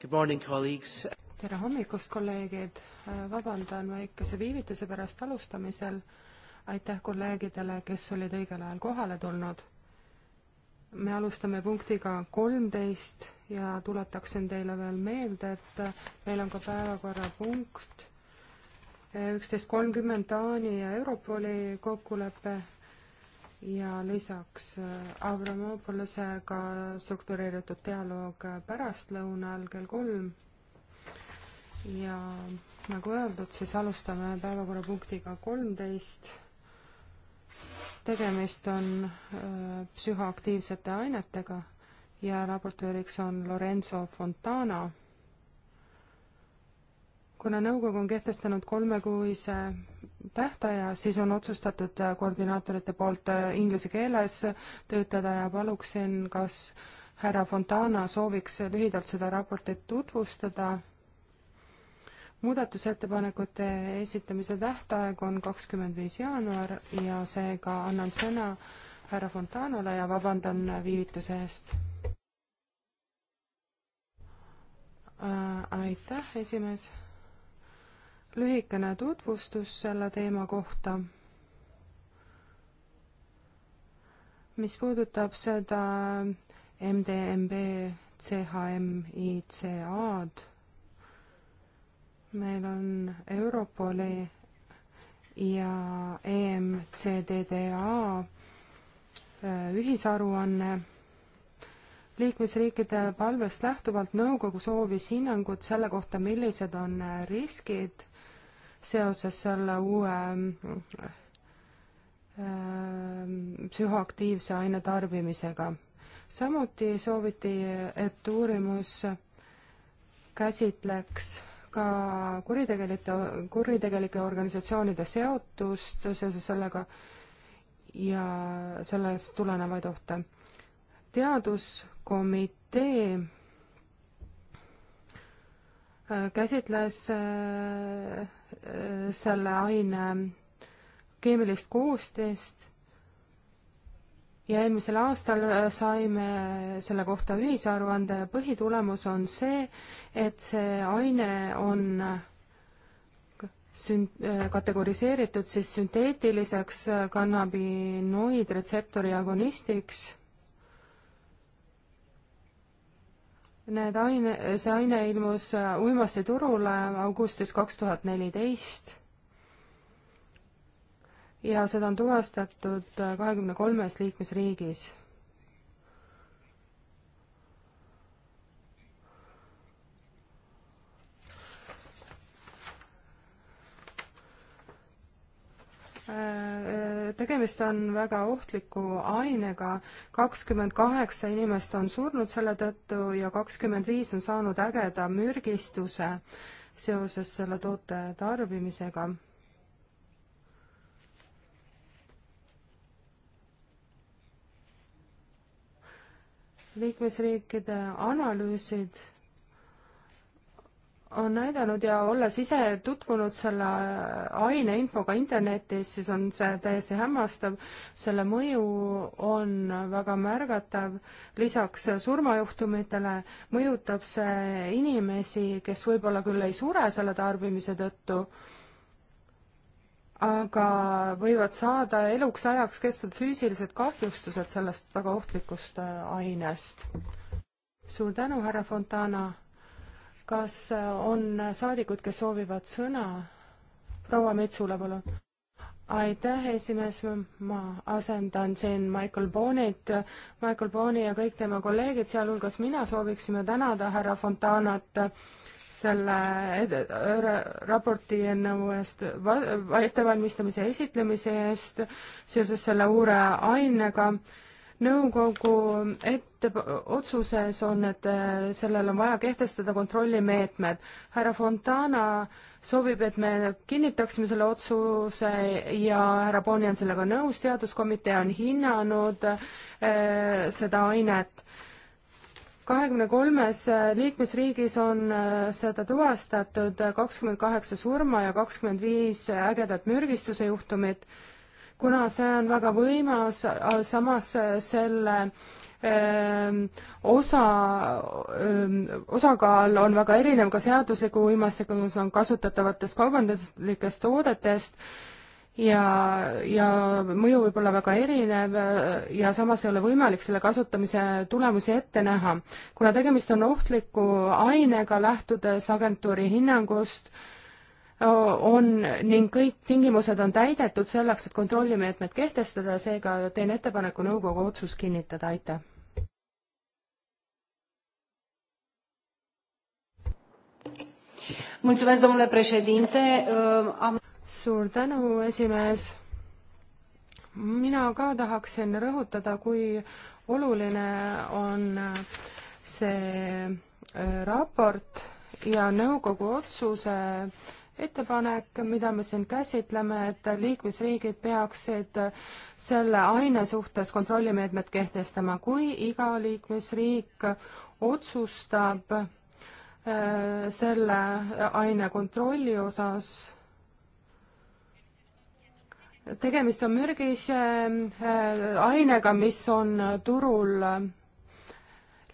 Good morning, colleagues. tere hommikust, kolleegid! vabandan väikese viivituse pärast alustamisel. aitäh kolleegidele, kes olid õigel ajal kohale tulnud. me alustame punktiga kolmteist ja tuletaksin teile veel meelde, et meil on ka päevakorrapunkt üksteist kolmkümmend Taani ja Europoli kokkulepe ja lisaks äh, Avramopolisega struktureeritud dialoog pärastlõunal kell kolm ja nagu öeldud, siis alustame päevakorrapunktiga kolmteist. tegemist on öö, äh, psühhoaktiivsete ainetega ja raportööriks on Lorenzo Fontana. kuna nõukogu on kehtestanud kolmekuise tähtaja, siis on otsustatud äh, koordinaatorite poolt äh, inglise keeles töötada ja paluksin, kas härra Fontana sooviks lühidalt seda raportit tutvustada. muudatusettepanekute esitamise tähtaeg on kakskümmend viis jaanuar ja seega annan sõna härra Fontanole ja vabandan viivituse eest äh,. aitäh, esimees lühikene tutvustus selle teema kohta. mis puudutab seda MDMB CHMICA-d, meil on Europoli ja EMCDDA äh, ühisaruanne liikmesriikide palvest lähtuvalt nõukogu soovis hinnangut selle kohta, millised on äh, riskid seoses selle uue ähm, psühhoaktiivse aine tarbimisega. samuti sooviti, et uurimus käsitleks ka kuritegelike, kuritegelike organisatsioonide seotust seoses sellega ja sellest tulenevaid ohte. teaduskomitee äh, käsitles äh, selle aine keemilist koostist ja eelmisel aastal saime selle kohta ühisaruande ja põhitulemus on see, et see aine on sünt-, kategoriseeritud siis sünteetiliseks kannabinoidretseptori agonistiks Need aine, see aine ilmus äh, uimasti turule augustis kaks tuhat neliteist ja seda on tuvastatud äh, kahekümne kolmes liikmesriigis Äh, tegemist on väga ohtliku ainega, kakskümmend kaheksa inimest on surnud selle tõttu ja kakskümmend viis on saanud ägeda mürgistuse seoses selle toote tarbimisega liikmesriikide analüüsid on näidanud ja olles ise tutvunud selle aine infoga internetis, siis on see täiesti hämmastav. selle mõju on väga märgatav. lisaks surmajuhtumitele mõjutab see inimesi, kes võib-olla küll ei sure selle tarbimise tõttu, aga võivad saada eluks ajaks kestvad füüsilised kahjustused sellest väga ohtlikust ainest. suur tänu, härra Fontana kas äh, on saadikud, kes soovivad sõna? proua Metsula, palun. aitäh, esimees, ma asendan siin Michael Bonit. Michael Boni ja kõik tema kolleegid, sealhulgas mina, sooviksime tänada härra Fontanat selle äh, raporti eelnõu eest va, ettevalmistamise ja esitlemise eest seoses selle uure ainega nõukogu ette, otsuses on, et äh, sellel on vaja kehtestada kontrollimeetmed. härra Fontana soovib, et me kinnitaksime selle otsuse ja härra Bonni on sellega nõus, teaduskomitee on hinnanud äh, seda ainet kahekümne kolmes äh, liikmesriigis on äh, seda tuvastatud, kakskümmend kaheksa surma ja kakskümmend viis ägedat mürgistuse juhtumit kuna see on väga võimas, äh, samas äh, selle öö, ähm, osa, ähm, osakaal on väga erinev ka seadusliku uimastikus on kasutatavatest kaubanduslikest toodetest ja, ja mõju võib olla väga erinev äh, ja samas ei ole võimalik selle kasutamise tulemusi ette näha. kuna tegemist on ohtliku ainega, lähtudes agentuuri hinnangust, on ning kõik tingimused on täidetud selleks, et kontrollimeetmed kehtestada, seega teen ettepaneku nõukogu otsus kinnitada, aitäh. suur tänu, esimees. mina ka tahaksin rõhutada, kui oluline on see äh, raport ja nõukogu otsuse äh, ettepanek, mida me siin käsitleme, et liikmesriigid peaksid selle aine suhtes kontrollimeetmed kehtestama, kui iga liikmesriik otsustab äh, selle aine kontrolli osas tegemist on mürgise äh, ainega, mis on turul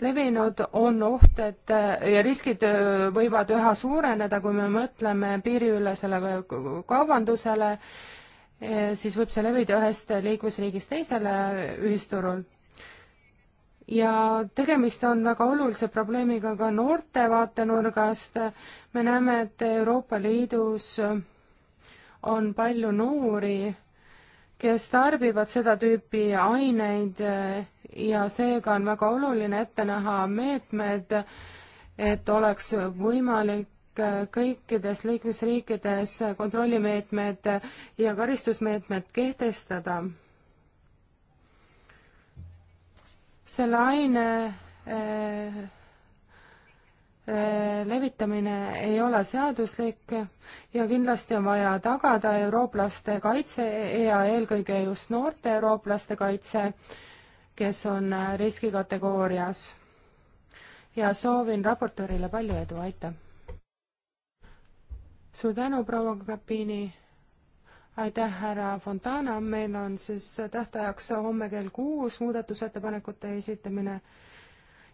levinud, on oht, et äh, ja riskid äh, võivad üha suureneda, kui me mõtleme piiriülesele kaubandusele, äh, siis võib see levida ühest liikmesriigist teisele ühisturul. ja tegemist on väga olulise probleemiga ka noorte vaatenurgast. me näeme, et Euroopa Liidus on palju noori, kes tarbivad seda tüüpi aineid ja seega on väga oluline ette näha meetmed, et oleks võimalik kõikides liikmesriikides kontrollimeetmed ja karistusmeetmed kehtestada. selle aine äh, levitamine ei ole seaduslik ja kindlasti on vaja tagada eurooplaste kaitse ja eelkõige just noorte eurooplaste kaitse kes on äh, riskikategoorias. ja soovin raportöörile palju edu, aitäh! suur tänu, proua Grapini! aitäh, härra Fontana, meil on siis tähtajaks homme kell kuus muudatusettepanekute esitamine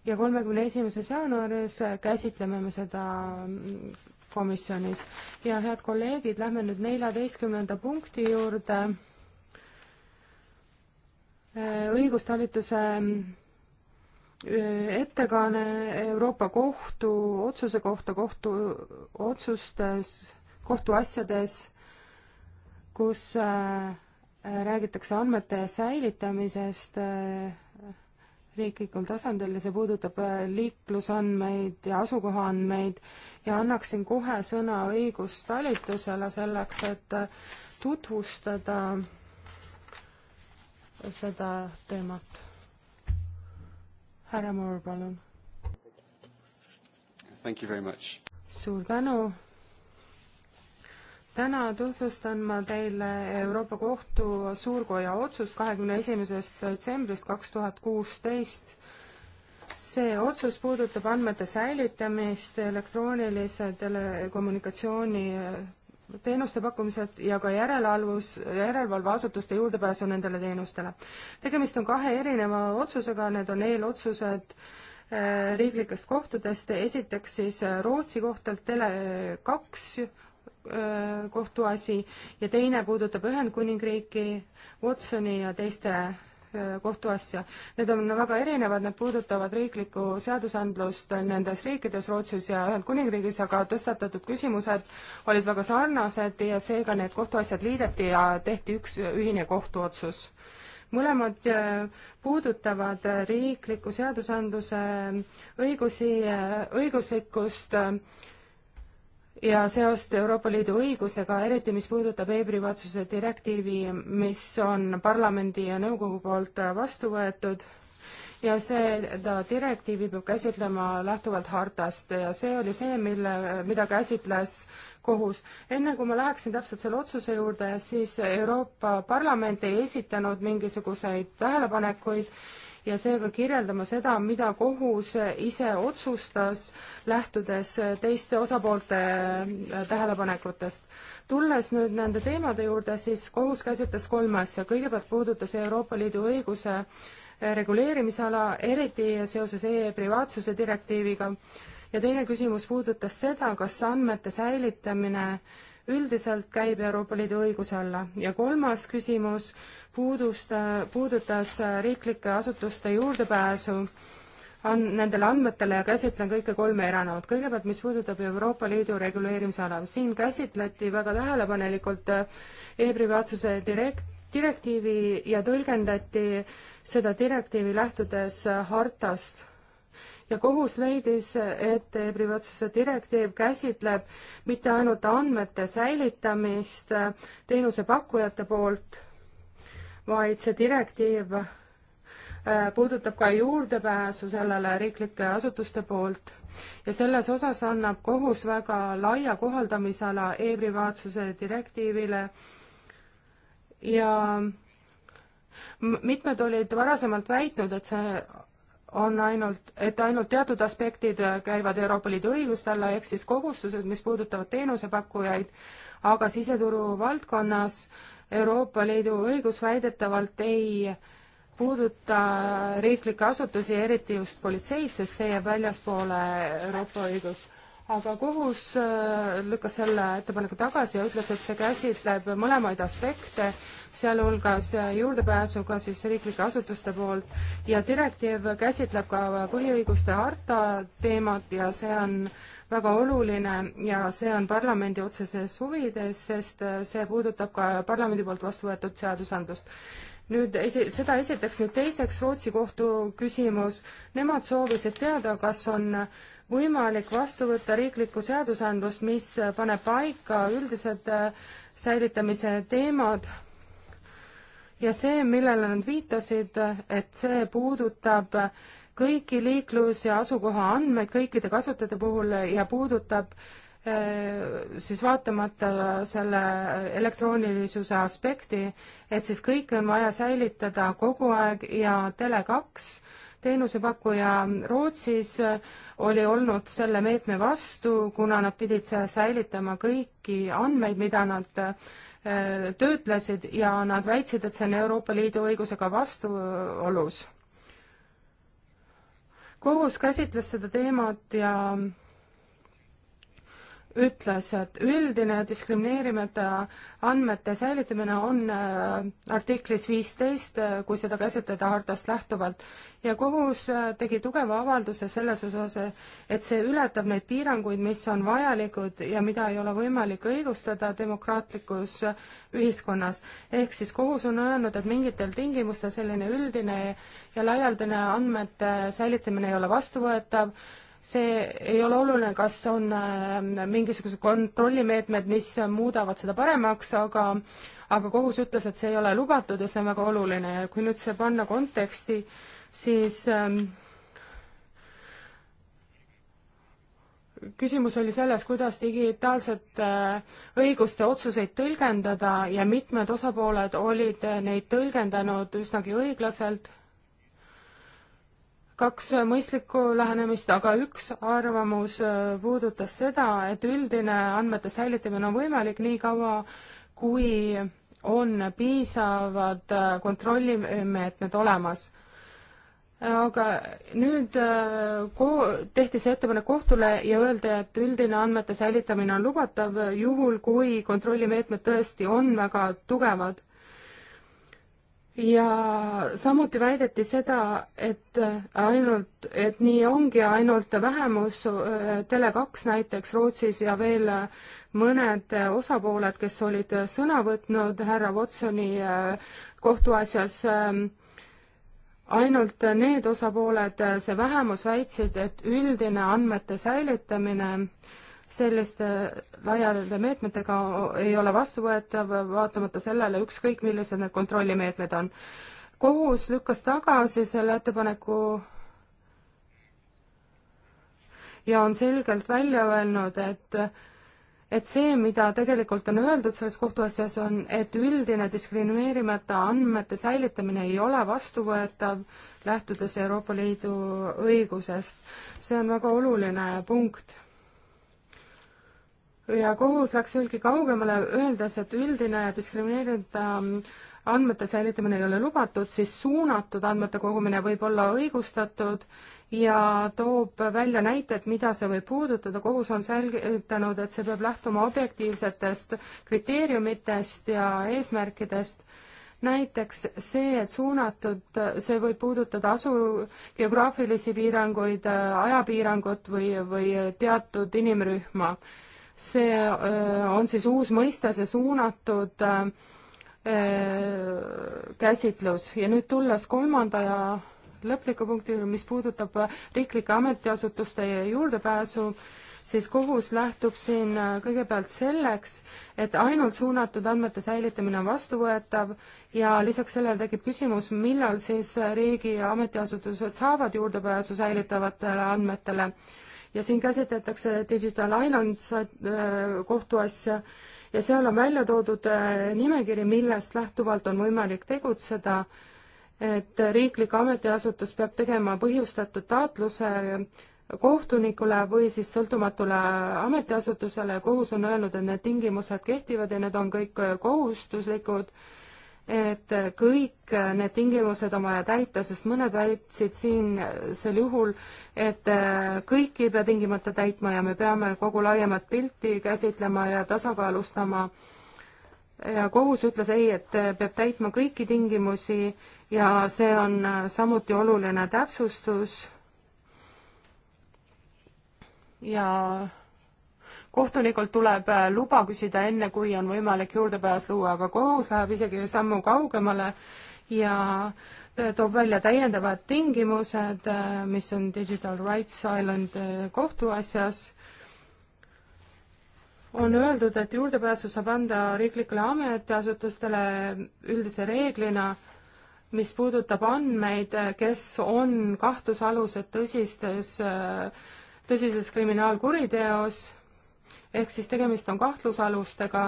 ja kolmekümne esimeses jaanuaris käsitleme me seda mm, komisjonis. ja head kolleegid, lähme nüüd neljateistkümnenda punkti juurde Äh, õigustalituse äh, ettekanne Euroopa Kohtu otsuse kohta kohtu otsustes, kohtuasjades, kus äh, räägitakse andmete säilitamisest riiklikul tasandil ja see puudutab liiklusandmeid ja asukohaandmeid ja annaksin kohe sõna õigustalitusele selleks, et tutvustada seda teemat. härra Moore, palun. suur tänu. täna tutvustan ma teile Euroopa Kohtu suurkoja otsust kahekümne esimesest detsembrist kaks tuhat kuusteist see otsus puudutab andmete säilitamist elektroonilise telekommunikatsiooni teenuste pakkumised ja ka järelevalvus, järelevalveasutuste juurdepääsu nendele teenustele. tegemist on kahe erineva otsusega, need on eelotsused eh, riiklikest kohtudest, esiteks siis eh, Rootsi kohtalt Tele2 eh, kohtuasi ja teine puudutab Ühendkuningriiki Watsoni ja teiste kohtuasja. Need on väga erinevad, need puudutavad riiklikku seadusandlust nendes riikides, Rootsis ja Ühendkuningriigis, aga tõstatatud küsimused olid väga sarnased ja seega need kohtuasjad liideti ja tehti üks ühine kohtuotsus. mõlemad äh, puudutavad riikliku seadusandluse õigusi, äh, õiguslikkust äh, ja seost Euroopa Liidu õigusega, eriti mis puudutab e-privaatsuse direktiivi, mis on parlamendi ja nõukogu poolt vastu võetud ja seda direktiivi peab käsitlema lähtuvalt hartast ja see oli see, mille, mida käsitles kohus. enne kui ma läheksin täpselt selle otsuse juurde, siis Euroopa Parlament ei esitanud mingisuguseid tähelepanekuid ja seega kirjeldama seda, mida kohus ise otsustas, lähtudes teiste osapoolte äh, tähelepanekutest. tulles nüüd nende teemade juurde, siis kohus käsitles kolme asja, kõigepealt puudutas Euroopa Liidu õiguse äh, reguleerimisala, eriti seoses e-privaatsuse direktiiviga, ja teine küsimus puudutas seda, kas andmete säilitamine üldiselt käib Euroopa Liidu õiguse alla ja kolmas küsimus puudust, puudutas riiklike asutuste juurdepääsu an-, nendele andmetele ja käsitlen kõike kolme eranevat. kõigepealt, mis puudutab Euroopa Liidu reguleerimisala, siin käsitleti väga tähelepanelikult äh, e-privaatsuse direkt-, direktiivi ja tõlgendati seda direktiivi lähtudes hartast ja kohus leidis, et e-privaatsuse direktiiv käsitleb mitte ainult andmete säilitamist teenusepakkujate poolt, vaid see direktiiv äh, puudutab ka juurdepääsu sellele riiklike asutuste poolt ja selles osas annab kohus väga laia kohaldamisala e-privaatsuse direktiivile ja mitmed olid varasemalt väitnud, et see on ainult, et ainult teatud aspektid käivad Euroopa Liidu õiguse alla, ehk siis kohustused, mis puudutavad teenusepakkujaid, aga siseturu valdkonnas Euroopa Liidu õigus väidetavalt ei puuduta riiklikke asutusi, eriti just politseid, sest see jääb väljaspoole Euroopa õigust aga kohus äh, lükkas selle ettepaneku tagasi ja ütles, et see käsitleb mõlemaid aspekte, sealhulgas äh, juurdepääsu ka siis riiklike asutuste poolt ja direktiiv käsitleb ka põhiõiguste harta teemat ja see on väga oluline ja see on parlamendi otseses huvides, sest äh, see puudutab ka parlamendi poolt vastu võetud seadusandlust nüüd esi-, seda esiteks, nüüd teiseks Rootsi kohtu küsimus, nemad soovisid teada, kas on äh, võimalik vastu võtta riiklikku seadusandlust, mis paneb paika üldised äh, säilitamise teemad ja see, millele nad viitasid, et see puudutab kõiki liiklus- ja asukohaandmeid kõikide kasutajate puhul ja puudutab äh, siis vaatamata selle elektroonilisuse aspekti, et siis kõike on vaja säilitada kogu aeg ja Tele2 teenusepakkuja Rootsis oli olnud selle meetme vastu, kuna nad pidid säilitama kõiki andmeid, mida nad äh, töötlesid ja nad väitsid, et see on Euroopa Liidu õigusega vastuolus. kohus käsitles seda teemat ja ütles, et üldine diskrimineerimata andmete säilitamine on äh, artiklis viisteist, äh, kui seda käsitleda hartast lähtuvalt. ja kohus äh, tegi tugeva avalduse selles osas, et see ületab neid piiranguid, mis on vajalikud ja mida ei ole võimalik õigustada demokraatlikus ühiskonnas. ehk siis kohus on öelnud, et mingitel tingimustel selline üldine ja laialdane andmete säilitamine ei ole vastuvõetav see ei ole oluline, kas on äh, mingisugused kontrollimeetmed, mis muudavad seda paremaks, aga aga kohus ütles, et see ei ole lubatud ja see on väga oluline ja kui nüüd see panna konteksti, siis ähm, küsimus oli selles, kuidas digitaalsete äh, õiguste otsuseid tõlgendada ja mitmed osapooled olid neid tõlgendanud üsnagi õiglaselt kaks mõistlikku lähenemist, aga üks arvamus äh, puudutas seda, et üldine andmete säilitamine on võimalik nii kaua, kui on piisavad äh, kontrollimeetmed olemas. aga nüüd äh, ko-, tehti see ettepanek kohtule ja öeldi, et üldine andmete säilitamine on lubatav juhul, kui kontrollimeetmed tõesti on väga tugevad ja samuti väideti seda, et ainult, et nii ongi ainult vähemus, äh, Tele2 näiteks Rootsis ja veel mõned osapooled, kes olid sõna võtnud härra Watsoni äh, kohtuasjas, ähm, ainult need osapooled, äh, see vähemus väitsid, et üldine andmete säilitamine selliste laialde meetmetega ei ole vastuvõetav, vaatamata sellele, ükskõik millised need kontrollimeetmed on. kohus lükkas tagasi selle ettepaneku ja on selgelt välja öelnud, et et see, mida tegelikult on öeldud selles kohtuasjas, on, et üldine diskrimineerimata andmete säilitamine ei ole vastuvõetav, lähtudes Euroopa Liidu õigusest. see on väga oluline punkt ja kohus läks veelgi kaugemale, öeldes, et üldine diskrimineerida ähm, andmete säilitamine ei ole lubatud, siis suunatud andmete kogumine võib olla õigustatud ja toob välja näited, mida see võib puudutada, kohus on selgitanud, et see peab lähtuma objektiivsetest kriteeriumitest ja eesmärkidest näiteks see, et suunatud, see võib puudutada asu, geograafilisi piiranguid, äh, ajapiirangut või, või teatud inimrühma see äh, on siis uus mõiste, see suunatud äh, äh, käsitlus ja nüüd tulles kolmanda ja lõpliku punkti, mis puudutab riiklike ametiasutuste juurdepääsu, siis kohus lähtub siin kõigepealt selleks, et ainult suunatud andmete säilitamine on vastuvõetav ja lisaks sellele tekib küsimus, millal siis riigi ametiasutused saavad juurdepääsu säilitavatele andmetele ja siin käsitletakse Digital Islands äh, kohtuasja ja seal on välja toodud äh, nimekiri, millest lähtuvalt on võimalik tegutseda, et riiklik ametiasutus peab tegema põhjustatud taotluse kohtunikule või siis sõltumatule ametiasutusele ja kohus on öelnud, et need tingimused kehtivad ja need on kõik kohustuslikud et kõik need tingimused on vaja täita, sest mõned väitsid siin sel juhul, et kõiki ei pea tingimata täitma ja me peame kogu laiemat pilti käsitlema ja tasakaalustama. ja kohus ütles ei, et peab täitma kõiki tingimusi ja see on samuti oluline täpsustus. ja kohtunikult tuleb äh, luba küsida enne, kui on võimalik juurdepääs luua, aga kohus läheb isegi sammu kaugemale ja äh, toob välja täiendavad tingimused, äh, mis on Digital Rights Island kohtuasjas on öeldud, et juurdepääsu saab anda riiklikele ametiasutustele üldise reeglina, mis puudutab andmeid, kes on kahtlusalused tõsistes, tõsises kriminaalkuriteos ehk siis tegemist on kahtlusalustega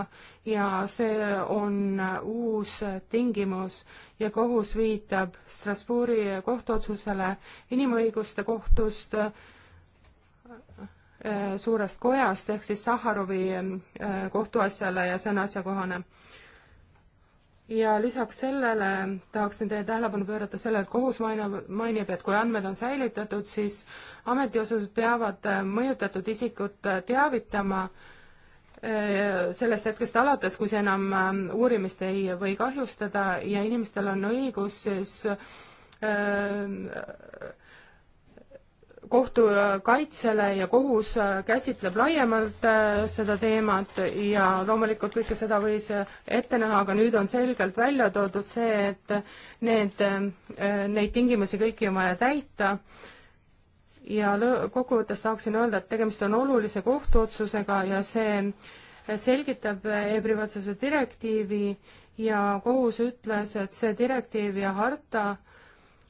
ja see on uus tingimus ja kohus viitab Strasbourgi kohtuotsusele inimõiguste kohtust eh, suurest kojast ehk siis Sahharovi eh, kohtuasjale ja see on asjakohane ja lisaks sellele tahaksin teie tähelepanu pöörata sellele, et kohus mainab, mainib, et kui andmed on säilitatud, siis ametiasutused peavad äh, mõjutatud isikut äh, teavitama äh, sellest hetkest alates, kui see enam uurimist ei või kahjustada ja inimestel on õigus siis äh, kohtu äh, kaitsele ja kohus äh, käsitleb laiemalt äh, seda teemat ja loomulikult kõike seda võis ette näha, aga nüüd on selgelt välja toodud see, et need, neid tingimusi kõiki on vaja täita ja kokkuvõttes tahaksin öelda, et tegemist on olulise kohtuotsusega ja see selgitab e-privaatsuse direktiivi ja kohus ütles, et see direktiiv ja harta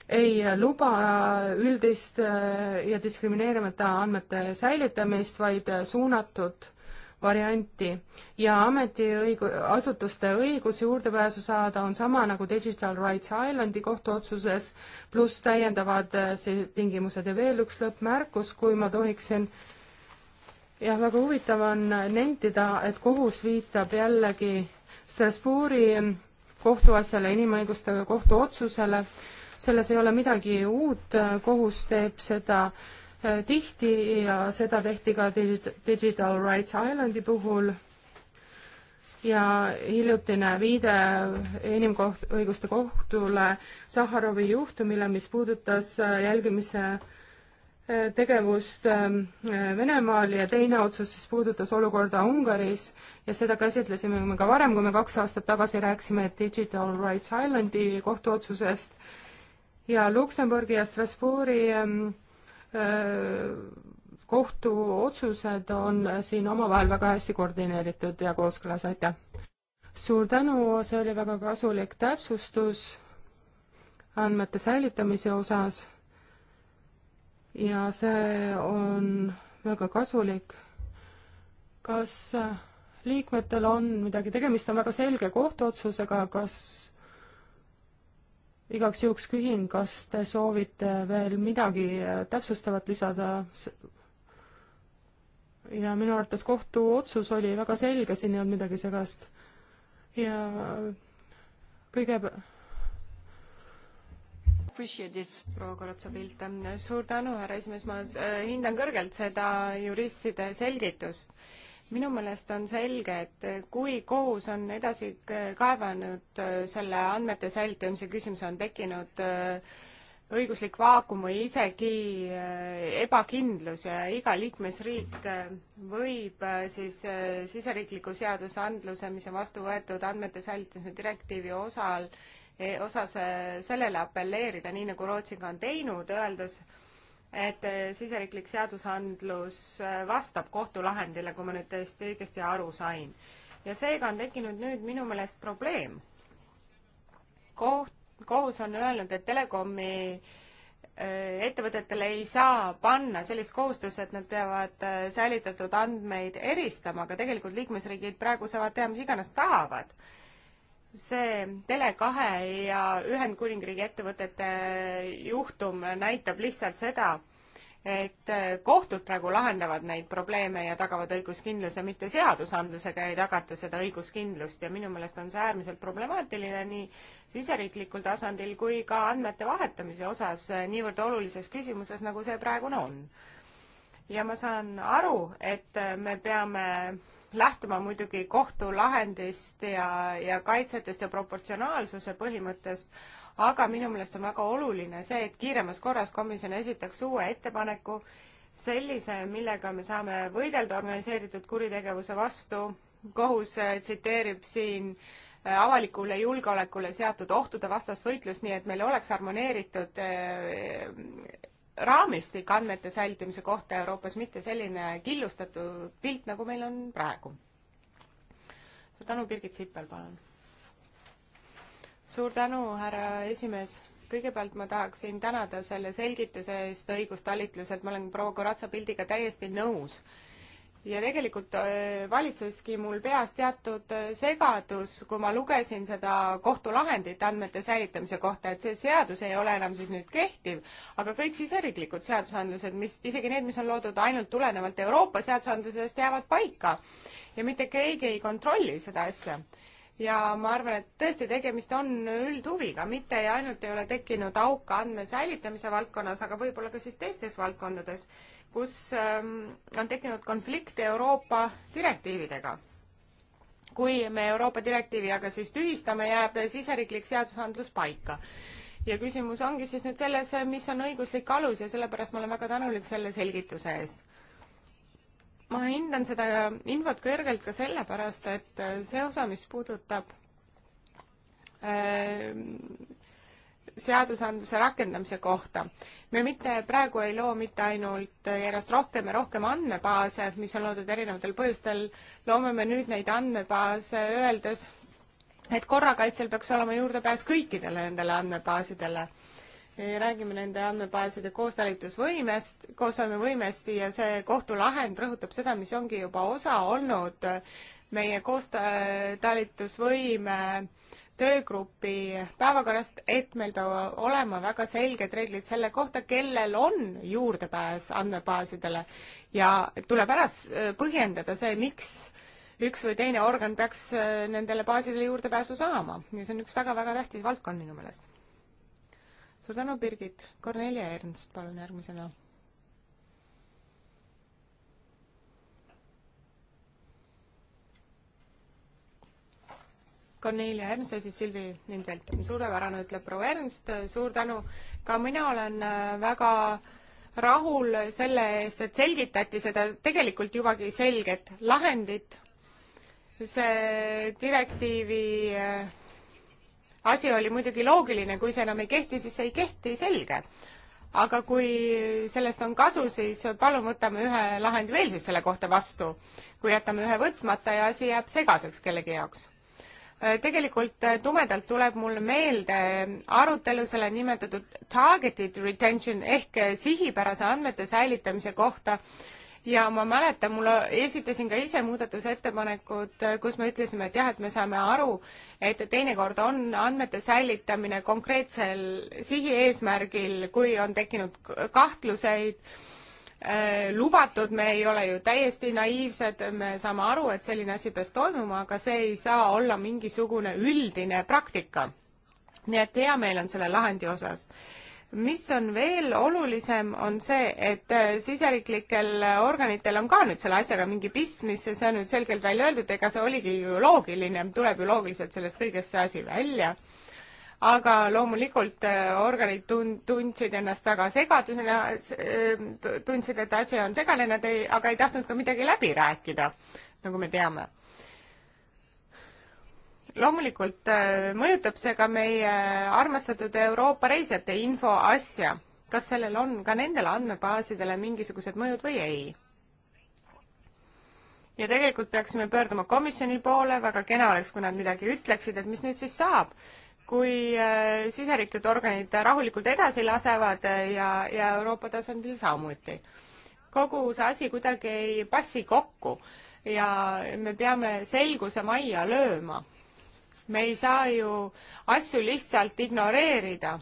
ei luba üldist äh, ja diskrimineerimata andmete säilitamist, vaid suunatud varianti ja ametiõigu-, asutuste õigus juurdepääsu saada on sama nagu Digital Rights Islandi kohtuotsuses, pluss täiendavad äh, see tingimused ja veel üks lõppmärkus, kui ma tohiksin jah, väga huvitav on nentida, et kohus viitab jällegi Strasbourgi kohtuasjale, inimõiguste kohtuotsusele, selles ei ole midagi uut, kohus teeb seda äh, tihti ja seda tehti ka Digital Rights Islandi puhul ja hiljutine viide inimõiguste kohtule Saharovi juhtumile, mis puudutas äh, jälgimise äh, tegevust ähm, Venemaal ja teine otsus siis puudutas olukorda Ungaris ja seda käsitlesime me ka varem, kui me kaks aastat tagasi rääkisime Digital Rights Islandi kohtuotsusest ja Luksemburgi ja Strasbourgi ähm, äh, kohtuotsused on siin omavahel väga hästi koordineeritud ja kooskõlas, aitäh! suur tänu, see oli väga kasulik täpsustus andmete säilitamise osas ja see on väga kasulik. kas liikmetel on midagi, tegemist on väga selge kohtuotsusega, kas igaks juhuks küsin, kas te soovite veel midagi äh, täpsustavat lisada? ja minu arvates kohtuotsus oli väga selge, siin ei olnud midagi segast. ja kõigepealt proua Korotsa-Pilt, suur tänu, härra esimees, ma äh, hindan kõrgelt seda juristide selgitust minu meelest on selge, et kui kohus on edasi kaevanud äh, selle andmete säilitamise küsimuse, on tekkinud äh, õiguslik vaakum või isegi äh, ebakindlus ja iga liikmesriik võib siis siseriikliku seadusandluse, mis on vastu võetud andmete säilitamise direktiivi osal, e, osas sellele apelleerida, nii nagu Rootsiga on teinud, öeldes et eh, siseriiklik seadusandlus eh, vastab kohtulahendile, kui ma nüüd täiesti õigesti aru sain. ja seega on tekkinud nüüd minu meelest probleem. koht, kohus on öelnud, et telekomi eh, ettevõtetele ei saa panna sellist kohustust, et nad peavad säilitatud andmeid eristama, aga tegelikult liikmesriigid praegu saavad teha, mis iganes tahavad see Tele2 ja Ühendkuningriigi ettevõtete juhtum näitab lihtsalt seda, et kohtud praegu lahendavad neid probleeme ja tagavad õiguskindluse, mitte seadusandlusega ei tagata seda õiguskindlust ja minu meelest on see äärmiselt problemaatiline nii siseriiklikul tasandil kui ka andmete vahetamise osas niivõrd olulises küsimuses, nagu see praegune on. ja ma saan aru, et me peame lähtuma muidugi kohtulahendist ja, ja kaitsetest ja proportsionaalsuse põhimõttest, aga minu meelest on väga oluline see, et kiiremas korras komisjon esitaks uue ettepaneku, sellise, millega me saame võidelda organiseeritud kuritegevuse vastu. kohus tsiteerib siin äh, avalikule julgeolekule seatud ohtude vastast võitlust, nii et meil oleks harmoneeritud äh, raamistik andmete säilitamise kohta Euroopas, mitte selline killustatud pilt, nagu meil on praegu. suur tänu, Birgit Sippel, palun. suur tänu, härra esimees. kõigepealt ma tahaksin tänada selle selgituse eest õigustalituselt, ma olen proua Koratsa pildiga täiesti nõus ja tegelikult äh, valitseski mul peas teatud äh, segadus, kui ma lugesin seda kohtulahendit andmete säilitamise kohta, et see seadus ei ole enam siis nüüd kehtiv, aga kõik siseriiklikud seadusandlused, mis, isegi need, mis on loodud ainult tulenevalt Euroopa seadusandlusest, jäävad paika. ja mitte keegi ei kontrolli seda asja ja ma arvan, et tõesti, tegemist on üldhuviga, mitte ei ainult ei ole tekkinud auka andmesäilitamise valdkonnas, aga võib-olla ka siis teistes valdkondades, kus ähm, on tekkinud konflikte Euroopa direktiividega. kui me Euroopa direktiivi aga siis tühistame, jääb siseriiklik seadusandlus paika ja küsimus ongi siis nüüd selles, mis on õiguslik alus ja sellepärast ma olen väga tänulik selle selgituse eest ma hindan seda infot kõrgelt ka sellepärast, et see osa, mis puudutab äh, seadusandluse rakendamise kohta. me mitte praegu ei loo mitte ainult järjest rohkem ja rohkem andmebaase, mis on loodud erinevatel põhjustel, loome me nüüd neid andmebaase, öeldes, et korrakaitsel peaks olema juurdepääs kõikidele nendele andmebaasidele räägime nende andmebaaside koostalitusvõimest, koostoimevõimest ja see kohtulahend rõhutab seda, mis ongi juba osa olnud meie koostalitusvõime töögrupi päevakorrast, et meil peab olema väga selged reeglid selle kohta, kellel on juurdepääs andmebaasidele ja tuleb ära põhjendada see, miks üks või teine organ peaks eh, nendele baasidele juurdepääsu saama ja see on üks väga-väga tähtis valdkond minu meelest suur tänu, Birgit. Kornelia Ernst, palun järgmisena. Kornelia Ernst ja siis Silvi Lindelt. suurepärane, ütleb proua Ernst, suur tänu. ka mina olen äh, väga rahul selle eest, et selgitati seda tegelikult jubagi selget lahendit. see direktiivi äh, asi oli muidugi loogiline, kui see enam ei kehti, siis ei kehti, selge. aga kui sellest on kasu, siis palun võtame ühe lahendi veel siis selle kohta vastu, kui jätame ühe võtmata ja asi jääb segaseks kellegi jaoks äh, tegelikult äh, tumedalt tuleb mulle meelde arutelu selle nimetatud targeted retention ehk sihipärase andmete säilitamise kohta ja ma mäletan, mul esitasin ka ise muudatusettepanekud, äh, kus me ütlesime, et jah, et me saame aru, et teinekord on andmete säilitamine konkreetsel sihieesmärgil, kui on tekkinud kahtluseid äh, lubatud, me ei ole ju täiesti naiivsed, me saame aru, et selline asi peaks toimuma, aga see ei saa olla mingisugune üldine praktika. nii et hea meel on selle lahendi osas mis on veel olulisem, on see, et äh, siseriiklikel äh, organitel on ka nüüd selle asjaga mingi pistmist ja see on nüüd selgelt välja öeldud, ega see oligi ju loogiline, tuleb ju loogiliselt sellest kõigest see asi välja. aga loomulikult äh, organid tun-, tundsid ennast väga segadusena, tundsid, et asi on segane, nad ei, aga ei tahtnud ka midagi läbi rääkida, nagu me teame loomulikult äh, mõjutab see ka meie armastatud Euroopa reisijate info asja. kas sellel on ka nendele andmebaasidele mingisugused mõjud või ei? ja tegelikult peaksime pöörduma komisjoni poole, väga kena oleks, kui nad midagi ütleksid, et mis nüüd siis saab, kui äh, siseriiklikud organid rahulikult edasi lasevad äh, ja, ja Euroopa tasandil samuti. kogu see asi kuidagi ei passi kokku ja me peame selguse majja lööma me ei saa ju asju lihtsalt ignoreerida.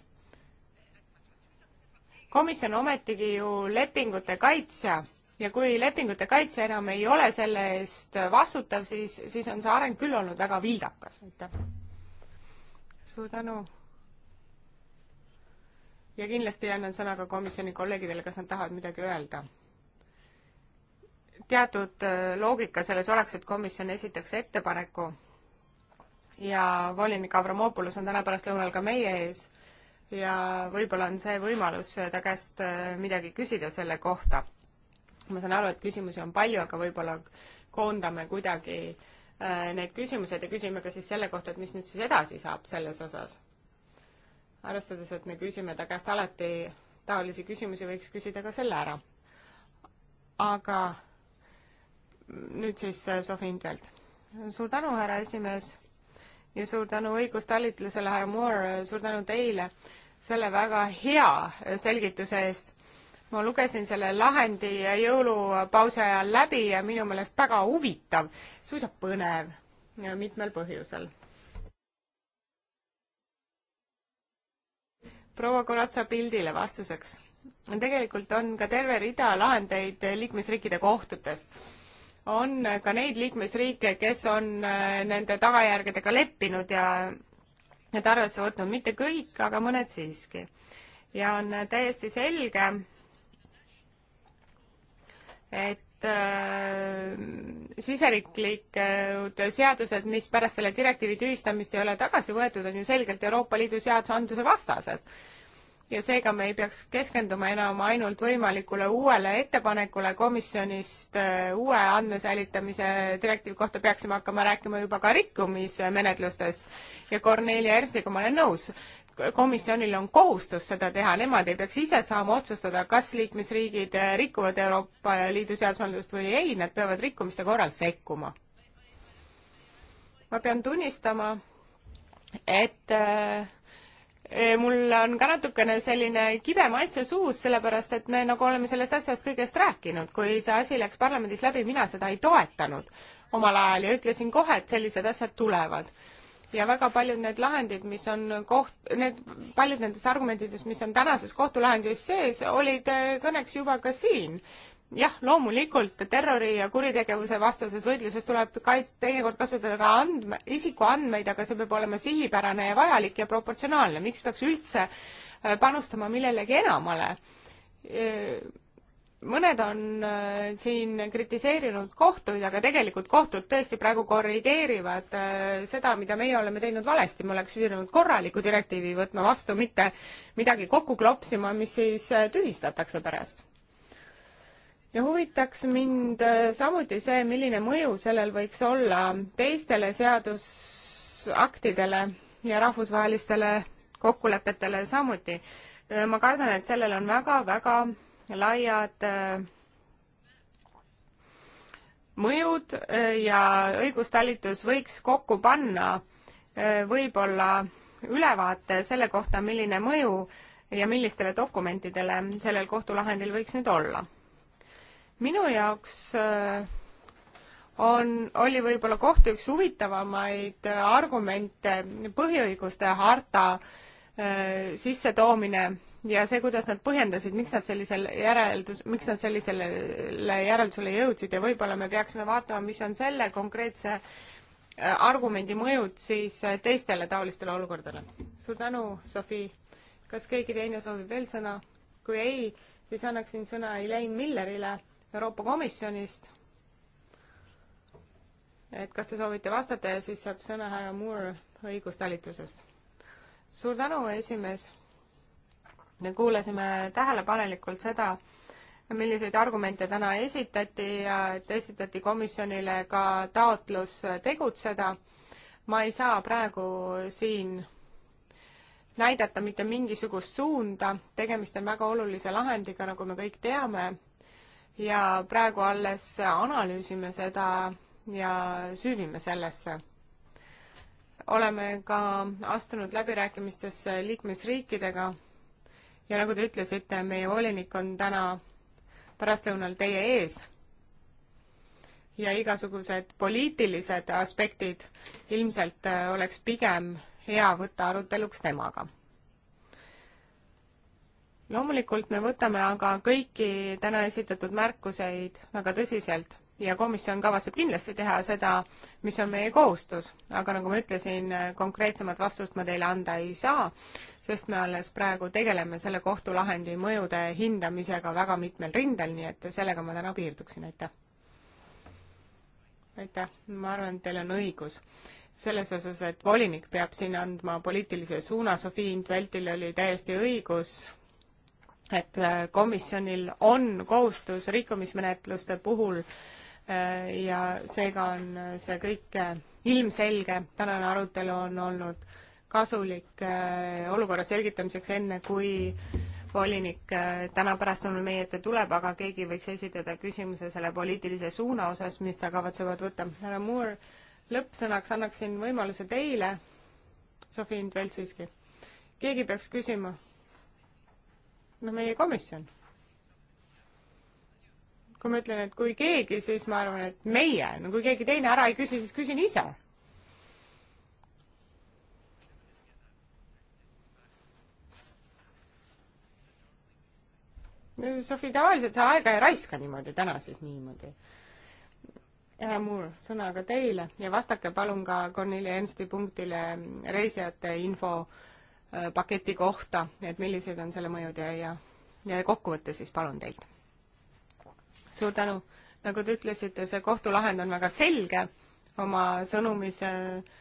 komisjon ometigi ju lepingute kaitsja ja kui lepingute kaitse enam ei ole selle eest vastutav, siis, siis on see areng küll olnud väga vildakas, aitäh. suur tänu. ja kindlasti annan sõna ka komisjoni kolleegidele, kas nad tahavad midagi öelda. teatud äh, loogika selles oleks, et komisjon esitaks ettepaneku ja volinik Avramopoulos on täna pärastlõunal ka meie ees ja võib-olla on see võimalus ta käest äh, midagi küsida selle kohta. ma saan aru, et küsimusi on palju, aga võib-olla koondame kuidagi äh, need küsimused ja küsime ka siis selle kohta, et mis nüüd siis edasi saab selles osas. arvestades, et me küsime ta käest alati taolisi küsimusi, võiks küsida ka selle ära. aga nüüd siis äh, Sofi Indvelt. suur tänu, härra esimees ja suur tänu õigustalitlusele, härra Moore, suur tänu teile selle väga hea selgituse eest. ma lugesin selle lahendi jõulupausi ajal läbi ja minu meelest väga huvitav, suisa põnev mitmel põhjusel. proua Koratsa pildile vastuseks. tegelikult on ka terve rida lahendeid liikmesriikide kohtutest on ka neid liikmesriike, kes on äh, nende tagajärgedega leppinud ja need arvesse võtnud, mitte kõik, aga mõned siiski. ja on äh, täiesti selge, et äh, siseriiklikud seadused, mis pärast selle direktiivi tühistamist ei ole tagasi võetud, on ju selgelt Euroopa Liidu seadusandluse vastased ja seega me ei peaks keskenduma enam ainult võimalikule uuele ettepanekule komisjonist äh, uue andmesäilitamise direktiivi kohta, peaksime hakkama rääkima juba ka rikkumismenetlustest. ja Kornelia Ersiga ma olen nõus, komisjonil on kohustus seda teha, nemad ei peaks ise saama otsustada, kas liikmesriigid äh, rikuvad Euroopa Liidu seadusandlust või ei, nad peavad rikkumiste korral sekkuma. ma pean tunnistama, et äh, Eh, mul on ka natukene selline kibe maitse suus, sellepärast et me nagu oleme sellest asjast kõigest rääkinud, kui see asi läks parlamendis läbi, mina seda ei toetanud omal ajal ja ütlesin kohe, et sellised asjad tulevad. ja väga paljud need lahendid, mis on koht, need, paljud nendest argumentidest, mis on tänases kohtulahendis sees, olid eh, kõneks juba ka siin jah, loomulikult terrori ja kuritegevuse vastases võitluses tuleb kaits-, teinekord kasutada ka andme, isikuandmeid, aga see peab olema sihipärane ja vajalik ja proportsionaalne, miks peaks üldse äh, panustama millelegi enamale? Äh, mõned on äh, siin kritiseerinud kohtuid, aga tegelikult kohtud tõesti praegu korrigeerivad seda, mida meie oleme teinud valesti, me oleks pidanud korraliku direktiivi võtma vastu, mitte midagi kokku klopsima, mis siis tühistatakse pärast ja huvitaks mind äh, samuti see, milline mõju sellel võiks olla teistele seadusaktidele ja rahvusvahelistele kokkulepetele samuti. Äh, ma kardan, et sellel on väga-väga laiad äh, mõjud ja õigustalitus võiks kokku panna võib-olla ülevaate selle kohta, milline mõju ja millistele dokumentidele sellel kohtulahendil võiks nüüd olla minu jaoks äh, on, oli võib-olla kohtu üks huvitavamaid äh, argumente põhiõiguste harta äh, sissetoomine ja see, kuidas nad põhjendasid, miks nad sellisel järeldus, miks nad sellisele järeldusele jõudsid ja võib-olla me peaksime vaatama, mis on selle konkreetse argumendi mõjud siis teistele taolistele olukordadele. suur tänu, Sofi. kas keegi teine soovib veel sõna? kui ei, siis annaksin sõna Elaine Millerile Euroopa Komisjonist. et kas te soovite vastata ja siis saab sõna härra Moore õigustalitusest. suur tänu, esimees. me kuulasime tähelepanelikult seda, milliseid argumente täna esitati ja et esitati komisjonile ka taotlus tegutseda. ma ei saa praegu siin näidata mitte mingisugust suunda, tegemist on väga olulise lahendiga, nagu me kõik teame ja praegu alles analüüsime seda ja süüvime sellesse. oleme ka astunud läbirääkimistesse liikmesriikidega ja nagu te ütlesite, meie volinik on täna pärastlõunal teie ees. ja igasugused poliitilised aspektid ilmselt oleks pigem hea võtta aruteluks temaga loomulikult me võtame aga kõiki täna esitatud märkuseid väga tõsiselt ja komisjon kavatseb kindlasti teha seda, mis on meie kohustus, aga nagu ma ütlesin, konkreetsemat vastust ma teile anda ei saa, sest me alles praegu tegeleme selle kohtulahendi mõjude hindamisega väga mitmel rindel, nii et sellega ma täna piirduksin, aitäh. aitäh, ma arvan, et teil on õigus selles osas, et volinik peab siin andma poliitilise suuna, Sofii Intveltil oli täiesti õigus et äh, komisjonil on kohustus rikkumismenetluste puhul äh, ja seega on äh, see kõik ilmselge, tänane arutelu on olnud kasulik olukorra selgitamiseks, enne kui volinik täna pärast on meie ette tuleb, aga keegi võiks esitada küsimuse selle poliitilise suuna osas, mis ta kavatsevad võtta. härra Moore, lõppsõnaks annaksin võimaluse teile, Sofi Indvelt siiski. keegi peaks küsima no meie komisjon. kui ma ütlen, et kui keegi, siis ma arvan, et meie, no kui keegi teine ära ei küsi, siis küsin ise. Sofi, tavaliselt sa aega ei raiska niimoodi, täna siis niimoodi. härra Muur, sõna ka teile ja vastake palun ka Cornelia Ensti punktile reisijate info äh, Äh, paketi kohta, et millised on selle mõjud ja, ja, ja kokkuvõte siis palun teilt. suur tänu. nagu te ütlesite, see kohtulahend on väga selge oma sõnumis äh,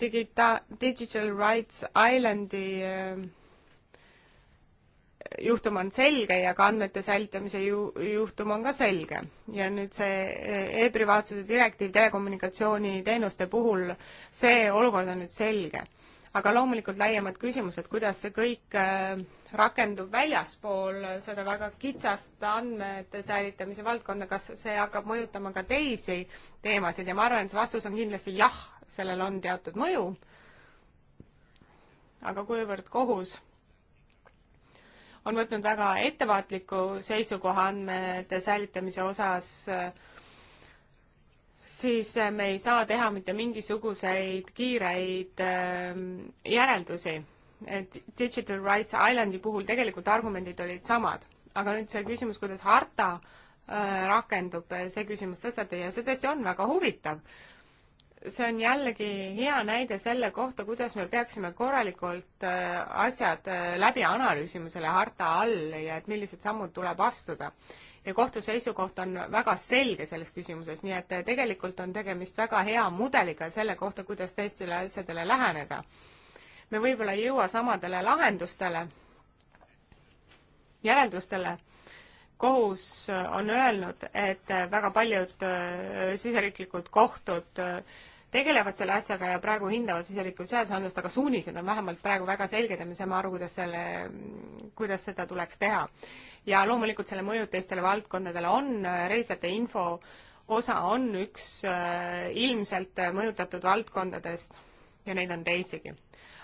digita-, Digital Rights Islandi äh, juhtum on selge ja ka andmete säilitamise ju-, juhtum on ka selge. ja nüüd see äh, e-privaatsuse direktiiv telekommunikatsiooniteenuste puhul, see olukord on nüüd selge aga loomulikult laiemad küsimused, kuidas see kõik äh, rakendub väljaspool seda väga kitsast andmete säilitamise valdkonda, kas see hakkab mõjutama ka teisi teemasid ja ma arvan, et see vastus on kindlasti jah, sellel on teatud mõju. aga kuivõrd kohus on võtnud väga ettevaatliku seisukoha andmete säilitamise osas äh, siis äh, me ei saa teha mitte mingisuguseid kiireid ähm, järeldusi. et Digital Rights Islandi puhul tegelikult argumendid olid samad, aga nüüd see küsimus, kuidas harta äh, rakendub, äh, see küsimus tõsteti ja see tõesti on väga huvitav. see on jällegi hea näide selle kohta, kuidas me peaksime korralikult asjad läbi analüüsima selle harta all ja et millised sammud tuleb astuda ja kohtu seisukoht on väga selge selles küsimuses, nii et eh, tegelikult on tegemist väga hea mudeliga selle kohta, kuidas teistele asjadele läheneda. me võib-olla ei jõua samadele lahendustele, järeldustele, kohus on öelnud, et väga paljud eh, siseriiklikud kohtud äh, tegelevad selle asjaga ja praegu hindavad siseriiklikku seadusandlust, aga suunised on vähemalt praegu väga selged ja me saame aru, kuidas selle, kuidas seda tuleks teha. ja loomulikult selle mõjud teistele valdkondadele on, reisijate info osa on üks äh, ilmselt mõjutatud valdkondadest ja neid on teisigi.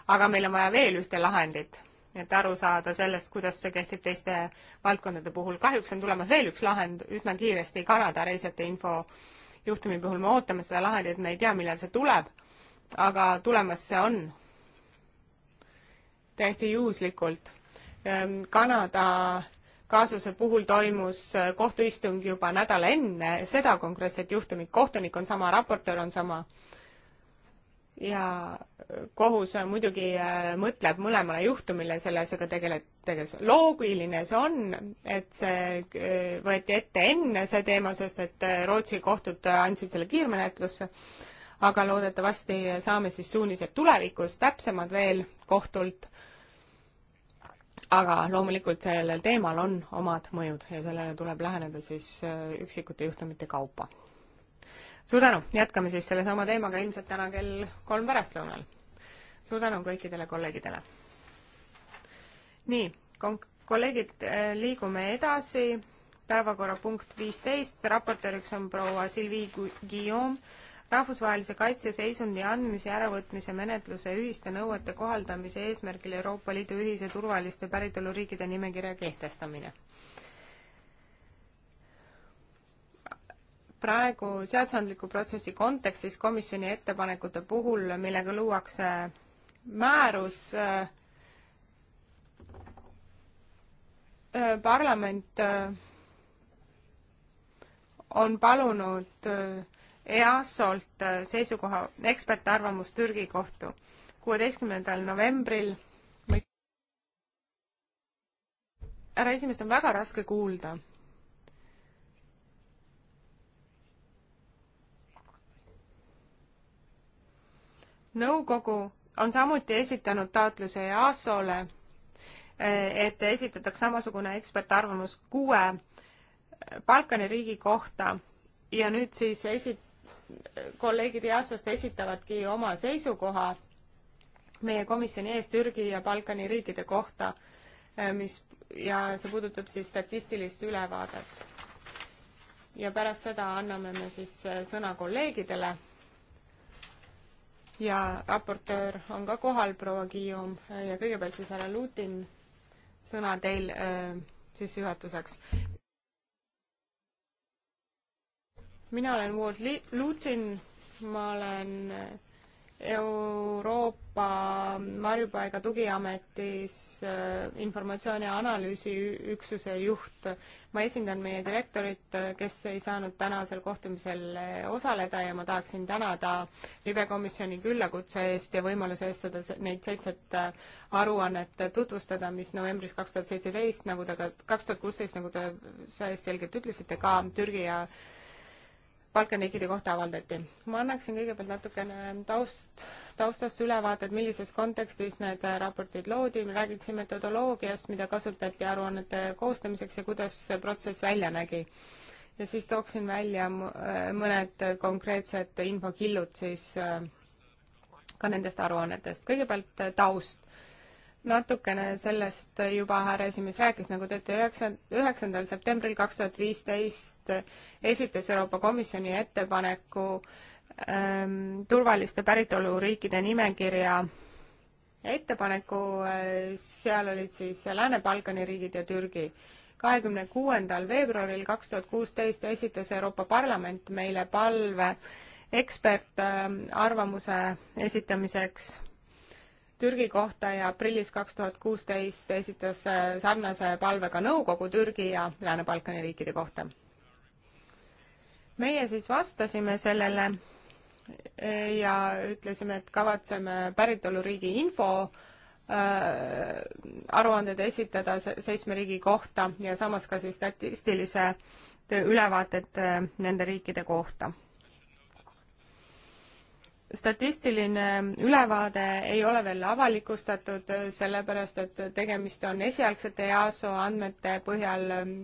aga meil on vaja veel ühte lahendit, et aru saada sellest, kuidas see kehtib teiste valdkondade puhul. kahjuks on tulemas veel üks lahend üsna kiiresti Kanada reisijate info äh, juhtumi puhul me ootame seda lahendit, me ei tea, millal see tuleb, aga tulemas see on. täiesti juhuslikult. Ehm, Kanada kaasuse puhul toimus eh, kohtuistung juba nädal enne seda konkreetset juhtumit, kohtunik on sama, raportöör on sama ja kohus muidugi äh, mõtleb mõlemale juhtumile selle asjaga tegeledes. loogiline see on, et see äh, võeti ette enne see teema, sest et äh, Rootsi kohtud andsid selle kiirmenetlusse, aga loodetavasti saame siis suunised tulevikus, täpsemad veel kohtult. aga loomulikult sellel teemal on omad mõjud ja sellele tuleb läheneda siis üksikute juhtumite kaupa suur tänu, jätkame siis sellesama teemaga ilmselt täna kell kolm pärastlõunal. suur tänu kõikidele kolleegidele. nii, kolleegid, äh, liigume edasi. päevakorrapunkt viisteist, raportööriks on proua Silvi Guillaume rahvusvahelise kaitse seisundi andmise ja äravõtmise menetluse ühiste nõuete kohaldamise eesmärgil Euroopa Liidu ühise turvaliste päritoluriikide nimekirja kehtestamine praegu seadusandliku protsessi kontekstis komisjoni ettepanekute puhul, millega luuakse määrus, äh, äh, parlament äh, on palunud EASO-lt seisukoha, ekspertarvamus Türgi kohtu kuueteistkümnendal novembril. härra esimees, on väga raske kuulda nõukogu on samuti esitanud taotluse EASO-le, eh, et esitataks samasugune ekspertarvamus kuue eh, Balkani riigi kohta ja nüüd siis esi-, kolleegid EASO-st esitavadki oma seisukoha meie komisjoni ees Türgi ja Balkani riikide kohta, eh, mis ja see puudutab siis statistilist ülevaadet. ja pärast seda anname me siis sõna kolleegidele ja raportöör on ka kohal, proua Guillaume, ja kõigepealt siis härra Lutin, sõna teil äh, sissejuhatuseks. mina olen Ward Lutin, ma olen äh, Euroopa varjupaiga tugiametis äh, informatsiooni analüüsiüksuse juht. ma esindan meie direktorit, äh, kes ei saanud tänasel kohtumisel äh, osaleda ja ma tahaksin tänada libekomisjoni küllakutse eest ja võimaluse eest seda, neid seitset aruannet tutvustada, mis novembris kaks tuhat seitseteist, nagu te ka, kaks tuhat kuusteist, nagu te selgelt ütlesite, ka Türgi ja Balkani riikide kohta avaldati. ma annaksin kõigepealt natukene taust, taustast ülevaadet, millises kontekstis need raportid loodi, me räägiks metodoloogiast, mida kasutati aruannete koostamiseks ja kuidas see protsess välja nägi. ja siis tooksin välja äh, mõned konkreetsed infokillud siis äh, ka nendest aruannetest. kõigepealt äh, taust natukene sellest juba härra esimees rääkis, nagu te ütlete, üheksa, üheksandal septembril kaks tuhat viisteist esitas Euroopa Komisjoni ettepaneku ähm, turvaliste päritoluriikide nimekirja ettepaneku, äh, seal olid siis Lääne-Balkani riigid ja Türgi. kahekümne kuuendal veebruaril kaks tuhat kuusteist esitas Euroopa Parlament meile palve ekspertarvamuse ähm, esitamiseks Türgi kohta ja aprillis kaks tuhat kuusteist esitas äh, sarnase palve ka nõukogu Türgi ja Lääne-Balkani riikide kohta. meie siis vastasime sellele e, ja ütlesime, et kavatseme päritoluriigi info äh, aruanded esitada seitsme riigi kohta ja samas ka siis statistilise ülevaated äh, nende riikide kohta statistiline ülevaade ei ole veel avalikustatud, sellepärast et tegemist on esialgsete EASO andmete põhjal ähm,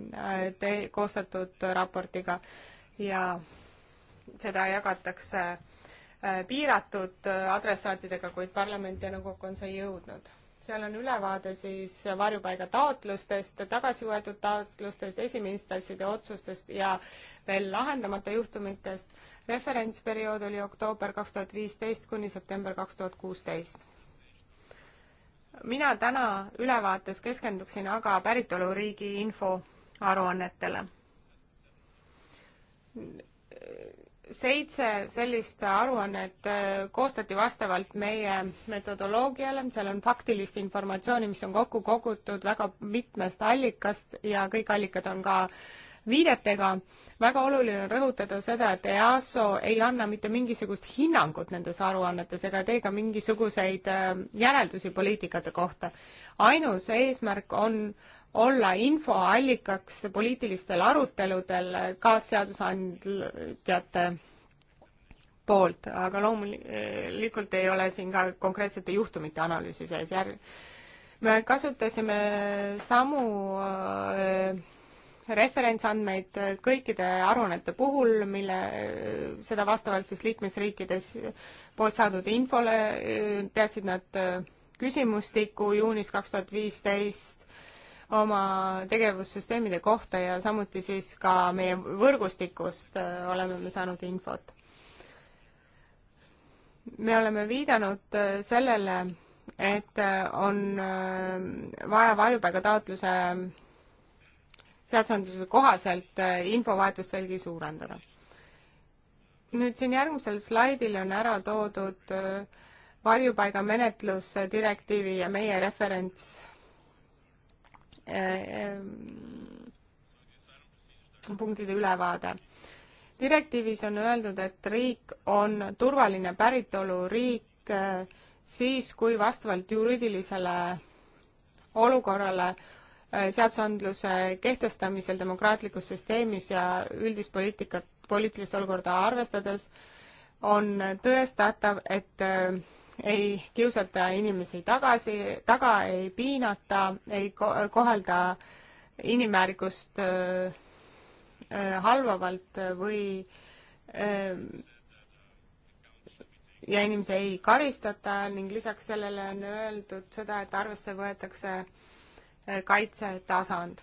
te-, koostatud raportiga ja seda jagatakse äh, piiratud adressaatidega, kuid parlamenti ja nõukokku on see jõudnud seal on ülevaade siis varjupaiga taotlustest, tagasi võetud taotlustest, esimesinstantside otsustest ja veel lahendamata juhtumitest. referentsperiood oli oktoober kaks tuhat viisteist kuni september kaks tuhat kuusteist. mina täna ülevaates keskenduksin aga päritoluriigi info aruannetele seitse sellist aruannet äh, koostati vastavalt meie metodoloogiale, seal on faktilist informatsiooni, mis on kokku kogutud väga mitmest allikast ja kõik allikad on ka viidetega. väga oluline on rõhutada seda, et EASO ei anna mitte mingisugust hinnangut nendes aruannetes ega tee ka mingisuguseid äh, järeldusi poliitikate kohta. ainus eesmärk on äh, olla infoallikaks poliitilistel aruteludel kaasseadusandjate poolt, aga loomulikult ei ole siin ka konkreetsete juhtumite analüüsi sees järg-. me kasutasime samu äh, referentsandmeid kõikide aruannete puhul, mille, seda vastavalt siis liikmesriikides poolt saadud infole äh, teadsid nad äh, küsimustiku juunis kaks tuhat viisteist oma tegevussüsteemide kohta ja samuti siis ka meie võrgustikust äh, oleme me saanud infot. me oleme viidanud äh, sellele, et äh, on vaja varjupaigataotluse seadusandluse kohaselt infovahetust veelgi suurendada. nüüd siin järgmisel slaidil on ära toodud varjupaigamenetluse direktiivi ja meie referents Äh, äh, punktide ülevaade. direktiivis on öeldud, et riik on turvaline päritoluriik äh, siis, kui vastavalt juriidilisele olukorrale seadusandluse kehtestamisel demokraatlikus süsteemis ja üldist poliitikat, poliitilist olukorda arvestades on tõestatav, et ei kiusata inimesi tagasi, taga ei piinata, ei ko-, kohelda inimväärikust äh, halvavalt või äh, ja inimesi ei karistata ning lisaks sellele on öeldud seda, et arvesse võetakse kaitsetasand.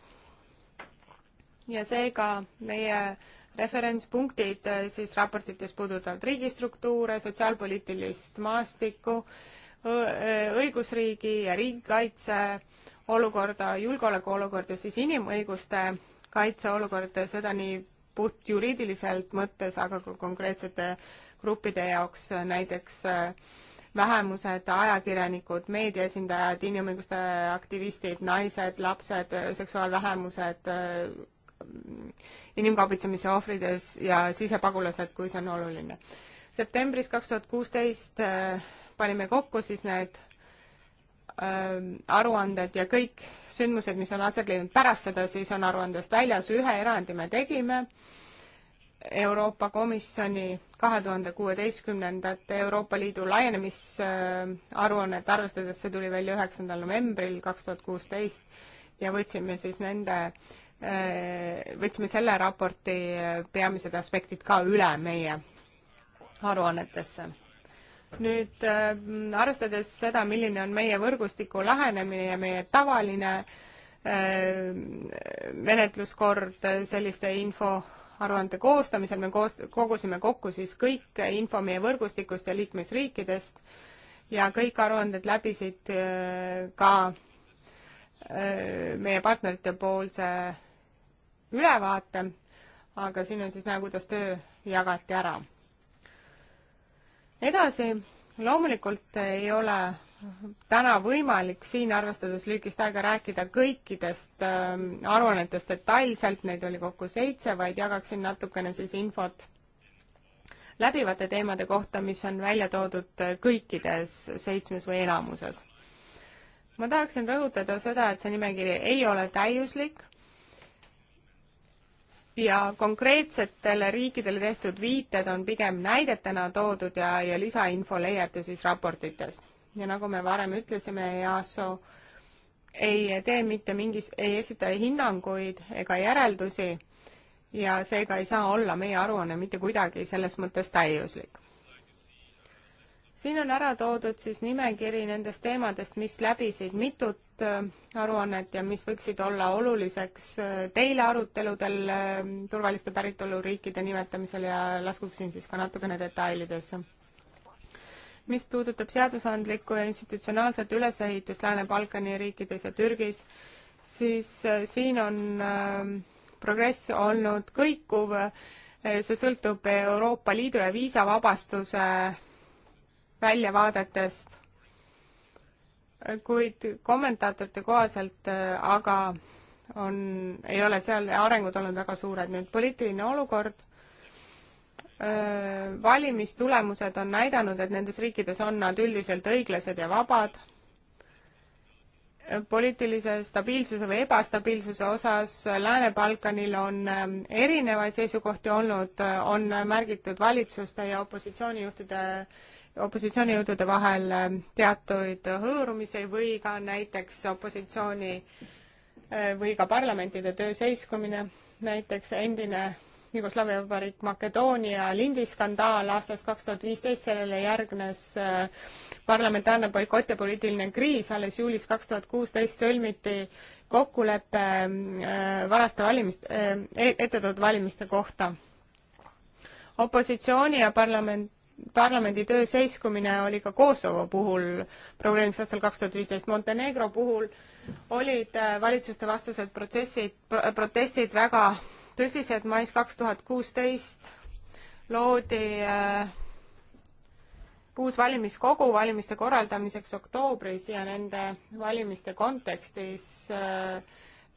ja seega meie äh, referentspunktid äh, siis raportites puudutavad riigistruktuure, sotsiaalpoliitilist maastikku, äh, õigusriigi ja riigikaitse olukorda, julgeolekuolukorda, siis inimõiguste kaitseolukorda, seda nii puht juriidiliselt mõttes, aga ka konkreetsete gruppide jaoks, näiteks äh, vähemused, ajakirjanikud, meedia esindajad, inimõiguste aktivistid, naised, lapsed, seksuaalvähemused, inimkaubitsemise ohvrides ja sisepagulased, kui see on oluline. septembris kaks tuhat kuusteist äh, panime kokku siis need ähm, aruanded ja kõik sündmused, mis on aset leidnud pärast seda, siis on aruandest väljas, ühe erandi me tegime Euroopa Komisjoni kahe tuhande kuueteistkümnendat Euroopa Liidu laienemisaruannet äh, arvestades, see tuli välja üheksandal novembril kaks tuhat kuusteist ja võtsime siis nende Äh, võtsime selle raporti äh, peamised aspektid ka üle meie aruannetesse. nüüd äh, arvestades seda, milline on meie võrgustiku lähenemine ja meie tavaline menetluskord selliste info aruande koostamisel me koos, kogusime kokku siis kõik info meie võrgustikust ja liikmesriikidest ja kõik aruanded läbisid ka meie partnerite poolse ülevaate, aga siin on siis näha, kuidas töö jagati ära. edasi, loomulikult ei ole täna võimalik siin, arvestades lühikest aega, rääkida kõikidest äh, aruannetest detailselt, neid oli kokku seitse, vaid jagaksin natukene siis infot läbivate teemade kohta, mis on välja toodud kõikides seitsmes või enamuses. ma tahaksin rõhutada seda, et see nimekiri ei ole täiuslik, ja konkreetsetele riikidele tehtud viited on pigem näidetena toodud ja, ja lisainfo leiate siis raportitest. ja nagu me varem ütlesime, EASO ei tee mitte mingis, ei esita hinnanguid ega järeldusi ja seega ei saa olla meie aruanne mitte kuidagi selles mõttes täiuslik siin on ära toodud siis nimekiri nendest teemadest, mis läbisid mitut äh, aruannet ja mis võiksid olla oluliseks äh, teile aruteludel äh, turvaliste päritoluriikide nimetamisel ja laskuksin siis ka natukene detailidesse mis puudutab seadusandlikku ja institutsionaalset ülesehitust Lääne-Balkani riikides ja Türgis, siis siin on progress olnud kõikuv, see sõltub Euroopa Liidu ja viisavabastuse väljavaadetest, kuid kommentaatorite kohaselt äh, aga on, ei ole seal arengud olnud väga suured, nüüd poliitiline olukord, äh, valimistulemused on näidanud, et nendes riikides on nad üldiselt õiglased ja vabad, poliitilise stabiilsuse või ebastabiilsuse osas Lääne-Balkanil on ähm, erinevaid seisukohti olnud, äh, on märgitud valitsuste ja opositsioonijuhtide opositsioonijõudude vahel ähm, teatuid hõõrumisi või ka näiteks opositsiooni äh, või ka parlamentide töö seiskumine, näiteks endine Jugoslaavia Vabariik Makedoonia lindiskandaal aastast kaks tuhat viisteist, sellele järgnes äh, parlamentaarne boikott ja poliitiline kriis, alles juulis kaks tuhat kuusteist sõlmiti kokkulepe äh, varaste valimiste, ette toodud valimiste kohta. opositsiooni ja parlament, parlamendi töö seiskumine oli ka Kosovo puhul probleemiks aastal kaks tuhat viisteist. Montenegro puhul olid äh, valitsuste vastased protsessid pro,, protestid väga tõsised. mais kaks tuhat kuusteist loodi äh, uus valimiskogu valimiste korraldamiseks oktoobris ja nende valimiste kontekstis äh,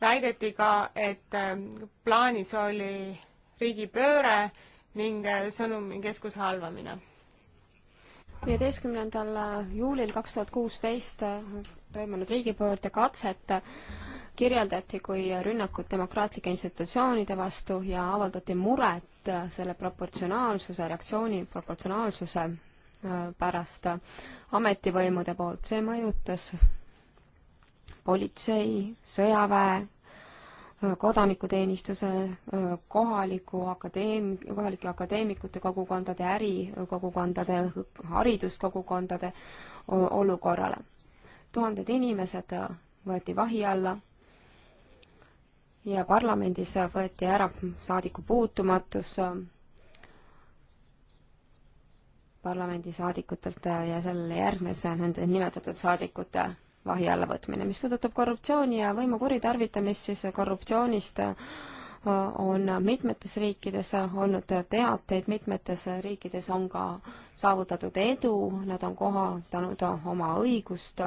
väideti ka, et äh, plaanis oli riigipööre ning äh, sõnumikeskuse halvamine viieteistkümnendal äh, juulil kaks tuhat kuusteist äh, toimunud riigipöörde katset äh, kirjeldati kui rünnakut demokraatlike institutsioonide vastu ja avaldati muret selle proportsionaalsuse, reaktsiooni proportsionaalsuse pärast ametivõimude poolt, see mõjutas politsei, sõjaväe, Äh, kodanikuteenistuse, äh, kohaliku akadeem-, kohalike akadeemikute kogukondade, ärikogukondade, hariduskogukondade olukorrale. tuhanded inimesed äh, võeti vahi alla ja parlamendis võeti ära saadiku puutumatus parlamendisaadikutelt ja sellele järgnes nende nimetatud saadikute vahi alla võtmine. mis puudutab korruptsiooni ja võimu kuritarvitamist, siis korruptsioonist äh, on mitmetes riikides olnud teateid, mitmetes riikides on ka saavutatud edu, nad on kohandanud oma õigust,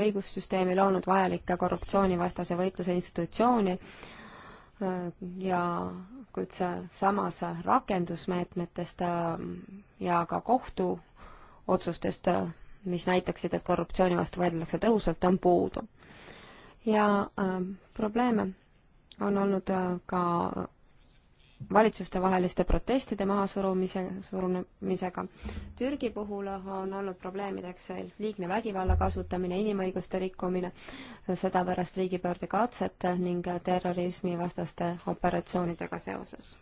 õigussüsteemi loonud vajalikke korruptsioonivastase võitluse institutsiooni äh, ja kuid samas rakendusmeetmetest äh, ja ka kohtuotsustest mis näitaksid, et korruptsiooni vastu võideldakse tõhusalt, on puudu. ja äh, probleeme on olnud äh, ka valitsustevaheliste protestide mahasurumise, surumisega. Türgi puhul on olnud probleemideks liigne vägivalla kasutamine, inimõiguste rikkumine, sedapärast riigipöörde katset ning terrorismivastaste operatsioonidega seoses.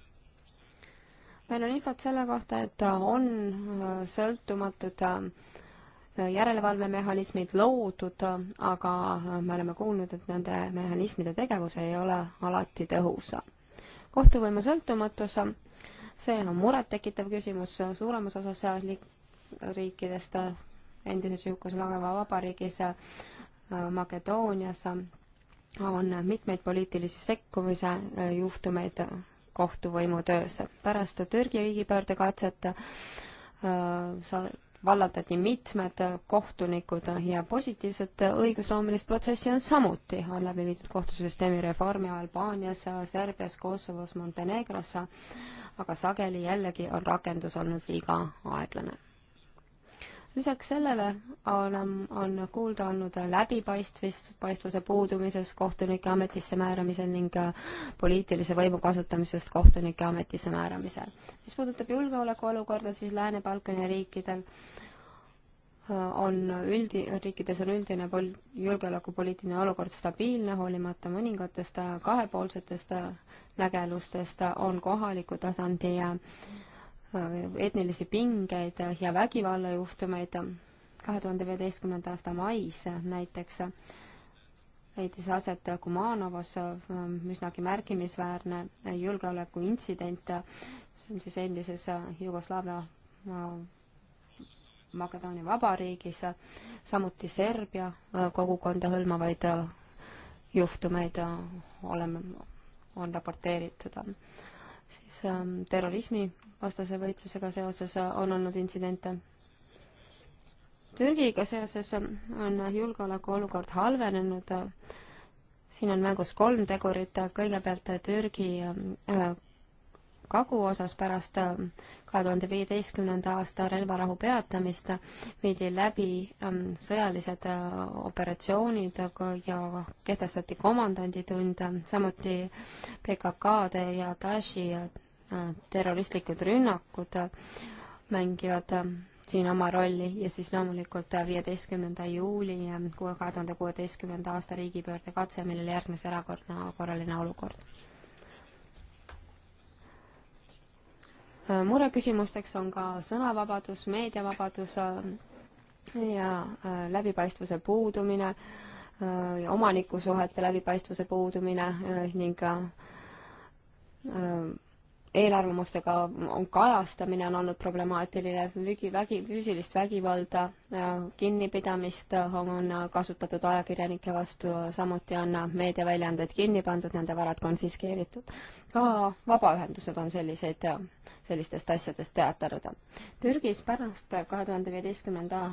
meil on infot selle kohta, et on äh, sõltumatud äh, järelevalvemehhanismid loodud, aga me oleme kuulnud, et nende mehhanismide tegevus ei ole alati tõhus. kohtuvõimu sõltumatus, see on murettekitav küsimus suuremas osas riikidest, endises Jugoslaavia vabariigis, Makedoonias on mitmeid poliitilisi sekkumise juhtumeid kohtuvõimu töös. pärast Türgi riigipöördekatset äh, sa vallandati mitmed kohtunikud ja positiivset õigusloomelist protsessi on samuti, on läbi viidud kohtusüsteemi reformi Albaanias, Serbias, Kosovos, Montenegros, aga sageli jällegi on rakendus olnud liiga aeglane lisaks sellele on, on kuulda olnud läbipaistvis, paistvuse puudumisest kohtunike ametisse määramisel ning poliitilise võimu kasutamisest kohtunike ametisse määramisel. mis puudutab julgeolekuolukorda, siis Lääne-Balkani riikidel äh, on üldi, riikides on üldine pol-, julgeolekupoliitiline olukord stabiilne, hoolimata mõningatest kahepoolsetest nägelustest on kohaliku tasandi etnilisi pingeid ja vägivallajuhtumeid. kahe tuhande viieteistkümnenda aasta mais näiteks leidis aset Kumanovos üsnagi märkimisväärne julgeolekuintsident, see on siis endises Jugoslaavia Makedoonia Vabariigis, samuti Serbia kogukonda hõlmavaid juhtumeid oleme, on raporteeritud siis ähm, terrorismi vastase võitlusega seoses äh, on olnud intsidente. Türgiga seoses ähm, on julgeolekuolukord halvenenud. Äh, siin on mängus kolm tegurit, äh, kõigepealt Türgi ähm, kagu osas pärast ähm, kahe tuhande viieteistkümnenda aasta relvarahu peatamist viidi läbi ähm, sõjalised äh, operatsioonid ja kehtestati komandanditund, ähm, samuti PKK-de ja Daeshi äh, terroristlikud rünnakud äh, mängivad siin oma rolli ja siis loomulikult viieteistkümnenda juuli kahe tuhande kuueteistkümnenda aasta riigipöörde katse, millele järgnes erakordne korraline olukord mureküsimusteks on ka sõnavabadus, meediavabadus äh, ja äh, läbipaistvuse puudumine, äh, omanikusuhete läbipaistvuse puudumine ning eelarvamustega on kajastamine on olnud problemaatiline, vägi, vägi, füüsilist vägivalda, äh, kinnipidamist äh, on kasutatud ajakirjanike vastu, samuti on meediaväljaandeid kinni pandud, nende varad konfiskeeritud. ka vabaühendused on selliseid, sellistest asjadest teatanud. Türgis pärast kahe tuhande viieteistkümnenda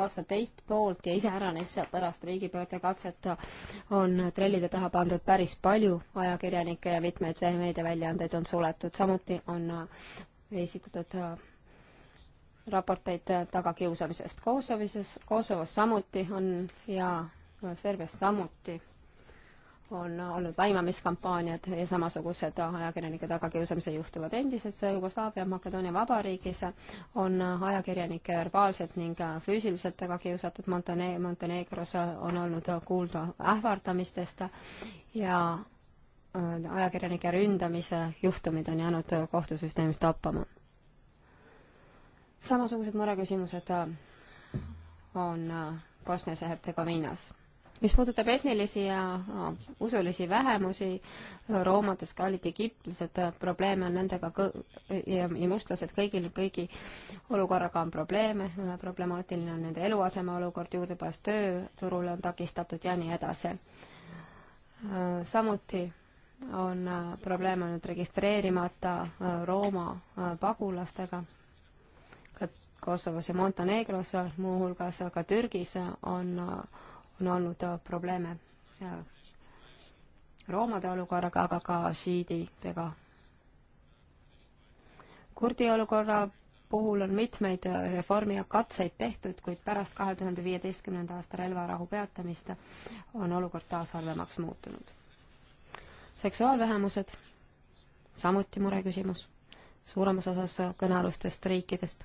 aasta teist poolt ja iseäranis pärast riigipöördekatset on trellide taha pandud päris palju ajakirjanikke ja mitmeid meediaväljaandeid on suletud, samuti on äh, esitatud äh, raporteid äh, tagakiusamisest Kosovises, Kosovos samuti on ja Serbias samuti on olnud vaimamiskampaaniad ja samasugused ajakirjanike tagakiusamise juhtuvad endises Jugoslaavia Makedoonia Vabariigis, on ajakirjanikke verbaalselt ning füüsiliselt taga kiusatud Montene-, Montenegros on olnud kuulda ähvardamistest ja äh, ajakirjanike ründamise juhtumid on jäänud kohtusüsteemis toppama. samasugused mureküsimused on Bosnias ja Hertsegoviinas mis puudutab etnilisi ja no, usulisi vähemusi, roomades ka olid egiptlased, probleeme on nendega kõ-, ja, ja mustlased, kõigil, kõigi olukorraga on probleeme, problemaatiline on nende eluaseme olukord, juurdepääs tööturule on takistatud ja nii edasi. Samuti on probleem olnud registreerimata Rooma pagulastega, ka Kosovos ja Montenegros muuhulgas, aga Türgis on on olnud äh, probleeme roomade olukorraga, aga ka šiididega. kurdi olukorra puhul on mitmeid äh, reformi ja katseid tehtud, kuid pärast kahe tuhande viieteistkümnenda aasta relvarahu peatamist on olukord taas halvemaks muutunud. seksuaalvähemused, samuti mureküsimus suuremas osas kõnealustest riikidest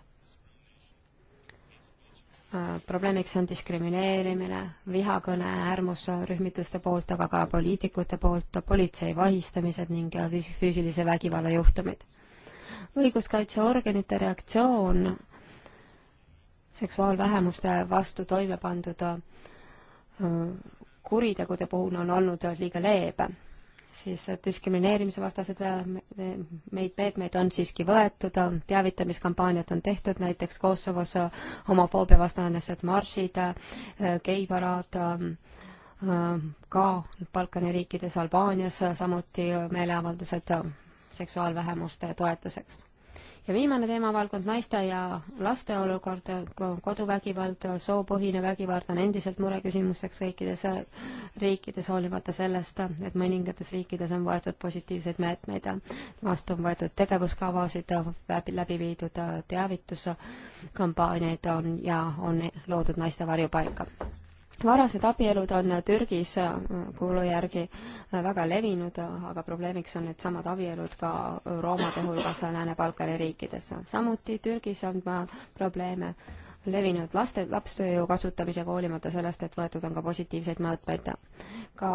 Äh, probleemiks on diskrimineerimine, vihakõne äärmusrühmituste poolt, aga ka poliitikute poolt, politsei vahistamised ning äh, füüsilise vägivalla juhtumid. õiguskaitseorganite reaktsioon seksuaalvähemuste vastu toime pandud äh, kuritegude puhul on olnud liiga leebe siis diskrimineerimise vastased äh, meid meetmeid on siiski võetud, äh, teavitamiskampaaniad on tehtud, näiteks Kosovos äh, homofoobia vastased maršid, geiparaad, ka Balkani riikides, Albaanias samuti meeleavaldused seksuaalvähemuste toetuseks ja viimane teemavaldkond, naiste ja laste olukord, koduvägivald, soopõhine vägivald on endiselt mureküsimuseks kõikides riikides, hoolimata sellest, et mõningates riikides on võetud positiivseid meetmeid. vastu on võetud tegevuskavasid, läbi, läbi viidud teavituskampaaniaid on ja on loodud naiste varjupaika varased abielud on Türgis äh, kuulu järgi äh, väga levinud, äh, aga probleemiks on needsamad abielud ka roomade hulgas Lääne-Balkani riikides. samuti Türgis on probleeme levinud laste, lapstööjõu kasutamise, hoolimata sellest, et võetud on ka positiivseid mõõtmeid. ka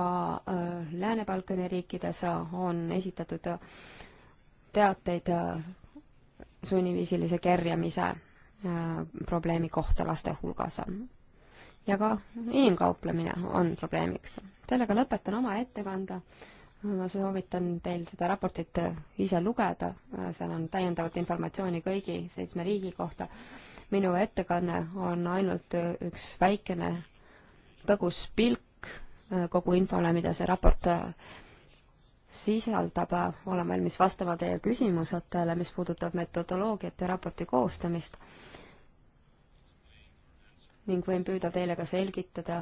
Lääne-Balkani riikides on esitatud teateid sunniviisilise kerjamise probleemi kohta laste hulgas ja ka inimkauplemine on probleemiks. sellega lõpetan oma ettekande. ma soovitan teil seda raportit ise lugeda, seal on täiendavat informatsiooni kõigi seitsme riigi kohta. minu ettekanne on ainult üks väikene põgus pilk kogu infole, mida see raport sisaldab, olen valmis vastama teie küsimusele, mis puudutab metodoloogiat ja raporti koostamist ning võin püüda teile ka selgitada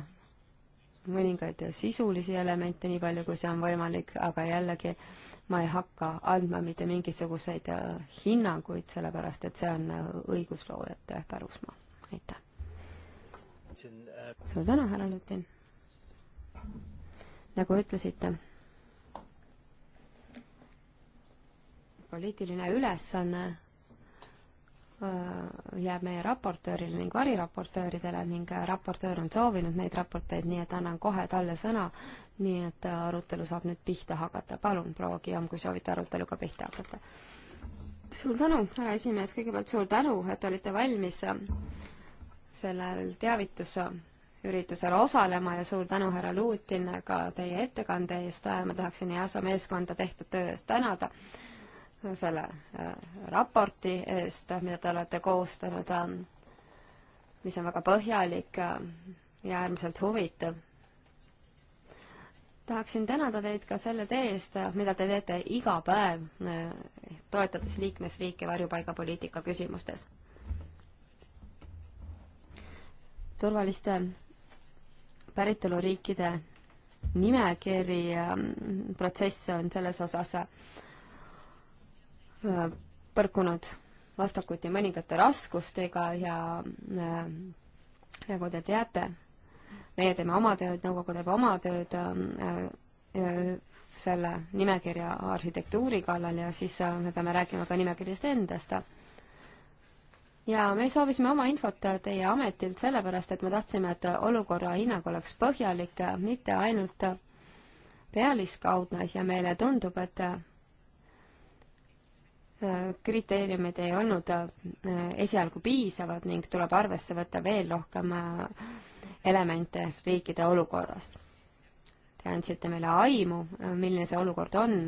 mõningaid sisulisi elemente, nii palju kui see on võimalik, aga jällegi ma ei hakka andma mitte mingisuguseid äh, hinnanguid, sellepärast et see on äh, õigusloojate pärusmaa. aitäh! suur tänu, härra Lutin! nagu ütlesite, poliitiline ülesanne Äh, jääb meie raportöörile ning variraportööridele ning raportöör on soovinud neid raporteid, nii et annan kohe talle sõna, nii et arutelu saab nüüd pihta hakata. palun, proua Kiam, kui soovite aruteluga pihta hakata. suur tänu, härra esimees, kõigepealt suur tänu, et olite valmis sellel teavitusüritusel osalema ja suur tänu, härra Luutin, ka teie ettekande eest. ma tahaksin EASO meeskonda tehtud töö eest tänada selle äh, raporti eest, mida te olete koostanud, äh, mis on väga põhjalik äh, ja äärmiselt huvitav. tahaksin tänada teid ka selle tee eest, mida te teete iga päev, toetades liikmesriike varjupaigapoliitika küsimustes. turvaliste päritoluriikide nimekiri ja protsess on selles osas põrkunud vastakuti mõningate raskustega ja äh, nagu te teate, meie teeme oma tööd, nõukogu teeb oma tööd äh, äh, selle nimekirja arhitektuuri kallal ja siis me peame rääkima ka nimekirjast endast. ja me soovisime oma infot teie ametilt sellepärast, et me tahtsime, et olukorra hinnang oleks põhjalik, mitte ainult pealiskaudne ja meile tundub, et kriteeriumid ei olnud äh, esialgu piisavad ning tuleb arvesse võtta veel rohkem äh, elemente riikide olukorrast. Te andsite meile aimu, äh, milline see olukord on.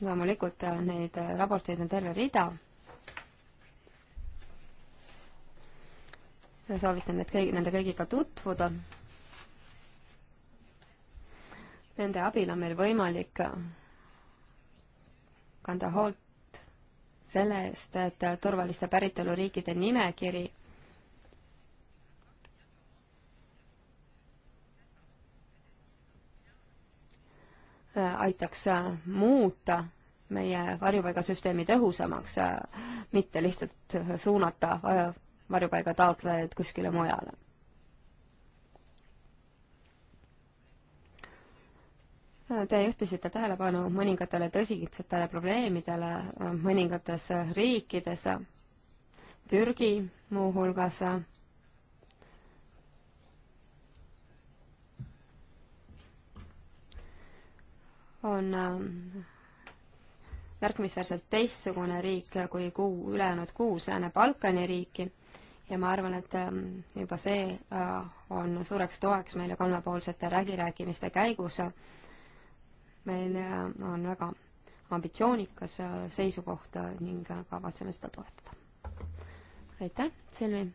loomulikult neid raporteid on terve rida. soovitan need kõigi, nende kõigiga tutvuda. Nende abil on meil võimalik kanda hoolt selle eest, et turvaliste päritoluriikide nimekiri aitaks muuta meie varjupaigasüsteemi tõhusamaks, mitte lihtsalt suunata varjupaiga taotlejaid kuskile mujale Te juhtisite tähelepanu mõningatele tõsisetele probleemidele äh, mõningates riikides, Türgi muuhulgas. on märkimisväärselt äh, teistsugune riik kui kuu, ülejäänud kuus Lääne-Balkani riiki ja ma arvan, et ähm, juba see äh, on suureks toeks meile kolmepoolsete läbirääkimiste käigus meil äh, on väga ambitsioonikas äh, seisukoht äh, ning kavatseme seda toetada. aitäh, Silvi!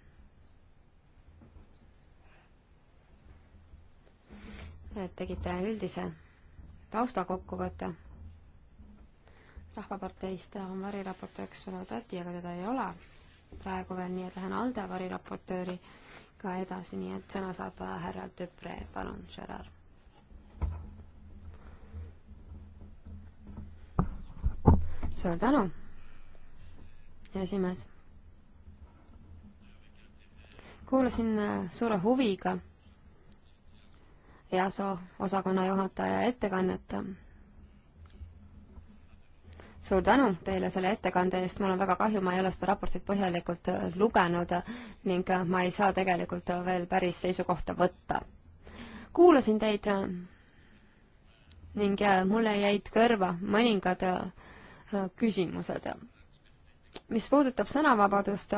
tegite üldise taustakokkuvõtte. rahvaparteist on variraportööriks olnud Tati, aga teda ei ole praegu veel, nii et lähen Alde variraportööriga edasi, nii et sõna saab härra Tüpre, palun, Gerard. suur tänu, esimees. kuulasin äh, suure huviga EASO osakonna juhataja ettekannet. suur tänu teile selle ettekande eest, mul on väga kahju, ma ei ole seda raportit põhjalikult äh, lugenud ning äh, ma ei saa tegelikult veel päris seisukohta võtta. kuulasin teid ning mulle jäid kõrva mõningad Äh, küsimused. mis puudutab sõnavabadust,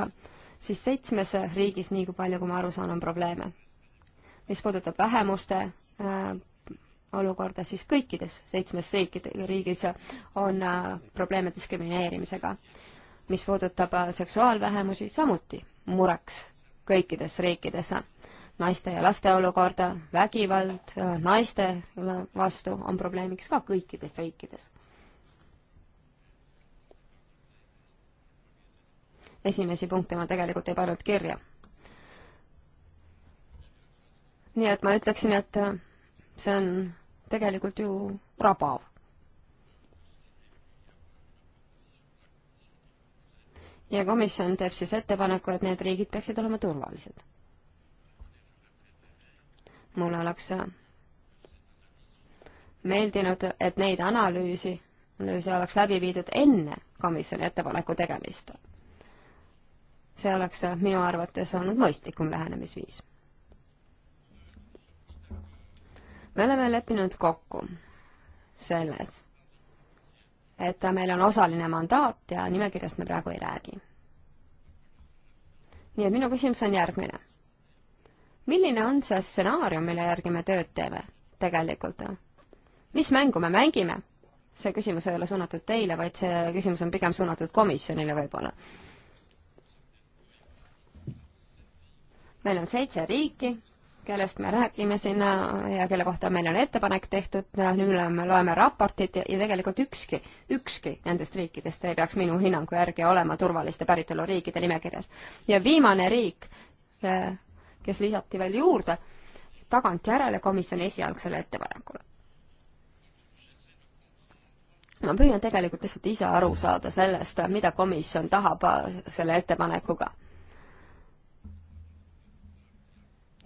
siis seitsmes riigis, nii kui palju, kui ma aru saan, on probleeme. mis puudutab vähemuste äh, olukorda, siis kõikides seitsmes riikide, riigis on äh, probleeme diskrimineerimisega. mis puudutab äh, seksuaalvähemusi, samuti mureks kõikides riikides. naiste ja laste olukorda, vägivald äh, naiste äh, vastu on probleemiks ka kõikides riikides esimesi punkte ma tegelikult ei pannud kirja. nii et ma ütleksin, et see on tegelikult ju rabav. ja komisjon teeb siis ettepaneku, et need riigid peaksid olema turvalised. mul oleks meeldinud, et neid analüüsi, analüüse oleks läbi viidud enne komisjoni ettepaneku tegemist see oleks äh, minu arvates olnud mõistlikum lähenemisviis. me oleme leppinud kokku selles, et meil on osaline mandaat ja nimekirjast me praegu ei räägi. nii et minu küsimus on järgmine. milline on see stsenaarium, mille järgi me tööd teeme tegelikult? mis mängu me mängime? see küsimus ei ole suunatud teile, vaid see küsimus on pigem suunatud komisjonile võib-olla meil on seitse riiki, kellest me räägime siin äh, ja kelle kohta meil on ettepanek tehtud, nüüd me loeme raportit ja, ja tegelikult ükski, ükski nendest riikidest ei peaks minu hinnangu järgi olema turvaliste päritoluriikide nimekirjas. ja viimane riik, äh, kes lisati veel juurde, tagantjärele komisjoni esialgsele ettepanekule. ma püüan tegelikult lihtsalt ise aru saada sellest, mida komisjon tahab äh, selle ettepanekuga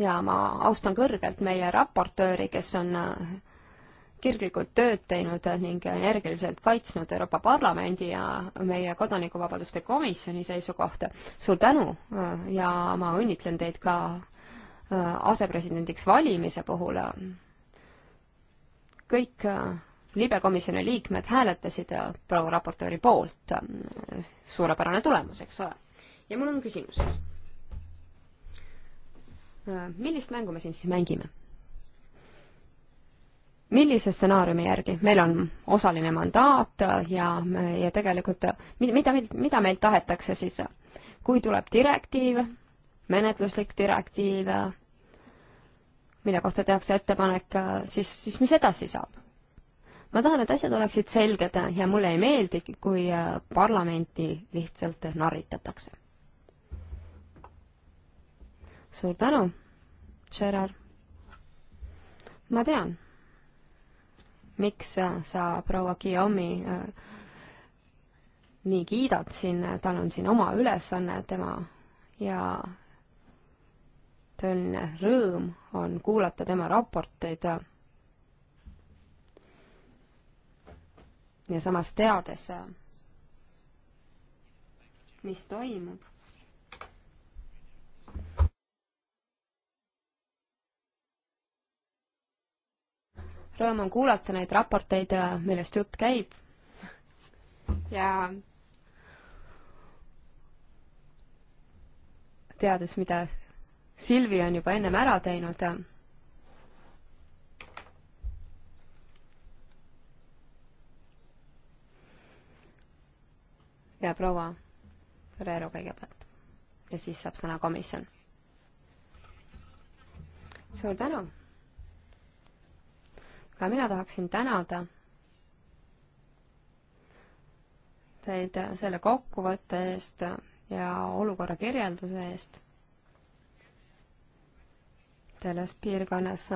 ja ma austan kõrgelt meie raportööri, kes on äh, kirglikult tööd teinud ning energiliselt kaitsnud Euroopa Parlamendi ja meie Kodanikuvabaduste Komisjoni seisukohta. suur tänu äh, ja ma õnnitlen teid ka äh, asepresidendiks valimise puhul. kõik libekomisjoni liikmed hääletasid proua raportööri poolt. suurepärane tulemus, eks ole. ja mul on küsimus siis Äh, millist mängu me siin siis mängime? millise stsenaariumi järgi? meil on osaline mandaat ja, ja tegelikult mida, mida meilt tahetakse siis? kui tuleb direktiiv, menetluslik direktiiv, mille kohta tehakse ettepanek, siis, siis mis edasi saab? ma tahan, et asjad oleksid selged ja mulle ei meeldi, kui äh, parlamenti lihtsalt narritatakse suur tänu, Gerard. ma tean, miks sa proua Guillaume'i äh, nii kiidad siin, tal on siin oma ülesanne, tema ja tõeline rõõm on kuulata tema raporteid. ja samas teades, äh, mis toimub, rõõm on kuulata neid raporteid, millest jutt käib. ja teades, mida Silvi on juba ennem ära teinud. ja proua Ferrero kõigepealt ja siis saab sõna komisjon. suur tänu ka mina tahaksin tänada teid selle kokkuvõtte eest ja olukorra kirjelduse eest selles piirkonnas.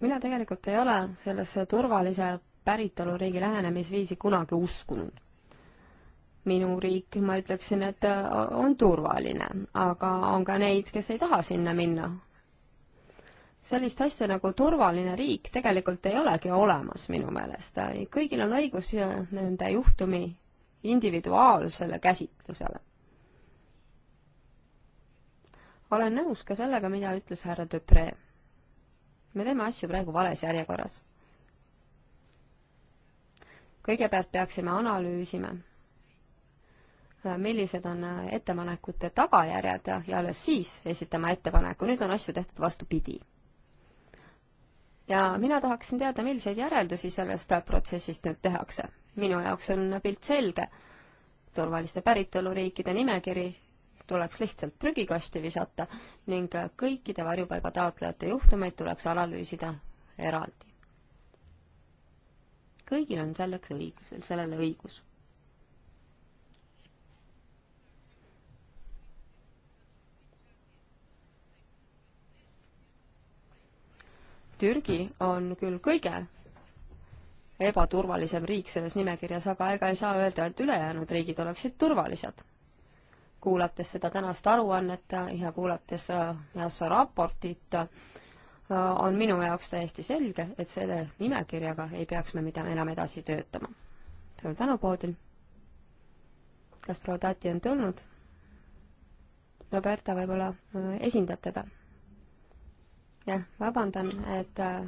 mina tegelikult ei ole sellesse turvalise päritoluriigi lähenemisviisi kunagi uskunud. minu riik, ma ütleksin, et on turvaline, aga on ka neid, kes ei taha sinna minna sellist asja nagu turvaline riik tegelikult ei olegi olemas minu meelest. kõigil on õigus nende juhtumi individuaalsele käsitlusele. olen nõus ka sellega, mida ütles härra Dupre. me teeme asju praegu vales järjekorras. kõigepealt peaksime analüüsima, millised on ettepanekute tagajärjed ja alles siis esitama ettepaneku, nüüd on asju tehtud vastupidi ja mina tahaksin teada, milliseid järeldusi sellest protsessist nüüd tehakse. minu jaoks on pilt selge. turvaliste päritoluriikide nimekiri tuleks lihtsalt prügikasti visata ning kõikide varjupaiga taotlejate juhtumeid tuleks analüüsida eraldi. kõigil on selleks õigusel, sellele õigus. Türgi on küll kõige ebaturvalisem riik selles nimekirjas, aga ega ei saa öelda, et ülejäänud riigid oleksid turvalised. kuulates seda tänast aruannet ja kuulates EASO äh, raportit, äh, on minu jaoks täiesti selge, et selle nimekirjaga ei peaks me mida enam edasi töötama. suur tänu, Poodil. kas proua Tati on tulnud? Roberta võib-olla äh, esindab teda jah, vabandan, et äh,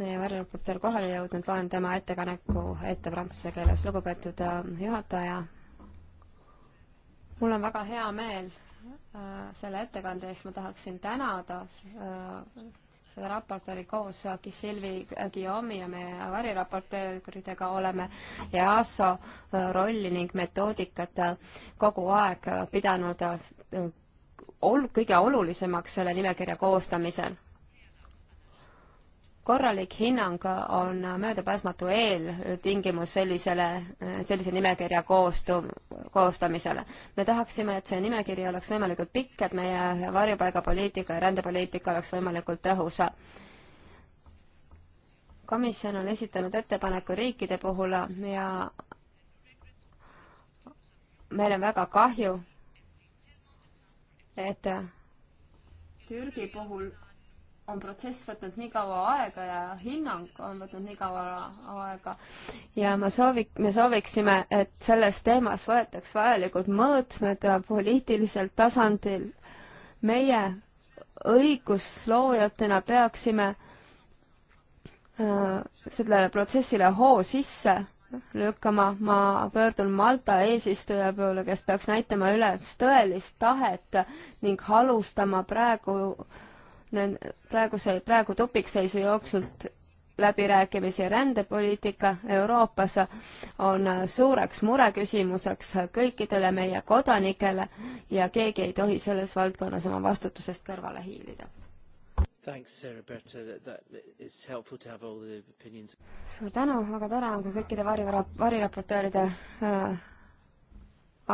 meie varjureporter kohale jõudnud, loen tema ettepaneku ette prantsuse keeles. lugupeetud äh, juhataja, mul on väga hea meel äh, selle ettekande eest, ma tahaksin tänada seda raport oli koos Kisilvi Guillaume'i ja meie variraportööridega oleme EASO rolli ning metoodikat kogu aeg pidanud ol-, kõige olulisemaks selle nimekirja koostamisel. korralik hinnang on möödapääsmatu eeltingimus sellisele, sellise nimekirja koostu-, koostamisele. me tahaksime, et see nimekiri oleks võimalikult pikk, et meie varjupaigapoliitika ja rändepoliitika oleks võimalikult tõhus komisjon on esitanud ettepaneku riikide puhul ja meil on väga kahju, et Türgi puhul on protsess võtnud nii kaua aega ja hinnang on võtnud nii kaua aega ja ma soovik-, me sooviksime, et selles teemas võetaks vajalikud mõõtmed poliitilisel tasandil. meie õigusloojatena peaksime äh, sellele protsessile hoo sisse lükkama, ma pöördun Malta eesistuja poole, kes peaks näitama üles tõelist tahet ning alustama praegu, praeguse, praegu tupikseisu jooksul läbirääkimisi rändepoliitika Euroopas on suureks mureküsimuseks kõikidele meie kodanikele ja keegi ei tohi selles valdkonnas oma vastutusest kõrvale hiilida Thanks, Roberta. That, that is helpful to have all the opinions. suur tänu, väga tore on, kui kõikide varivara-, variraportööride äh,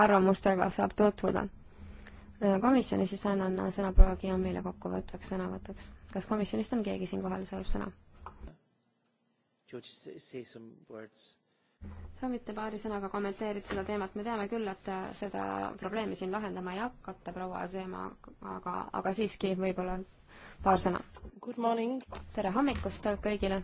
arvamustega saab tutvuda äh,. komisjoni siis annan sõna proua Guillaume'ile kokkuvõtvaks sõnavõtuks. kas komisjonist on keegi siinkohal, soovib sõna? soovite paari sõnaga kommenteerida seda teemat, me teame küll, et äh, seda probleemi siin lahendama ei hakata, proua Asema, aga, aga siiski võib-olla paar sõna. tere hommikust kõigile.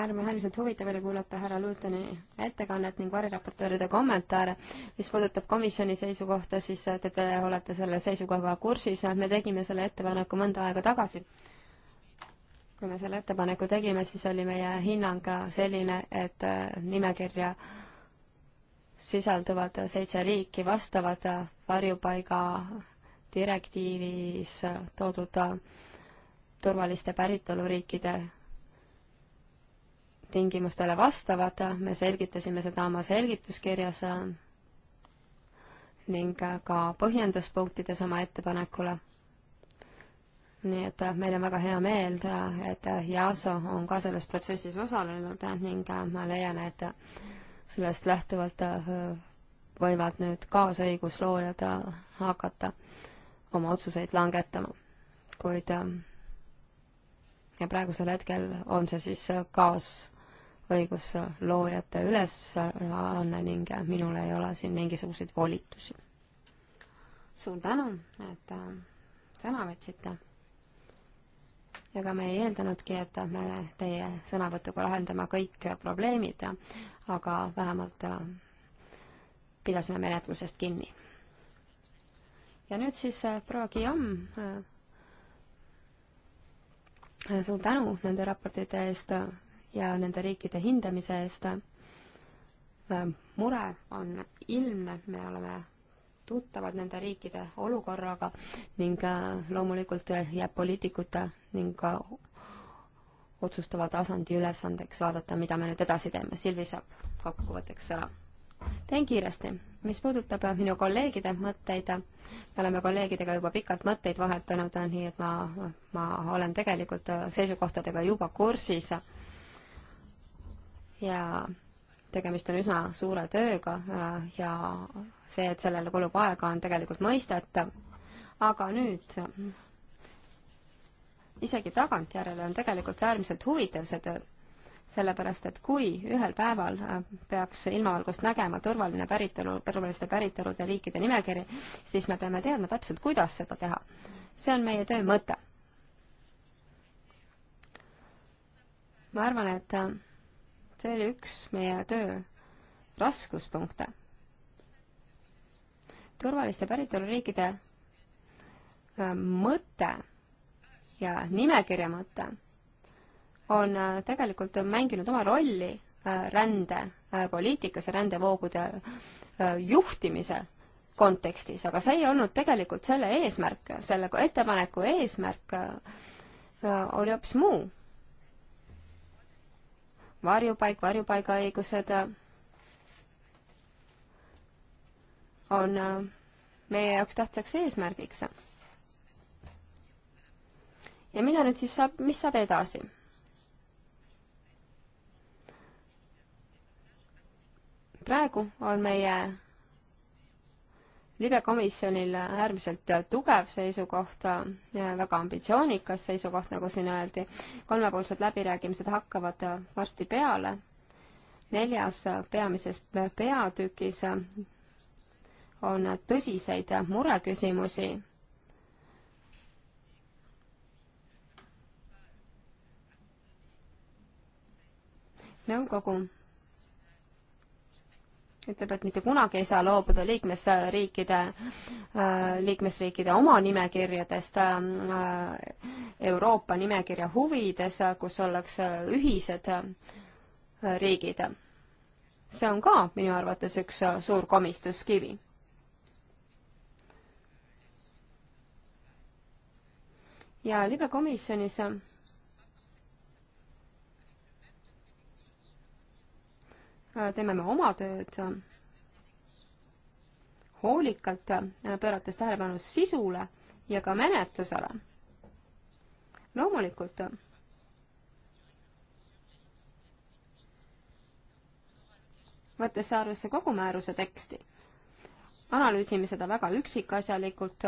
äärmiselt huvitav oli kuulata härra Lutoni ettekannet ning variraportööride kommentaare. mis puudutab komisjoni seisukohta, siis te, te olete selle seisukohaga kursis, me tegime selle ettepaneku mõnda aega tagasi kui me selle ettepaneku tegime, siis oli meie hinnang selline, et nimekirja sisalduvad seitse riiki, vastavad varjupaiga direktiivis toodud turvaliste päritoluriikide tingimustele vastavad, me selgitasime seda oma selgituskirjas ning ka põhjenduspunktides oma ettepanekule. nii et meil on väga hea meel, et EASO on ka selles protsessis osalenud ning ma leian, et sellest lähtuvalt äh, võivad nüüd kaasõigusloojad äh, hakata oma otsuseid langetama. kuid äh, ja praegusel hetkel on see siis kaasõigusloojate ülesanne ning minul ei ole siin mingisuguseid volitusi. suur tänu, et sõna võtsite ega me ei eeldanudki, et me teie sõnavõtuga lahendame kõik probleemid, aga vähemalt äh, pidasime menetlusest kinni. ja nüüd siis äh, proua Guillaume, äh, suur tänu nende raportite eest ja nende riikide hindamise eest. mure on ilmne, me oleme tuttavad nende riikide olukorraga ning loomulikult jääb poliitikute ning ka otsustava tasandi ülesandeks vaadata, mida me nüüd edasi teeme. Silvi saab kokkuvõtteks sõna. teen kiiresti. mis puudutab minu kolleegide mõtteid, me oleme kolleegidega juba pikalt mõtteid vahetanud, nii et ma, ma olen tegelikult seisukohtadega juba kursis ja tegemist on üsna suure tööga ja see, et sellele kulub aega, on tegelikult mõistetav. aga nüüd isegi tagantjärele on tegelikult see äärmiselt huvitav, see töö. sellepärast, et kui ühel päeval äh, peaks ilmavalgust nägema turvaline päritolu, turvaliste päritolude liikide nimekiri, siis me peame teadma täpselt, kuidas seda teha. see on meie töö mõte. ma arvan, et äh, see oli üks meie töö raskuspunkte. turvaliste päritoluriikide äh, mõte ja nimekirja mõte on äh, tegelikult mänginud oma rolli äh, rändepoliitikas äh, ja rändevoogude juhtimise kontekstis, aga see ei olnud tegelikult selle eesmärk, selle ettepaneku eesmärk oli hoopis muu. varjupaik, varjupaigaõigused on meie jaoks tähtsaks eesmärgiks ja mida nüüd siis saab, mis saab edasi? praegu on meie libekomisjonil äärmiselt tugev seisukoht, väga ambitsioonikas seisukoht, nagu siin öeldi. kolmepoolsed läbirääkimised hakkavad varsti peale. neljas peamises peatükis on tõsiseid mureküsimusi nõukogu ütleb, et mitte kunagi ei saa loobuda liikmesriikide, äh, liikmesriikide oma nimekirjadest äh, Euroopa nimekirja huvides, kus ollakse äh, ühised riigid. see on ka minu arvates üks suur komistuskivi. ja libekomisjonis Äh, teeme me oma tööd äh, hoolikalt, äh, pöörates tähelepanu sisule ja ka menetlusele. loomulikult võttes arvesse kogu määruse teksti, analüüsime seda väga üksikasjalikult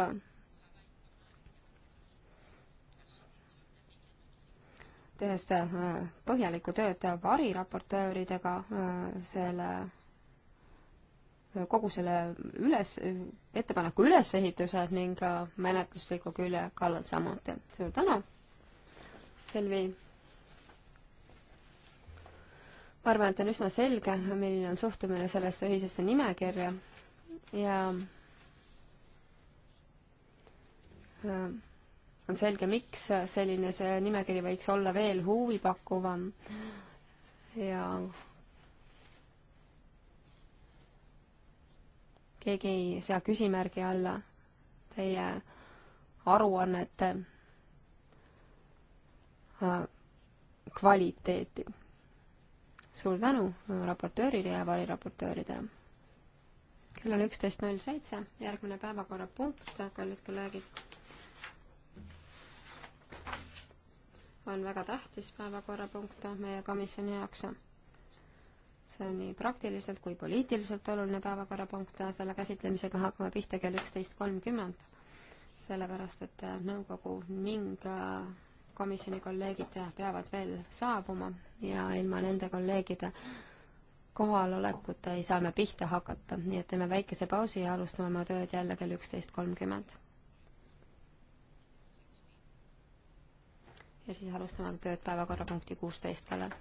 tehes äh, põhjalikku tööd variraportööridega äh, selle, kogu selle üles, ettepaneku ülesehituse ning äh, menetlusliku külje kallal samuti. suur tänu, Selvi! ma arvan, et on üsna selge, milline on suhtumine sellesse ühisesse nimekirja ja äh, on selge, miks selline see nimekiri võiks olla veel huvipakkuvam ja keegi ei sea küsimärgi alla teie aruannete äh, kvaliteeti. suur tänu raportöörile ja variraportööridele. kell on üksteist null seitse, järgmine päevakorrapunkt, kallid kolleegid on väga tähtis päevakorrapunkt meie komisjoni jaoks. see on nii praktiliselt kui poliitiliselt oluline päevakorrapunkt, selle käsitlemisega hakkame pihta kell üksteist kolmkümmend, sellepärast et nõukogu ning äh, komisjoni kolleegid peavad veel saabuma ja ilma nende kolleegide kohalolekuta ei saa me pihta hakata, nii et teeme väikese pausi ja alustame oma tööd jälle kell üksteist kolmkümmend ja siis alustame tööd päevakorrapunkti kuusteist kallal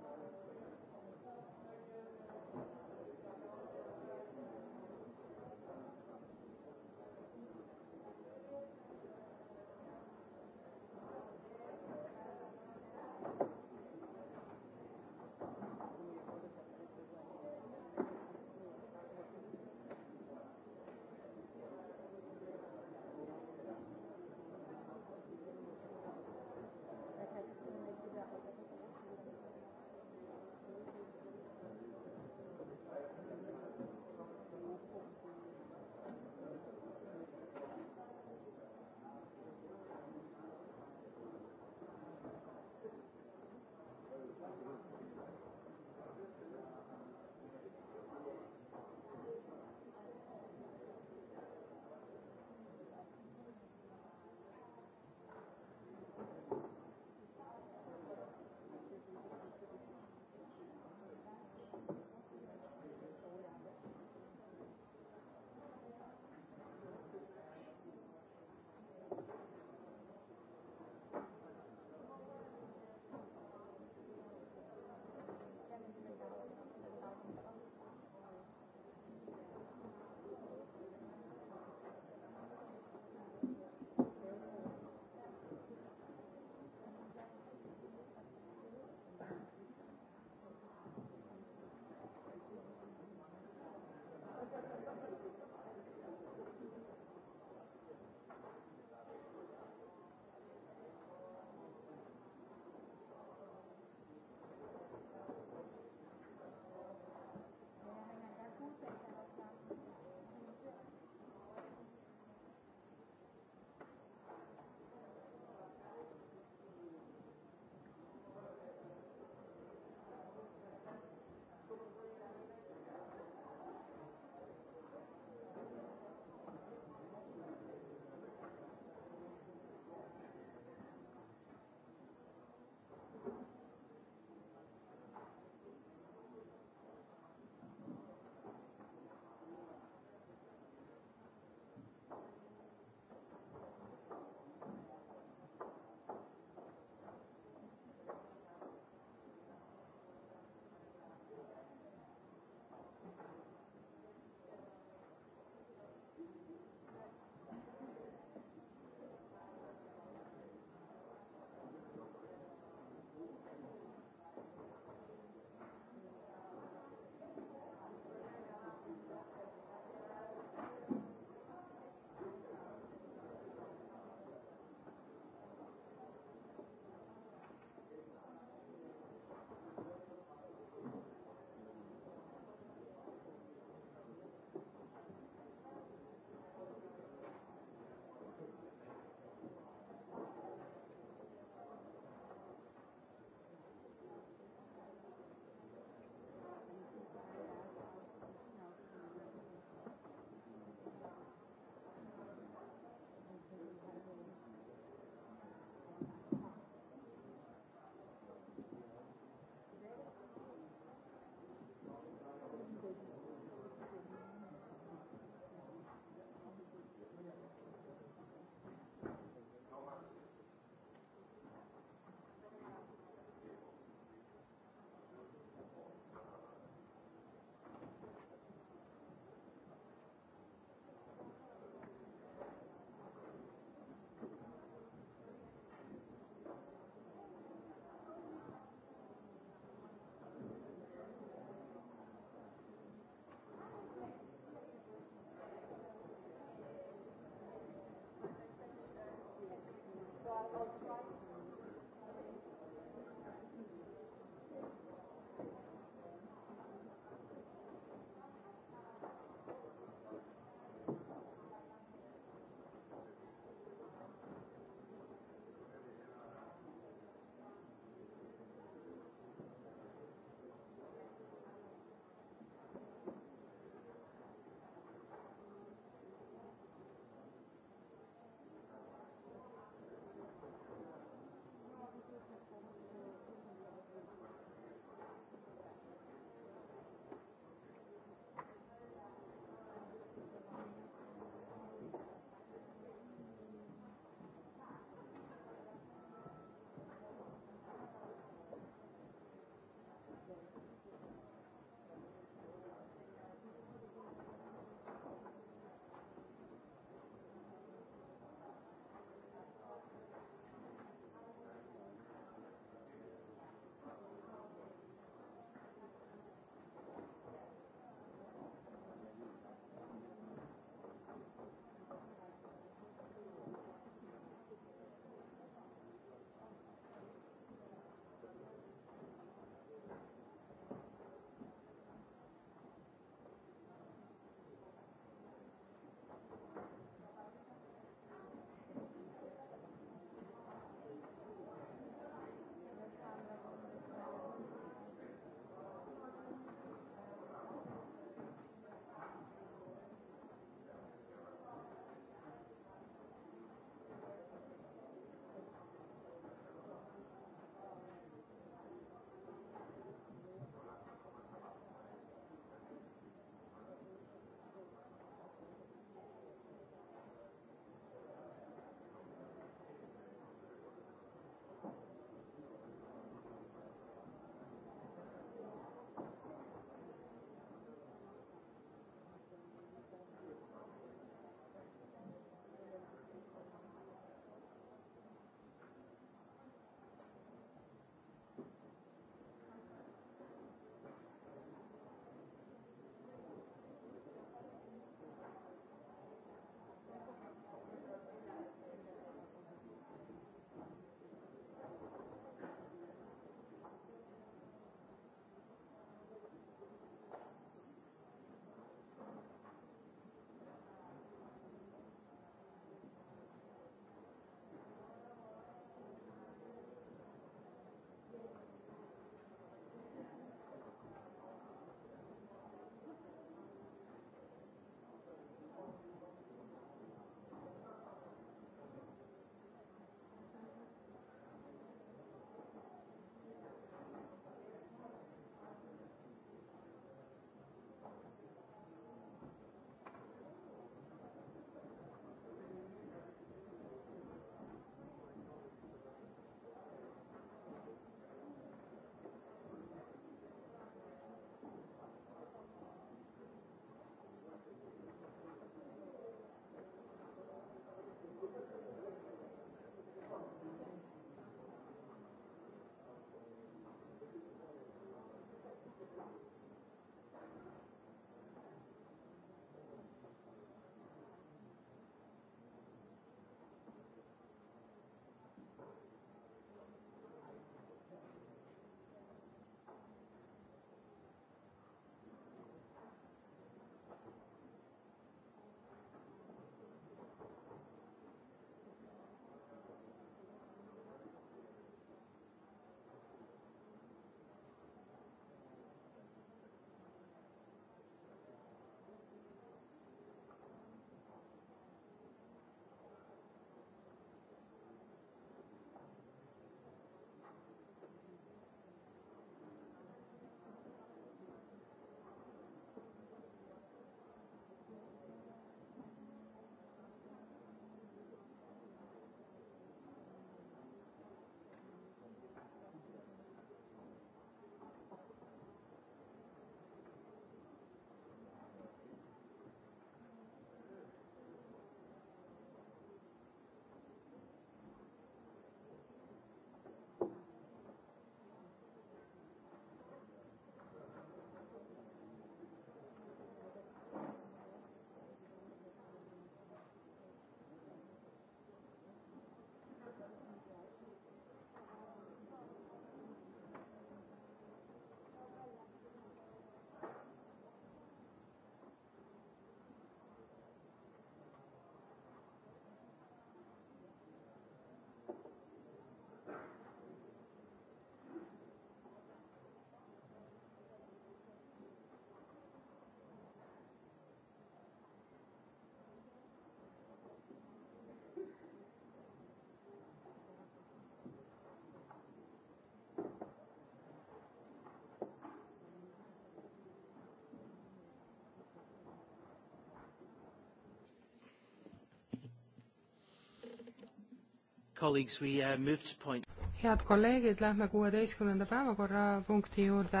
Uh, head kolleegid, lähme kuueteistkümnenda päevakorrapunkti juurde.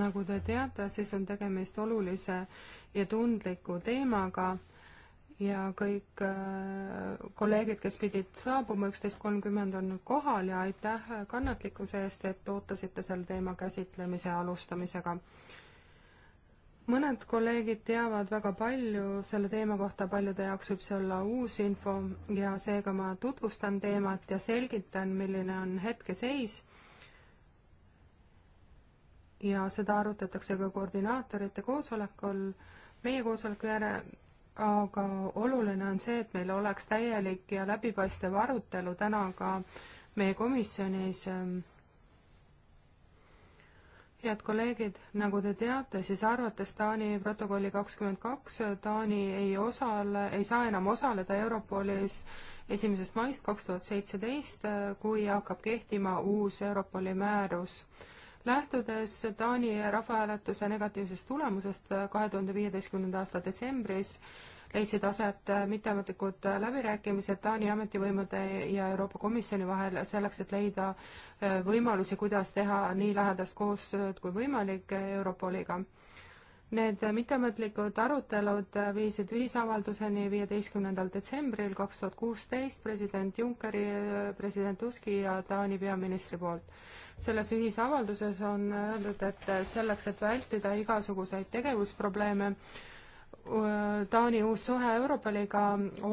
nagu te teate, siis on tegemist olulise ja tundliku teemaga ja kõik äh, kolleegid, kes pidid saabuma üksteist kolmkümmend, on nüüd kohal ja aitäh kannatlikkuse eest, et ootasite selle teema käsitlemise alustamisega mõned kolleegid teavad väga palju selle teema kohta, paljude jaoks võib see olla uus info ja seega ma tutvustan teemat ja selgitan, milline on hetkeseis. ja seda arutatakse ka koordinaatorite koosolekul, meie koosoleku järel, aga oluline on see, et meil oleks täielik ja läbipaistev arutelu täna ka meie komisjonis äh, head kolleegid, nagu te teate, siis arvates Taani protokolli kakskümmend kaks, Taani ei osale, ei saa enam osaleda Europolis esimesest maist kaks tuhat seitseteist, kui hakkab kehtima uus Europoli määrus. lähtudes Taani rahvahääletuse negatiivsest tulemusest kahe tuhande viieteistkümnenda aasta detsembris, leidsid aset äh, mitteametlikud äh, läbirääkimised Taani ametivõimude ja Euroopa Komisjoni vahel selleks, et leida äh, võimalusi, kuidas teha nii lähedast koostööd kui võimalik Europoliga. Need mitteametlikud arutelud viisid ühisavalduseni viieteistkümnendal detsembril kaks tuhat kuusteist president Junckeri, president Tuski ja Taani peaministri poolt selles ühisavalduses on öeldud, et selleks, et vältida igasuguseid tegevusprobleeme, Taani uus suhe Europoliga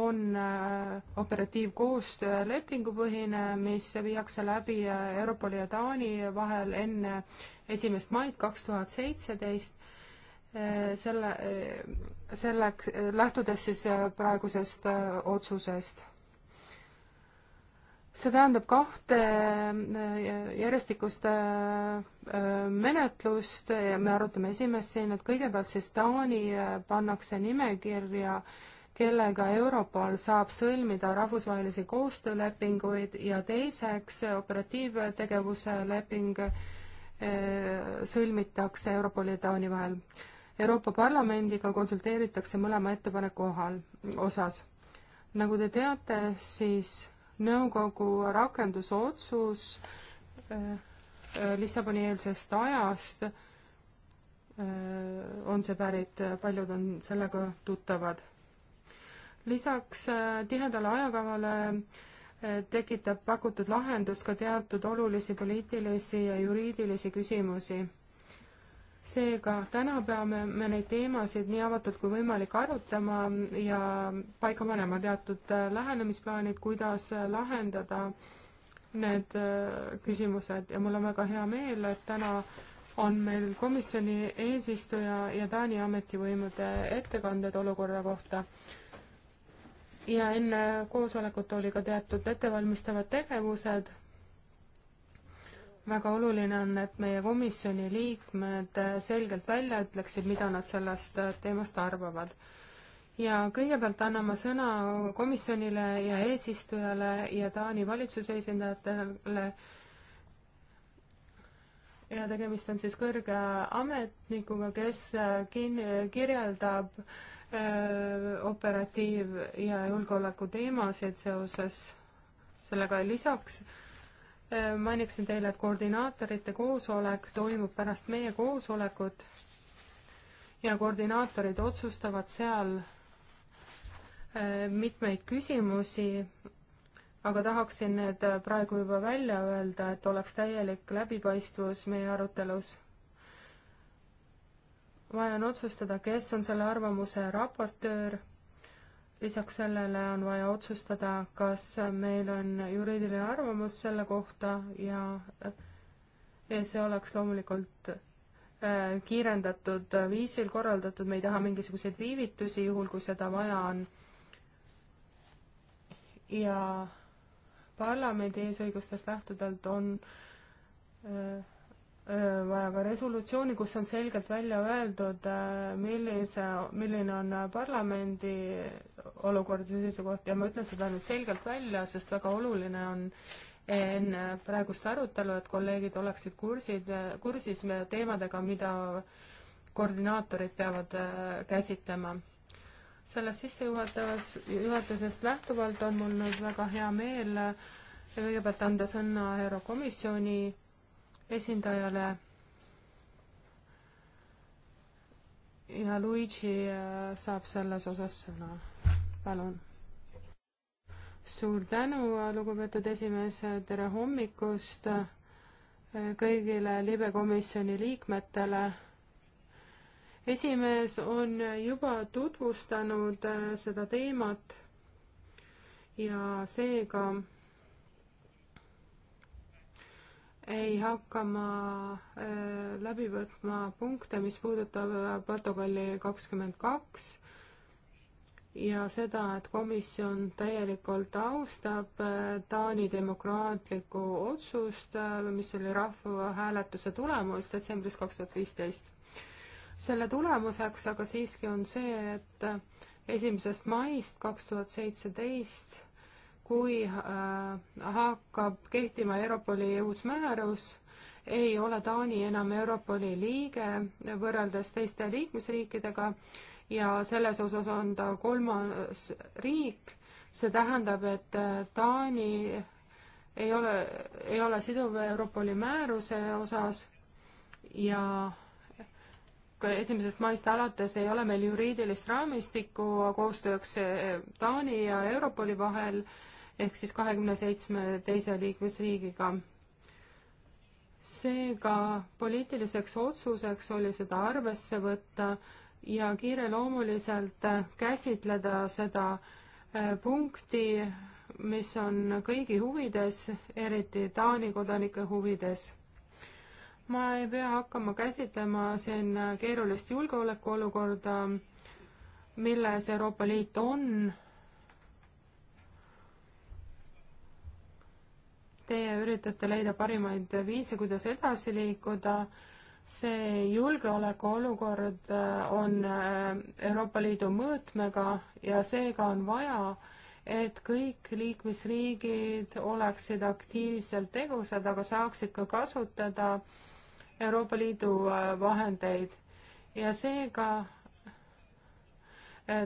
on äh, operatiivkoostöö lepingupõhine, mis viiakse läbi äh, Europoli ja Taani vahel enne esimest maid kaks tuhat seitseteist. Äh, selle, selleks, lähtudes siis praegusest otsusest see tähendab kahte äh, järjestikust äh, äh, menetlust ja me arutame esimest siin, et kõigepealt siis Taani pannakse nimekirja, kellega Europol saab sõlmida rahvusvahelisi koostöölepinguid ja teiseks operatiivtegevuse leping sõlmitakse Europoli ja Taani vahel. Euroopa Parlamendiga konsulteeritakse mõlema ettepaneku kohal, osas. nagu te teate, siis nõukogu rakendusotsus äh, äh, Lissaboni eelsest ajast äh, on see pärit, paljud on sellega tuttavad. lisaks tihedale ajakavale tekitab pakutud lahendus ka teatud olulisi poliitilisi ja juriidilisi küsimusi seega täna peame me neid teemasid nii avatult kui võimalik arutama ja paika panema teatud äh, lähenemisplaanid, kuidas äh, lahendada need äh, küsimused ja mul on väga hea meel, et täna on meil komisjoni eesistuja ja Taani ametivõimude ettekanded olukorra kohta. ja enne koosolekut oli ka teatud ettevalmistavad tegevused väga oluline on, et meie komisjoni liikmed selgelt välja ütleksid, mida nad sellest teemast arvavad. ja kõigepealt annan ma sõna komisjonile ja eesistujale ja Taani valitsuse esindajatele. ja tegemist on siis kõrge ametnikuga, kes kin-, kirjeldab öö, äh, operatiiv- ja julgeoleku teemasid seoses sellega lisaks Äh, mainiksin teile, et koordinaatorite koosolek toimub pärast meie koosolekut ja koordinaatorid otsustavad seal äh, mitmeid küsimusi, aga tahaksin need praegu juba välja öelda, et oleks täielik läbipaistvus meie arutelus. vaja on otsustada, kes on selle arvamuse raportöör lisaks sellele on vaja otsustada, kas meil on juriidiline arvamus selle kohta ja, ja see oleks loomulikult äh, kiirendatud viisil korraldatud, me ei taha mingisuguseid viivitusi, juhul kui seda vaja on. ja parlamendi eesõigustest lähtudelt on öö, äh, vaja ka resolutsiooni, kus on selgelt välja öeldud, äh, millise, milline on äh, parlamendi olukord ja seisukoht ja ma ütlen seda nüüd selgelt välja, sest väga oluline on äh, enne praegust arutelu, et kolleegid oleksid kursid, kursis teemadega, mida koordinaatorid peavad käsitlema. sellest sissejuhatavas, juhatusest lähtuvalt on mul nüüd väga hea meel kõigepealt anda sõna Eurokomisjoni esindajale ja Luigi äh, saab selles osas sõna. palun. suur tänu, äh, lugupeetud esimees, tere hommikust äh, kõigile libekomisjoni liikmetele. esimees on juba tutvustanud seda teemat ja seega ei hakka ma äh, läbi võtma punkte, mis puudutab äh, protokolli kakskümmend kaks ja seda, et komisjon täielikult austab äh, Taani demokraatlikku otsust, mis oli rahvahääletuse tulemus detsembris kaks tuhat viisteist. selle tulemuseks aga siiski on see, et esimesest maist kaks tuhat seitseteist kui äh, hakkab kehtima Europoli uus määrus, ei ole Taani enam Europoli liige võrreldes teiste liikmesriikidega ja selles osas on ta kolmas riik, see tähendab, et äh, Taani ei ole, ei ole siduv Europoli määruse osas ja esimesest maist alates ei ole meil juriidilist raamistikku koostööks äh, Taani ja Europoli vahel ehk siis kahekümne seitsme teise liikmesriigiga. seega poliitiliseks otsuseks oli seda arvesse võtta ja kiireloomuliselt käsitleda seda äh, punkti, mis on kõigi huvides, eriti Taani kodanike huvides ma ei pea hakkama käsitlema siin keerulist julgeolekuolukorda, milles Euroopa Liit on teie üritate leida parimaid viise, kuidas edasi liikuda, see julgeolekuolukord äh, on äh, Euroopa Liidu mõõtmega ja seega on vaja, et kõik liikmesriigid oleksid aktiivselt tegusad, aga saaksid ka kasutada Euroopa Liidu äh, vahendeid. ja seega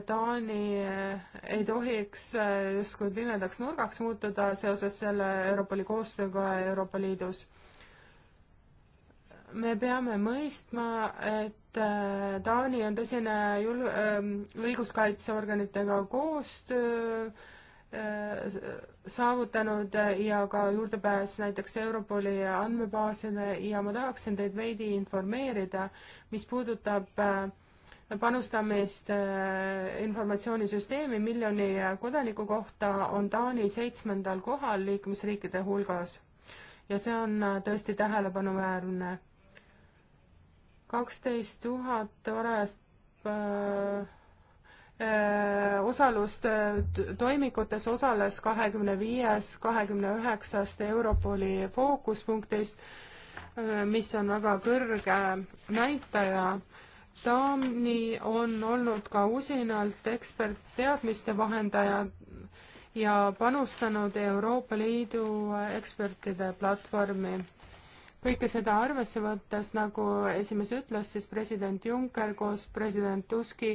Taani eh, ei tohiks eh, justkui pimedaks nurgaks muutuda seoses selle Euroopa Liidu koostööga Euroopa Liidus. me peame mõistma, et eh, Taani on tõsine jul-, ehm, õiguskaitseorganitega koostöö saavutanud ja ka juurdepääs näiteks Europoli andmebaasile ja ma tahaksin teid veidi informeerida, mis puudutab äh, panustamist äh, informatsioonisüsteemi miljoni kodaniku kohta on Taani seitsmendal kohal liikmesriikide hulgas ja see on äh, tõesti tähelepanuväärne. kaksteist tuhat varajast äh, osalust toimikutes osales kahekümne viies, kahekümne üheksast Europoli fookuspunktist, mis on väga kõrge näitaja Taani on olnud ka usinalt ekspertteadmiste vahendaja ja panustanud Euroopa Liidu ekspertide platvormi. kõike seda arvesse võttes, nagu esimees ütles, siis president Juncker koos president Tuski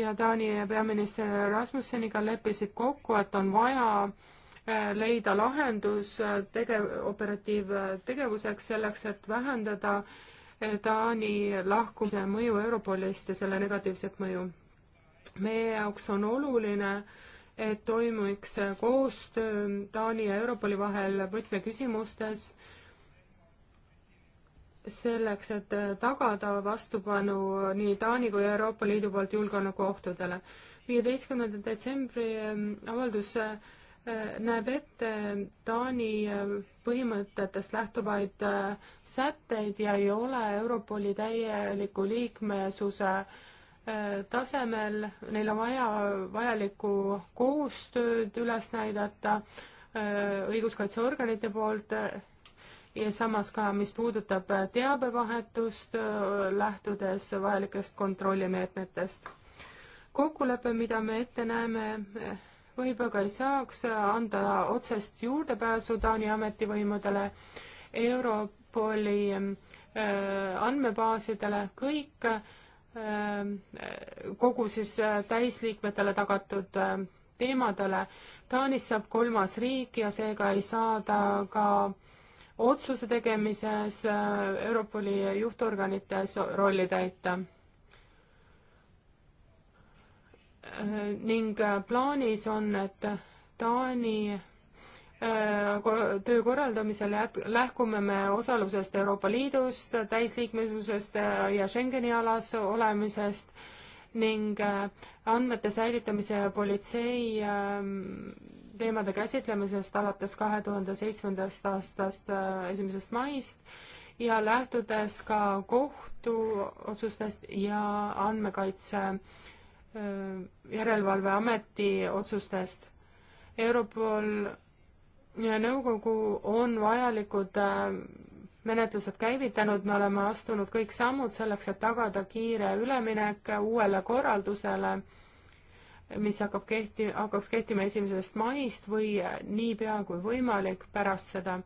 ja Taani peaminister Rasmusseniga leppisid kokku, et on vaja äh, leida lahendus äh, tegev, operatiivtegevuseks selleks, et vähendada äh, Taani lahkumise mõju Europolist ja selle negatiivset mõju. meie jaoks on oluline, et toimuks koostöö Taani ja Europoli vahel võtmeküsimustes, selleks, et tagada vastupanu nii Taani kui Euroopa Liidu poolt julgeolekuohtudele. viieteistkümnenda detsembri avalduse näeb ette Taani äh, põhimõtetest lähtuvaid äh, sätteid ja ei ole Europoli täieliku liikmesuse äh, tasemel, neil on vaja vajalikku koostööd üles näidata õiguskaitseorganite poolt ja samas ka, mis puudutab teabevahetust, lähtudes vajalikest kontrollimeetmetest. kokkulepe, mida me ette näeme, võib aga ei saaks anda otsest juurdepääsu Taani ametivõimudele, Europoli ähm, äh, andmebaasidele, kõik ähm, kogu siis äh, täisliikmetele tagatud ähm, teemadele. Taanis saab kolmas riik ja seega ei saada ka otsuse tegemises äh, Europoli juhtorganites rolli täita ning äh, plaanis on, et Taani äh, töö korraldamisel jät-, lähkume me osalusest Euroopa Liidust, täisliikmesusest äh, ja Schengeni alas olemisest ning andmete säilitamise ja politsei ähm, teemade käsitlemisest alates kahe tuhande seitsmendast aastast esimesest maist ja lähtudes ka kohtuotsustest ja andmekaitse Äh, järelevalveameti otsustest. Europol ja nõukogu on vajalikud äh, menetlused käivitanud, me oleme astunud kõik sammud selleks, et tagada kiire üleminek uuele korraldusele, mis hakkab kehti-, hakkaks kehtima esimesest maist või niipea kui võimalik pärast seda.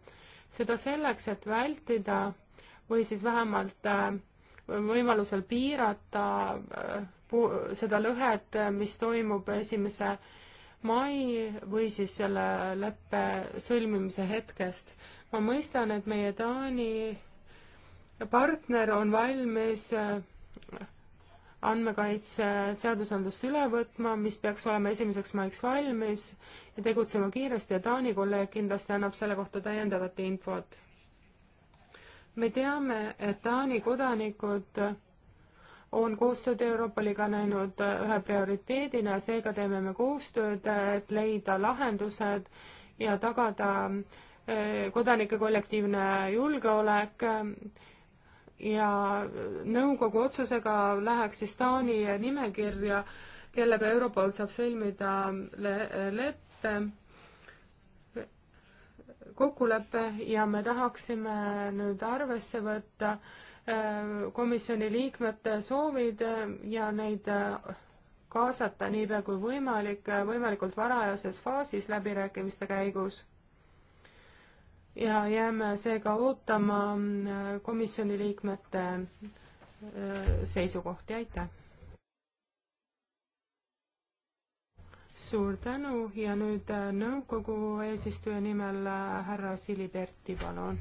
seda selleks, et vältida või siis vähemalt äh, võimalusel piirata seda lõhet, mis toimub esimese mai või siis selle leppe sõlmimise hetkest. ma mõistan, et meie Taani partner on valmis äh, andmekaitse seadusandlust üle võtma, mis peaks olema esimeseks maiks valmis ja tegutsema kiiresti ja Taani kolleeg kindlasti annab selle kohta täiendavat infot. me teame, et Taani kodanikud on koostööd Euroopa Liiga näinud äh, ühe prioriteedina, seega teeme me koostööd, et leida lahendused ja tagada äh, kodanike kollektiivne julgeolek äh, ja nõukogu otsusega läheks siis Taani nimekirja, kellega Europol saab sõlmida le leppe kokkulepe ja me tahaksime nüüd arvesse võtta äh, komisjoni liikmete soovid ja neid kaasata niipea kui võimalik, võimalikult varajases faasis läbirääkimiste käigus. ja jääme seega ootama komisjoni liikmete äh, seisukohti, aitäh! suur tänu ja nüüd äh, nõukogu eesistuja nimel äh, härra Siliberti, palun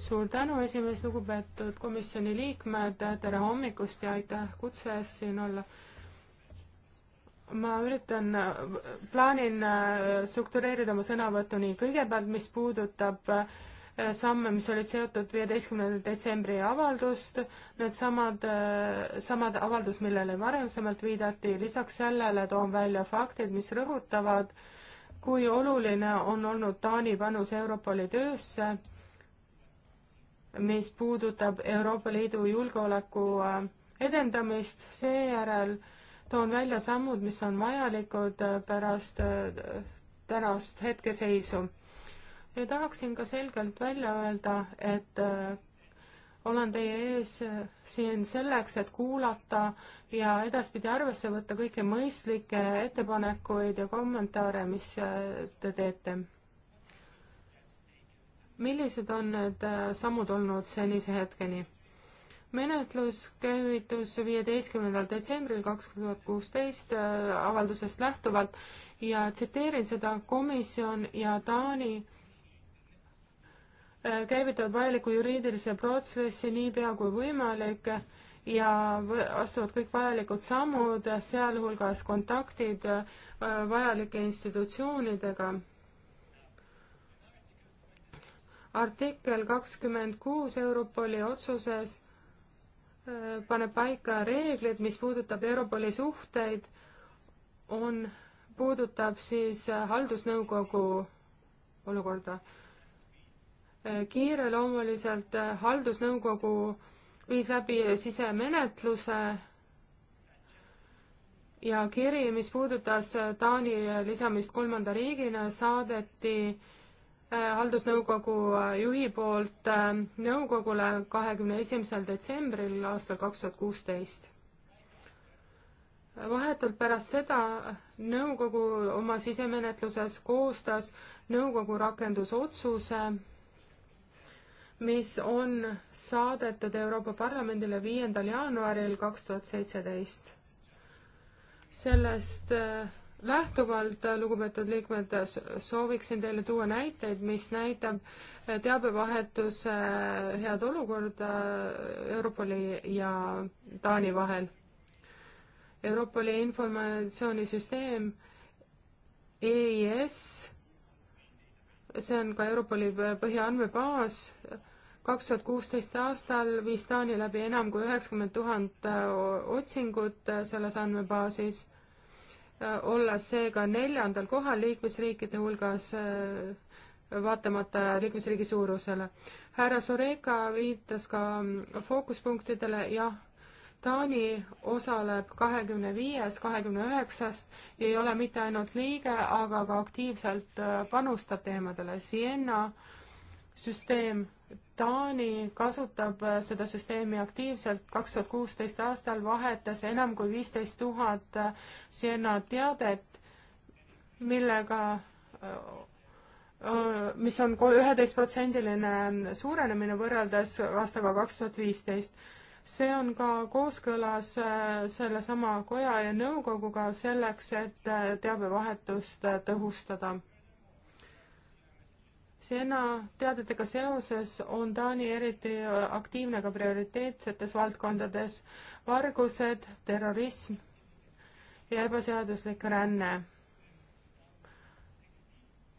suur tänu, esimees, lugupeetud komisjoni liikmed, tere hommikust ja aitäh kutse eest siin olla. ma üritan, plaanin äh, struktureerida oma sõnavõttu nii, kõigepealt, mis puudutab äh, samme, mis olid seotud viieteistkümnenda detsembri avaldust, needsamad, äh, samad avaldus, millele varasemalt viidati, lisaks sellele toon välja faktid, mis rõhutavad, kui oluline on olnud Taani panus Europoli töösse mis puudutab Euroopa Liidu julgeoleku äh, edendamist, seejärel toon välja sammud, mis on vajalikud äh, pärast äh, tänast hetkeseisu. ja tahaksin ka selgelt välja öelda, et olen teie ees siin selleks, et kuulata ja edaspidi arvesse võtta kõiki mõistlikke ettepanekuid ja kommentaare, mis te teete millised on need äh, sammud olnud senise hetkeni? menetlus käivitus viieteistkümnendal detsembril kaks tuhat kuusteist äh, avaldusest lähtuvalt ja tsiteerin seda, komisjon ja Taani äh, käivitavad vajaliku juriidilise protsessi niipea kui võimalik ja astuvad kõik vajalikud sammud, sealhulgas kontaktid vajalike institutsioonidega artikkel kakskümmend kuus Europoli otsuses äh, paneb paika reeglid, mis puudutab Europoli suhteid, on, puudutab siis äh, haldusnõukogu olukorda. Äh, kiireloomuliselt haldusnõukogu viis läbi sisemenetluse ja kiri, mis puudutas Taani lisamist kolmanda riigina, saadeti äh, Äh, haldusnõukogu äh, juhi poolt äh, nõukogule kahekümne esimesel detsembril aastal kaks tuhat kuusteist. vahetult pärast seda nõukogu oma sisemenetluses koostas nõukogu rakendusotsuse, mis on saadetud Euroopa Parlamendile viiendal jaanuaril kaks tuhat seitseteist. sellest äh, lähtuvalt, lugupeetud liikmed, sooviksin teile tuua näiteid, mis näitab eh, teabevahetuse eh, head olukorda eh, Europoli ja Taani vahel. Europoli informatsioonisüsteem EIS, see on ka Europoli põhiandmebaas, kaks tuhat kuusteist aastal viis Taani läbi enam kui üheksakümmend tuhat otsingut selles andmebaasis olla seega neljandal kohal liikmesriikide hulgas äh, vaatamata liikmesriigi suurusele. härra Soreka viitas ka fookuspunktidele, jah, Taani osaleb kahekümne viies, kahekümne üheksast, ei ole mitte ainult liige, aga ka aktiivselt äh, panustab teemadele. Siena süsteem Taani kasutab äh, seda süsteemi aktiivselt, kaks tuhat kuusteist aastal vahetas enam kui viisteist tuhat äh, Siena teadet, millega, äh, mis on üheteistprotsendiline mm, suurenemine võrreldes aastaga kaks tuhat viisteist. see on ka kooskõlas sellesama koja ja nõukoguga selleks, et teabevahetust tõhustada Sena teadetega seoses on Taani eriti aktiivne ka prioriteetsetes valdkondades vargused, terrorism ja ebaseaduslik ränne.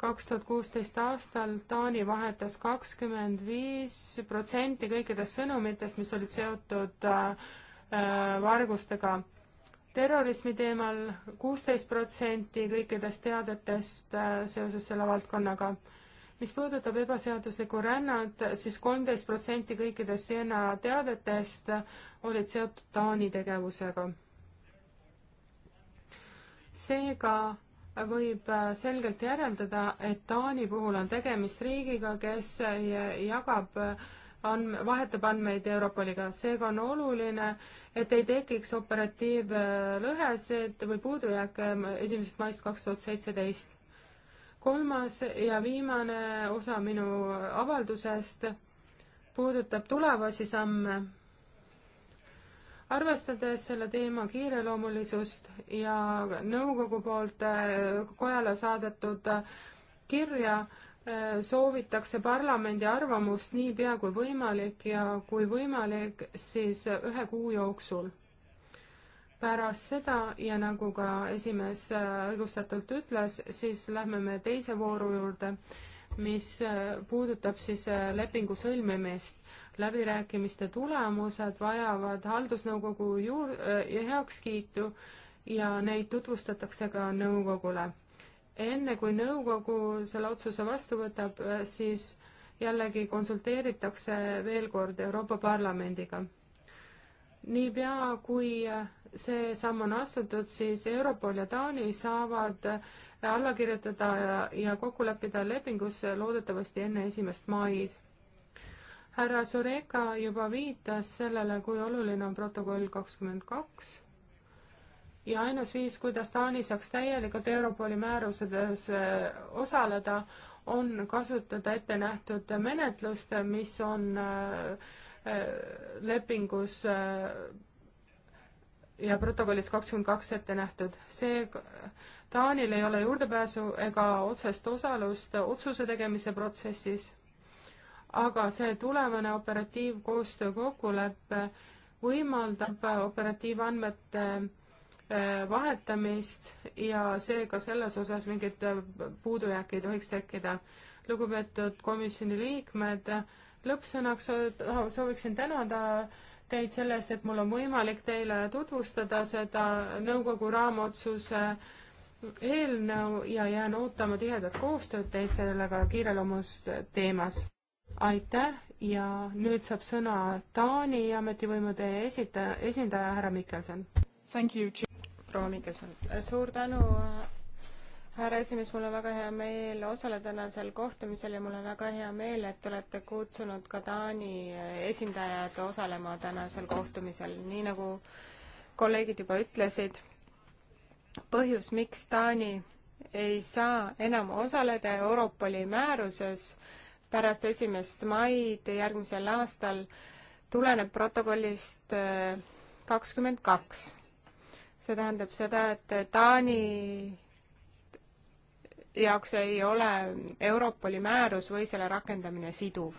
kaks tuhat kuusteist aastal Taani vahetas kakskümmend viis protsenti kõikidest sõnumitest, mis olid seotud äh, vargustega. terrorismi teemal kuusteist protsenti kõikidest teadetest äh, seoses selle valdkonnaga mis puudutab ebaseaduslikku rännat siis, siis kolmteist protsenti kõikidest Siena teadetest olid seotud Taani tegevusega. seega võib selgelt järeldada, et Taani puhul on tegemist riigiga, kes jagab on, vahetab andmeid Europoliga, seega on oluline, et ei tekiks operatiivlõhesid või puudujääke esimesest maist kaks tuhat seitseteist kolmas ja viimane osa minu avaldusest puudutab tulevasi samme. arvestades selle teema kiireloomulisust ja nõukogu poolt äh, kojale saadetud kirja, äh, soovitakse parlamendi arvamust niipea kui võimalik ja kui võimalik, siis ühe kuu jooksul pärast seda ja nagu ka esimees äh, õigustatult ütles, siis lähme me teise vooru juurde, mis äh, puudutab siis äh, lepingu sõlmimist. läbirääkimiste tulemused vajavad haldusnõukogu juur- ja heakskiitu ja neid tutvustatakse ka nõukogule. enne kui nõukogu selle otsuse vastu võtab, siis jällegi konsulteeritakse veel kord Euroopa Parlamendiga. niipea, kui see samm on astutud, siis Europol ja Taani saavad alla kirjutada ja, ja kokku leppida lepingus loodetavasti enne esimest maid. härra Sureka juba viitas sellele, kui oluline on protokoll kakskümmend kaks ja ainus viis, kuidas Taani saaks täielikult Europoli määruses äh, osaleda, on kasutada ette nähtud menetlust, mis on äh, äh, lepingus ja protokollis kakskümmend kaks ette nähtud. see Taanil ei ole juurdepääsu ega otsest osalust otsuse tegemise protsessis, aga see tulevane operatiivkoostöö kokkulepe võimaldab operatiivandmete eh, vahetamist ja seega selles osas mingit eh, puudujääki ei tohiks tekkida. lugupeetud komisjoni liikmed, lõppsõnaks sooviksin tänada teid selle eest, et mul on võimalik teile tutvustada seda nõukogu raamotsuse eelnõu ja jään ootama tihedat koostööd teid sellega kiireloomust teemas. aitäh ja nüüd saab sõna Taani ametivõimude esita-, esindaja härra Mikkelson. proua Mikkelson, suur tänu härra esimees, mul on väga hea meel osaleda tänasel kohtumisel ja mul on väga hea meel, et te olete kutsunud ka Taani esindajad osalema tänasel kohtumisel, nii nagu kolleegid juba ütlesid. põhjus, miks Taani ei saa enam osaleda Europoli määruses pärast esimest maid järgmisel aastal, tuleneb protokollist eh, kakskümmend kaks. see tähendab seda, et Taani jaoks ei ole Europoli määrus või selle rakendamine siduv.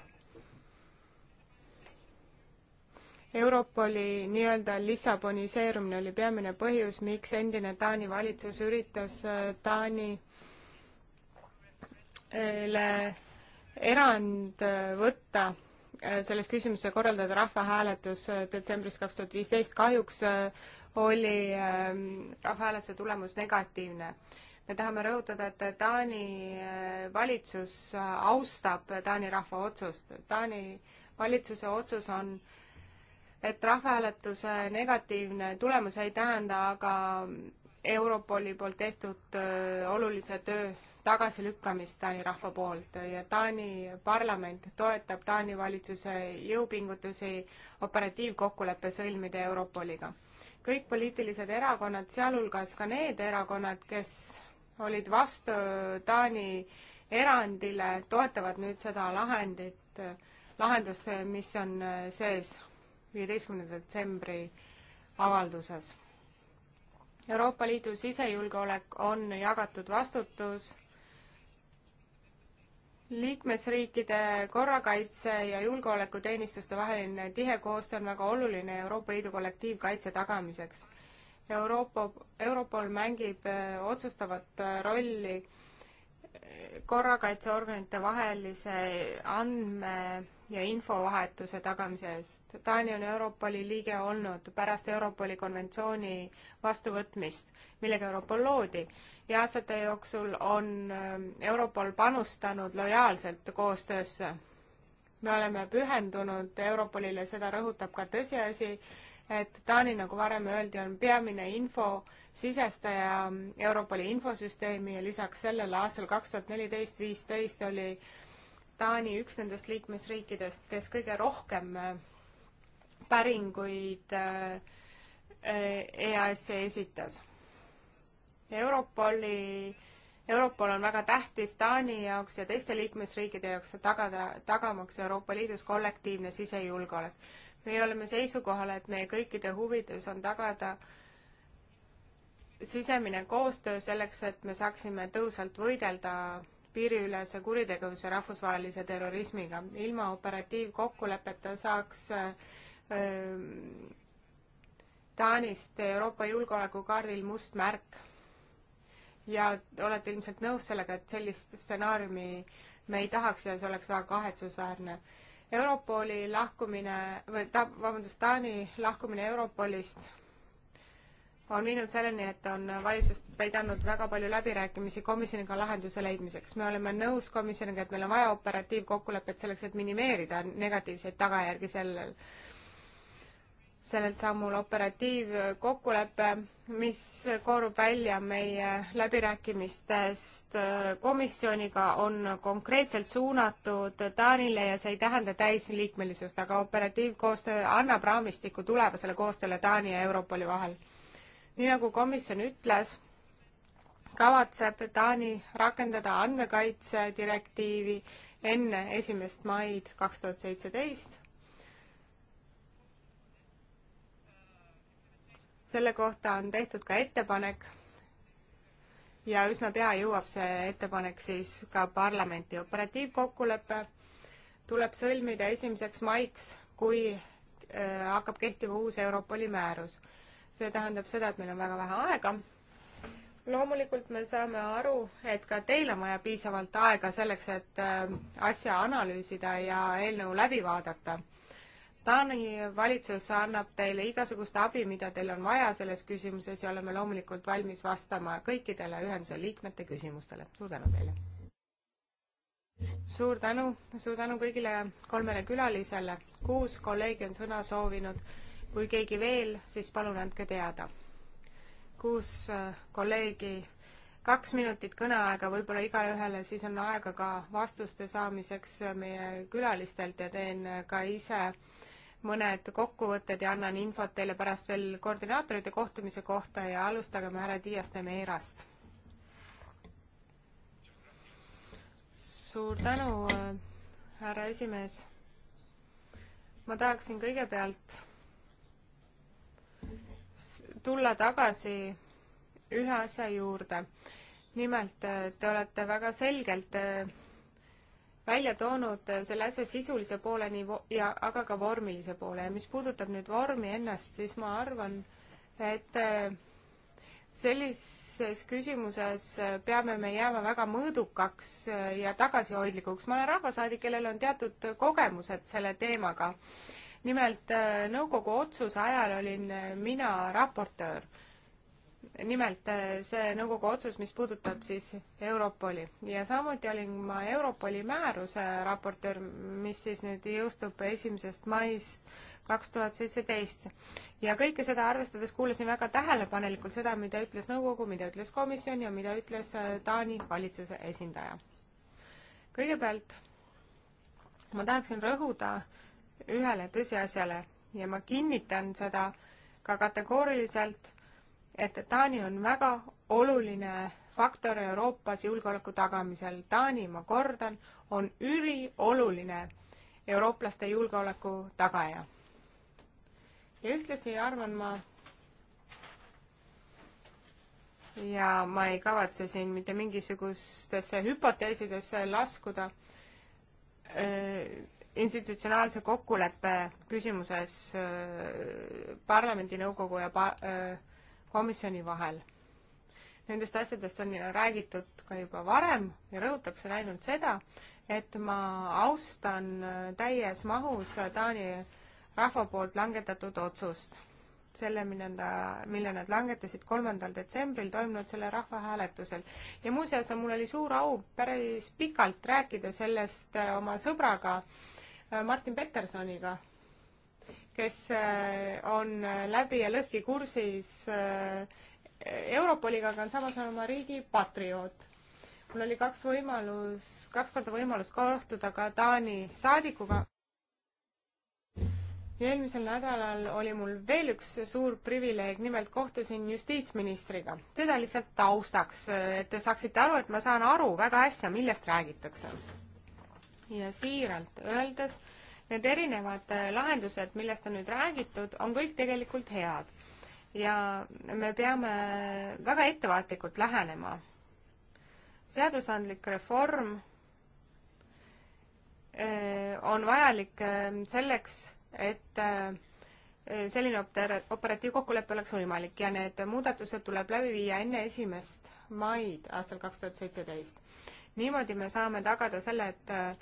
Europoli nii-öelda Lissaboniseerumine oli peamine põhjus, miks endine Taani valitsus üritas äh, Taanile erand äh, võtta äh, selles küsimuses ja korraldada rahvahääletus detsembris kaks tuhat viisteist. kahjuks oli rahvahääletuse tulemus negatiivne me tahame rõhutada, et Taani eh, valitsus eh, austab Taani rahva otsust. Taani valitsuse otsus on, et rahvahääletuse negatiivne tulemus ei tähenda aga Europoli poolt tehtud eh, olulise töö tagasilükkamist Taani rahva poolt ja Taani parlament toetab Taani valitsuse jõupingutusi operatiivkokkuleppe sõlmida Europoliga. kõik poliitilised erakonnad, sealhulgas ka need erakonnad, kes olid vastu Taani erandile, toetavad nüüd seda lahendit, lahendust, mis on sees viieteistkümnenda detsembri avalduses. Euroopa Liidu sisejulgeolek on jagatud vastutus liikmesriikide korrakaitse ja julgeolekuteenistuste vaheline tihe koostöö on väga oluline Euroopa Liidu kollektiivkaitse tagamiseks. Euroopa, Europol mängib äh, otsustavat äh, rolli äh, korrakaitseorganite vahelise andme ja infovahetuse tagamise eest. Taani on Europoli liige olnud pärast Europoli konventsiooni vastuvõtmist, millega Europol loodi ja aastate jooksul on Europol panustanud lojaalselt koostöösse. me oleme pühendunud Europolile, seda rõhutab ka tõsiasi, et Taani, nagu varem öeldi, on peamine info sisestaja Europoli infosüsteemi ja lisaks sellele aastal kaks tuhat neliteist, viisteist oli Taani üks nendest liikmesriikidest, kes kõige rohkem äh, päringuid äh, äh, EAS-i esitas. Europoli Europol on väga tähtis Taani jaoks ja teiste liikmesriikide jaoks tagada, tagamaks Euroopa Liidus kollektiivne sisejulgeolek meie oleme seisukohal, et meie kõikide huvides on tagada sisemine koostöö selleks, et me saaksime tõhusalt võidelda piiriülese kuritegevuse rahvusvahelise terrorismiga. ilma operatiivkokkuleppeta saaks öö, ähm, Taanist Euroopa julgeolekukaardil must märk. ja olete ilmselt nõus sellega, et sellist stsenaariumi me ei tahaks ja see oleks väga kahetsusväärne Europoli lahkumine või ta-, vabandust, Taani lahkumine Europolist on viinud selleni, et on valitsus pidanud väga palju läbirääkimisi komisjoniga lahenduse leidmiseks. me oleme nõus komisjoniga, et meil on vaja operatiivkokkulepet selleks, et minimeerida negatiivseid tagajärgi sellel sellelt sammul operatiivkokkulepe, mis koorub välja meie läbirääkimistest komisjoniga, on konkreetselt suunatud Taanile ja see ei tähenda täisliikmelisust, aga operatiivkoostöö annab raamistiku tulevasele koostööle Taani ja Europoli vahel. nii nagu komisjon ütles, kavatseb Taani rakendada andmekaitse direktiivi enne esimest maid kaks tuhat seitseteist selle kohta on tehtud ka ettepanek ja üsna pea jõuab see ettepanek siis ka parlamenti. operatiivkokkulepe tuleb sõlmida esimeseks maiks, kui äh, hakkab kehtima uus Europoli määrus. see tähendab seda, et meil on väga vähe aega. loomulikult me saame aru, et ka teil on vaja piisavalt aega selleks, et äh, asja analüüsida ja eelnõu läbi vaadata Taani valitsus annab teile igasugust abi, mida teil on vaja selles küsimuses ja oleme loomulikult valmis vastama kõikidele ühenduse liikmete küsimustele. suur tänu teile! suur tänu, suur tänu kõigile kolmele külalisele, kuus kolleegi on sõna soovinud. kui keegi veel, siis palun andke teada. kuus äh, kolleegi kaks minutit kõneaega võib-olla igale ühele, siis on aega ka vastuste saamiseks äh, meie külalistelt ja teen äh, ka ise mõned kokkuvõtted ja annan infot teile pärast veel koordinaatorite kohtumise kohta ja alustageme härra Dias de Meirast. suur tänu, härra esimees. ma tahaksin kõigepealt tulla tagasi ühe asja juurde. nimelt, te olete väga selgelt välja toonud selle asja sisulise poole nii vo- ja aga ka vormilise poole ja mis puudutab nüüd vormi ennast, siis ma arvan, et äh, sellises küsimuses äh, peame me jääma väga mõõdukaks äh, ja tagasihoidlikuks. ma olen rahvasaadik, kellel on teatud kogemused selle teemaga. nimelt nõukogu otsuse ajal olin mina raportöör nimelt äh, see nõukogu otsus, mis puudutab siis Europoli ja samuti olin ma Europoli määruse raportöör, mis siis nüüd jõustub esimesest maist kaks tuhat seitseteist. ja kõike seda arvestades kuulasin väga tähelepanelikult seda, mida ütles nõukogu, mida ütles komisjon ja mida ütles äh, Taani valitsuse esindaja. kõigepealt ma tahaksin rõhuda ühele tõsiasjale ja ma kinnitan seda ka kategooriliselt et Taani on väga oluline faktor Euroopas julgeoleku tagamisel. Taani, ma kordan, on ülioluline eurooplaste julgeoleku tagaja. ja ühtlasi arvan ma ja ma ei kavatse siin mitte mingisugustesse hüpoteesidesse laskuda äh, institutsionaalse kokkuleppe küsimuses äh, parlamendi, nõukogu ja pa- äh,, komisjoni vahel. Nendest asjadest on räägitud ka juba varem ja rõhutakse ainult seda, et ma austan täies mahus Taani rahva poolt langetatud otsust. selle, mille ta, mille nad langetasid kolmandal detsembril toimunud selle rahvahääletusel. ja muuseas, mul oli suur au päris pikalt rääkida sellest oma sõbraga Martin Petersoniga kes äh, on läbi ja lõhki kursis äh, Europoliga, aga on samas on oma riigi patrioot. mul oli kaks võimalus, kaks korda võimalus kohtuda ka Taani saadikuga. ja eelmisel nädalal oli mul veel üks suur privileeg, nimelt kohtusin justiitsministriga. seda lihtsalt taustaks, et te saaksite aru, et ma saan aru väga hästi, millest räägitakse. ja siiralt öeldes äh, Need erinevad äh, lahendused, millest on nüüd räägitud, on kõik tegelikult head. ja me peame väga ettevaatlikult lähenema. seadusandlik reform äh, on vajalik ähm, selleks, et äh, selline operatiivkokkulepe oleks võimalik ja need muudatused tuleb läbi viia enne esimest maid aastal kaks tuhat seitseteist. niimoodi me saame tagada selle, et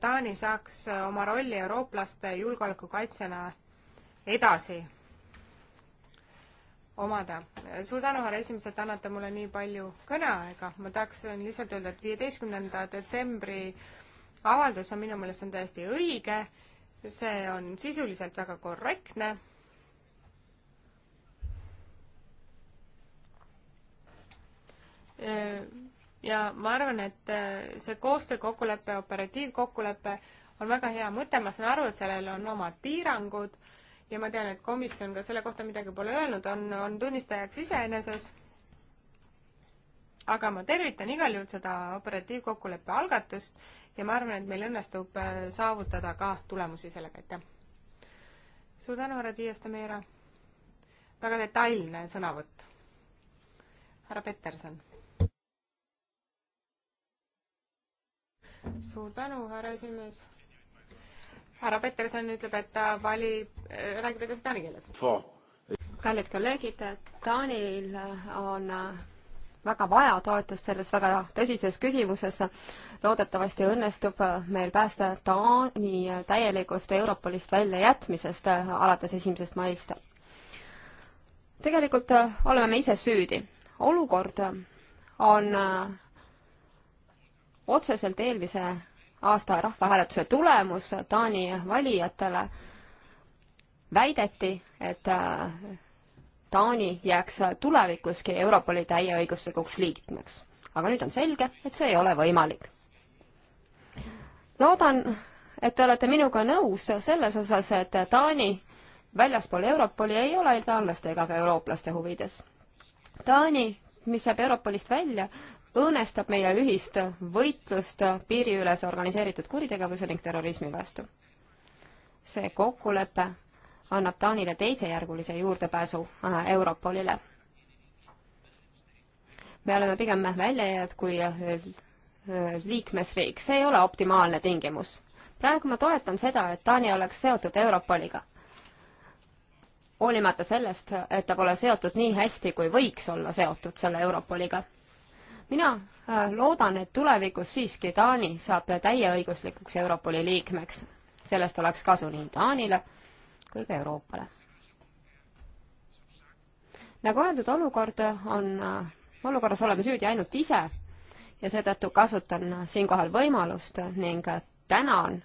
Taani saaks oma rolli eurooplaste julgeolekukaitsjana edasi omada. suur tänu, härra esimees, et annate mulle nii palju kõneaega. ma tahaksin lihtsalt öelda, et viieteistkümnenda detsembri avaldus on minu meelest on täiesti õige, see on sisuliselt väga korrektne. Äh, ja ma arvan, et äh, see koostöökokkulepe, operatiivkokkulepe on väga hea mõte, ma saan aru, et sellel on omad piirangud ja ma tean, et komisjon ka selle kohta midagi pole öelnud, on, on tunnistajaks iseeneses. aga ma tervitan igal juhul seda operatiivkokkuleppe algatust ja ma arvan, et meil õnnestub äh, saavutada ka tulemusi sellega, aitäh. suur tänu, härra Tiiestameera. väga detailne sõnavõtt. härra Peterson suur tänu, härra esimees. härra Peterson ütleb, et ta valib, räägib edasi taani keeles. kallid kolleegid, Taanil on väga vaja toetust selles väga tõsises küsimuses. loodetavasti õnnestub meil päästa Taani täielikust Europolist väljajätmisest alates esimesest maist. tegelikult oleme me ise süüdi. olukord on otseselt eelmise aasta rahvahääletuse tulemus Taani valijatele väideti, et äh, Taani jääks tulevikuski Euroopa Liidu täieõiguslikuks liikmeks. aga nüüd on selge, et see ei ole võimalik. loodan, et te olete minuga nõus selles osas, et Taani väljaspool Europoli ei ole taanlaste ega ka eurooplaste huvides. Taani, mis jääb Europolist välja, õõnestab meie ühist võitlust piiriülese organiseeritud kuritegevuse ning terrorismi vastu. see kokkulepe annab Taanile teisejärgulise juurdepääsu äh, Europolile. me oleme pigem väljajääjad kui äh, liikmesriik, see ei ole optimaalne tingimus. praegu ma toetan seda, et Taani oleks seotud Europoliga. hoolimata sellest, et ta pole seotud nii hästi, kui võiks olla seotud selle Europoliga mina äh, loodan, et tulevikus siiski Taani saab täieõiguslikuks Europoli liikmeks. sellest oleks kasu nii Taanile kui ka Euroopale. nagu öeldud, olukord on, äh, olukorras oleme süüdi ainult ise ja seetõttu kasutan siinkohal võimalust ning äh, tänan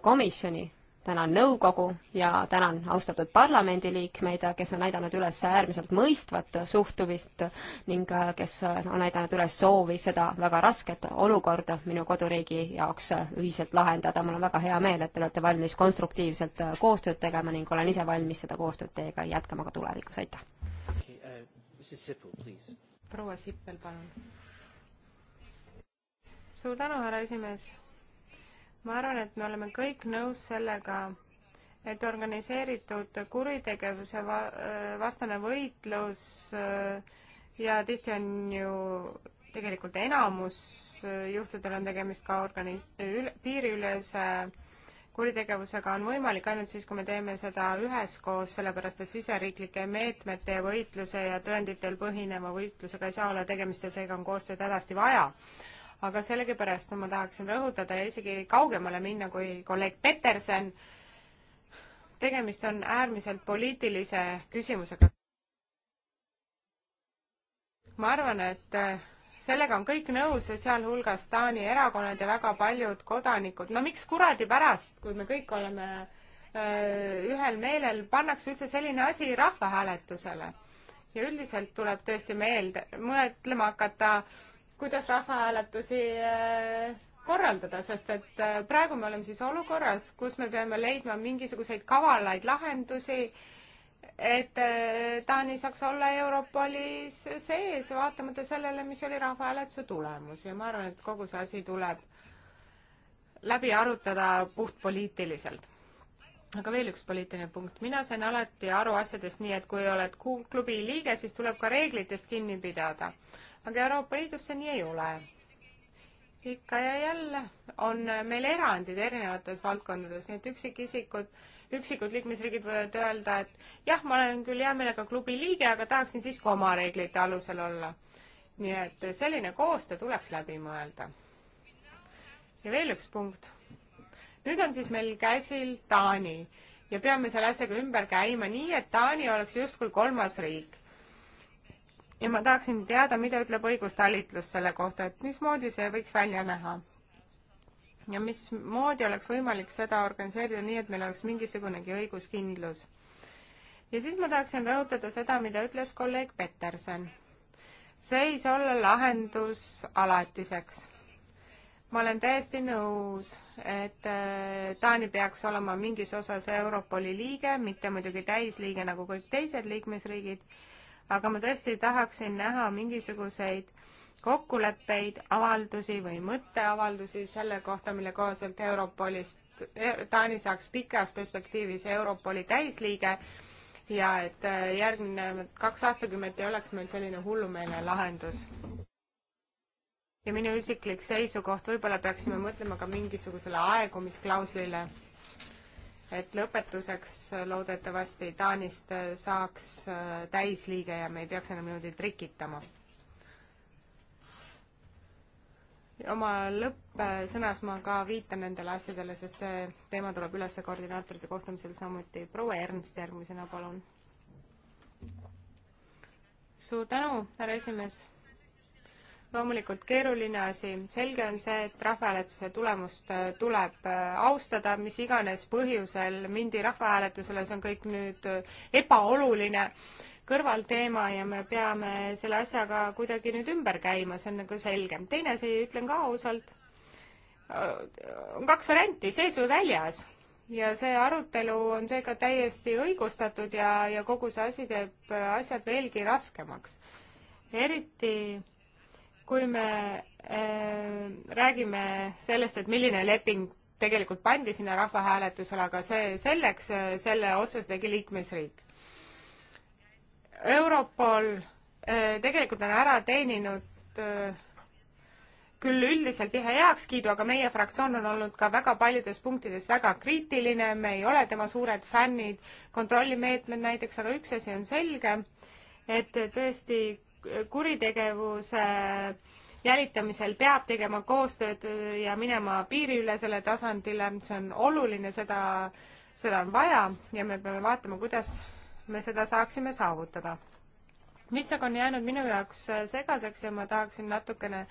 komisjoni tänan nõukogu ja tänan austatud parlamendiliikmeid, kes on näidanud üles äärmiselt mõistvat suhtumist ning äh, kes on näidanud üles soovi seda väga rasket olukorda minu koduriigi jaoks äh, ühiselt lahendada. mul on väga hea meel, et te olete valmis konstruktiivselt äh, koostööd tegema ning olen ise valmis seda koostööd teiega jätkama ka tulevikus, aitäh okay,! Uh, proua Sippel, palun. suur tänu, härra esimees ma arvan, et me oleme kõik nõus sellega, et organiseeritud kuritegevuse va äh, vastane võitlus äh, ja tihti on ju tegelikult enamus äh, juhtudel on tegemist ka organis-, piiriülese kuritegevusega on võimalik ainult siis, kui me teeme seda üheskoos, sellepärast et siseriiklike meetmete ja võitluse ja tõenditel põhineva võitlusega ei saa olla tegemist ja seega on koostööd hädasti vaja aga sellegipärast ma tahaksin rõhutada ja isegi kaugemale minna kui kolleeg Peterson. tegemist on äärmiselt poliitilise küsimusega. ma arvan, et äh, sellega on kõik nõus, sealhulgas Taani erakonnad ja väga paljud kodanikud. no miks kuradi pärast, kui me kõik oleme öö, äh, ühel meelel, pannakse üldse selline asi rahvahääletusele? ja üldiselt tuleb tõesti meelde, mõtlema hakata äh, kuidas rahvahääletusi äh, korraldada, sest et äh, praegu me oleme siis olukorras, kus me peame leidma mingisuguseid kavalaid lahendusi, et äh, Taani saaks olla Europolis sees, vaatamata sellele, mis oli rahvahääletuse tulemus ja ma arvan, et kogu see asi tuleb läbi arutada puhtpoliitiliselt. aga veel üks poliitiline punkt, mina sain alati aru asjadest nii, et kui oled klubi liige, siis tuleb ka reeglitest kinni pidada aga Euroopa Liidus see nii ei ole. ikka ja jälle on meil erandid erinevates valdkondades, nii et üksikisikud, üksikud liikmesriigid võivad öelda, et jah, ma olen küll hea meelega klubi liige, aga tahaksin siiski oma reeglite alusel olla. nii et selline koostöö tuleks läbi mõelda. ja veel üks punkt. nüüd on siis meil käsil Taani ja peame selle asjaga ümber käima nii, et Taani oleks justkui kolmas riik ja ma tahaksin teada, mida ütleb õigustalitlus selle kohta, et mismoodi see võiks välja näha. ja mismoodi oleks võimalik seda organiseerida nii, et meil oleks mingisugunegi õiguskindlus. ja siis ma tahaksin rõhutada seda, mida ütles kolleeg Peterson. see ei saa olla lahendus alatiseks ma olen täiesti nõus, et äh, Taani peaks olema mingis osas Europoli liige, mitte muidugi täisliige nagu kõik teised liikmesriigid aga ma tõesti tahaksin näha mingisuguseid kokkuleppeid, avaldusi või mõtteavaldusi selle kohta, mille kohaselt Europolist, e, Taani saaks pikas perspektiivis Europoli täisliige ja et äh, järgmine kaks aastakümmet ei oleks meil selline hullumeelne lahendus. ja minu isiklik seisukoht, võib-olla peaksime mõtlema ka mingisugusele aegumisklauslile et lõpetuseks loodetavasti Taanist saaks äh, täisliige ja me ei peaks enam niimoodi trikitama. oma lõppsõnas ma ka viitan nendele asjadele, sest see teema tuleb üles koordinaatorite kohtumisel samuti. proua Ernst järgmisena, palun. suur tänu, härra esimees loomulikult keeruline asi, selge on see, et rahvahääletuse tulemust äh, tuleb äh, austada, mis iganes põhjusel mindi rahvahääletusele, see on kõik nüüd äh, ebaoluline kõrvalteema ja me peame selle asjaga kuidagi nüüd ümber käima, see on nagu selge. teine asi, ütlen ka ausalt, on kaks varianti, sees või väljas ja see arutelu on seega täiesti õigustatud ja, ja kogu see asi teeb asjad veelgi raskemaks. eriti kui me äh, räägime sellest, et milline leping tegelikult pandi sinna rahvahääletusele, aga see selleks, äh, selle otsuse tegi liikmesriik. Europol äh, tegelikult on ära teeninud äh, küll üldiselt tihe heakskiidu, aga meie fraktsioon on olnud ka väga paljudes punktides väga kriitiline, me ei ole tema suured fännid, kontrollimeetmed näiteks, aga üks asi on selge, et tõesti kuritegevuse jälitamisel peab tegema koostööd ja minema piiriülesele tasandile, see on oluline, seda, seda on vaja ja me peame vaatama, kuidas me seda saaksime saavutada. mis aga on jäänud minu jaoks segaseks ja ma tahaksin natukene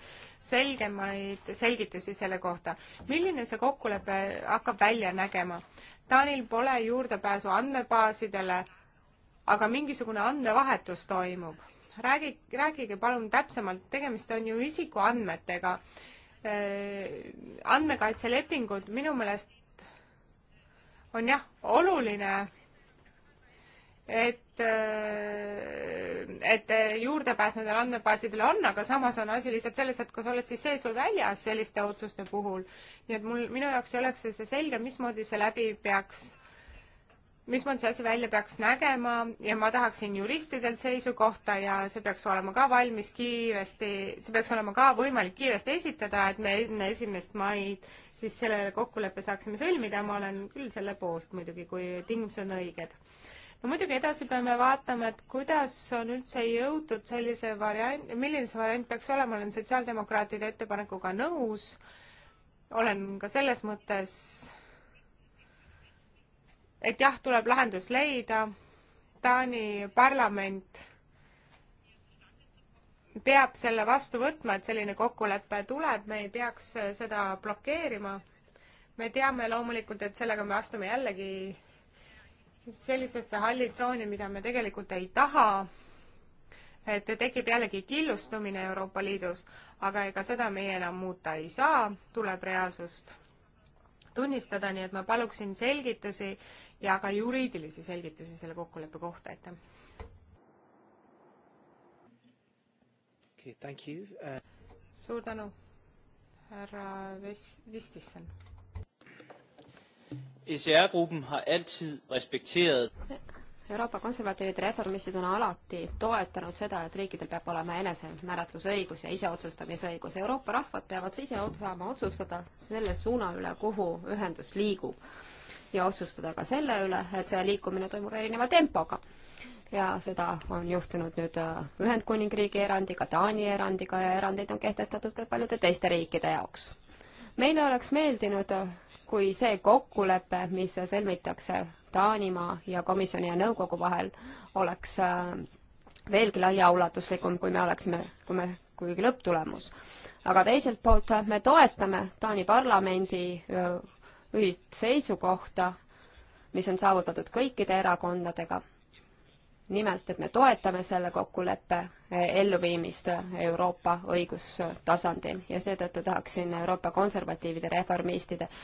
selgemaid selgitusi selle kohta. milline see kokkulepe hakkab välja nägema? Taanil pole juurdepääsu andmebaasidele, aga mingisugune andmevahetus toimub räägi, rääkige palun täpsemalt, tegemist on ju isikuandmetega. Äh, andmekaitselepingud minu meelest on jah, oluline, et, äh, et äh, juurdepääs nendele andmebaasidele on, aga samas on asi lihtsalt selles, et kas oled siis sees või väljas selliste otsuste puhul. nii et mul, minu jaoks ei oleks see selge, mismoodi see läbi peaks mismoodi see asi välja peaks nägema ja ma tahaksin juristidelt seisukohta ja see peaks olema ka valmis kiiresti, see peaks olema ka võimalik kiiresti esitada, et me enne esimest maid siis selle kokkuleppe saaksime sõlmida, ma olen küll selle poolt muidugi, kui tingimused on õiged no muidugi edasi peame vaatama, et kuidas on üldse jõutud sellise variant, milline see variant peaks olema, olen sotsiaaldemokraatide ettepanekuga nõus, olen ka selles mõttes et jah, tuleb lahendus leida. Taani parlament peab selle vastu võtma, et selline kokkulepe tuleb, me ei peaks seda blokeerima. me teame loomulikult, et sellega me astume jällegi sellisesse halli tsooni, mida me tegelikult ei taha. et tekib jällegi killustumine Euroopa Liidus, aga ega seda meie enam muuta ei saa, tuleb reaalsust tunnistada, nii et ma paluksin selgitusi ja ka juriidilisi selgitusi selle kokkuleppe kohta, aitäh. Okay, uh... suur tänu, härra Ves-, Vistisson. ECR-gruppen har altid respekteret Euroopa konservatiivid ja reformistid on alati toetanud seda, et riikidel peab olema enesemääratlusõigus ja iseotsustamisõigus. Euroopa rahvad peavad ise saama otsustada selle suuna üle, kuhu ühendus liigub ja otsustada ka selle üle, et see liikumine toimub erineva tempoga. ja seda on juhtunud nüüd äh, Ühendkuningriigi erandiga, Taani erandiga ja erandeid on kehtestatud ka paljude teiste riikide jaoks. meile oleks meeldinud, äh, kui see kokkulepe, mis sõlmitakse Taanimaa ja komisjoni ja nõukogu vahel, oleks äh, veelgi laiaulatuslikum, kui me oleksime, kui me, kuigi lõpptulemus. aga teiselt poolt me toetame Taani parlamendi ühist seisukohta, mis on saavutatud kõikide erakondadega. nimelt, et me toetame selle kokkuleppe elluviimist Euroopa õigustasandil ja seetõttu tahaksin Euroopa konservatiivide reformistide äh,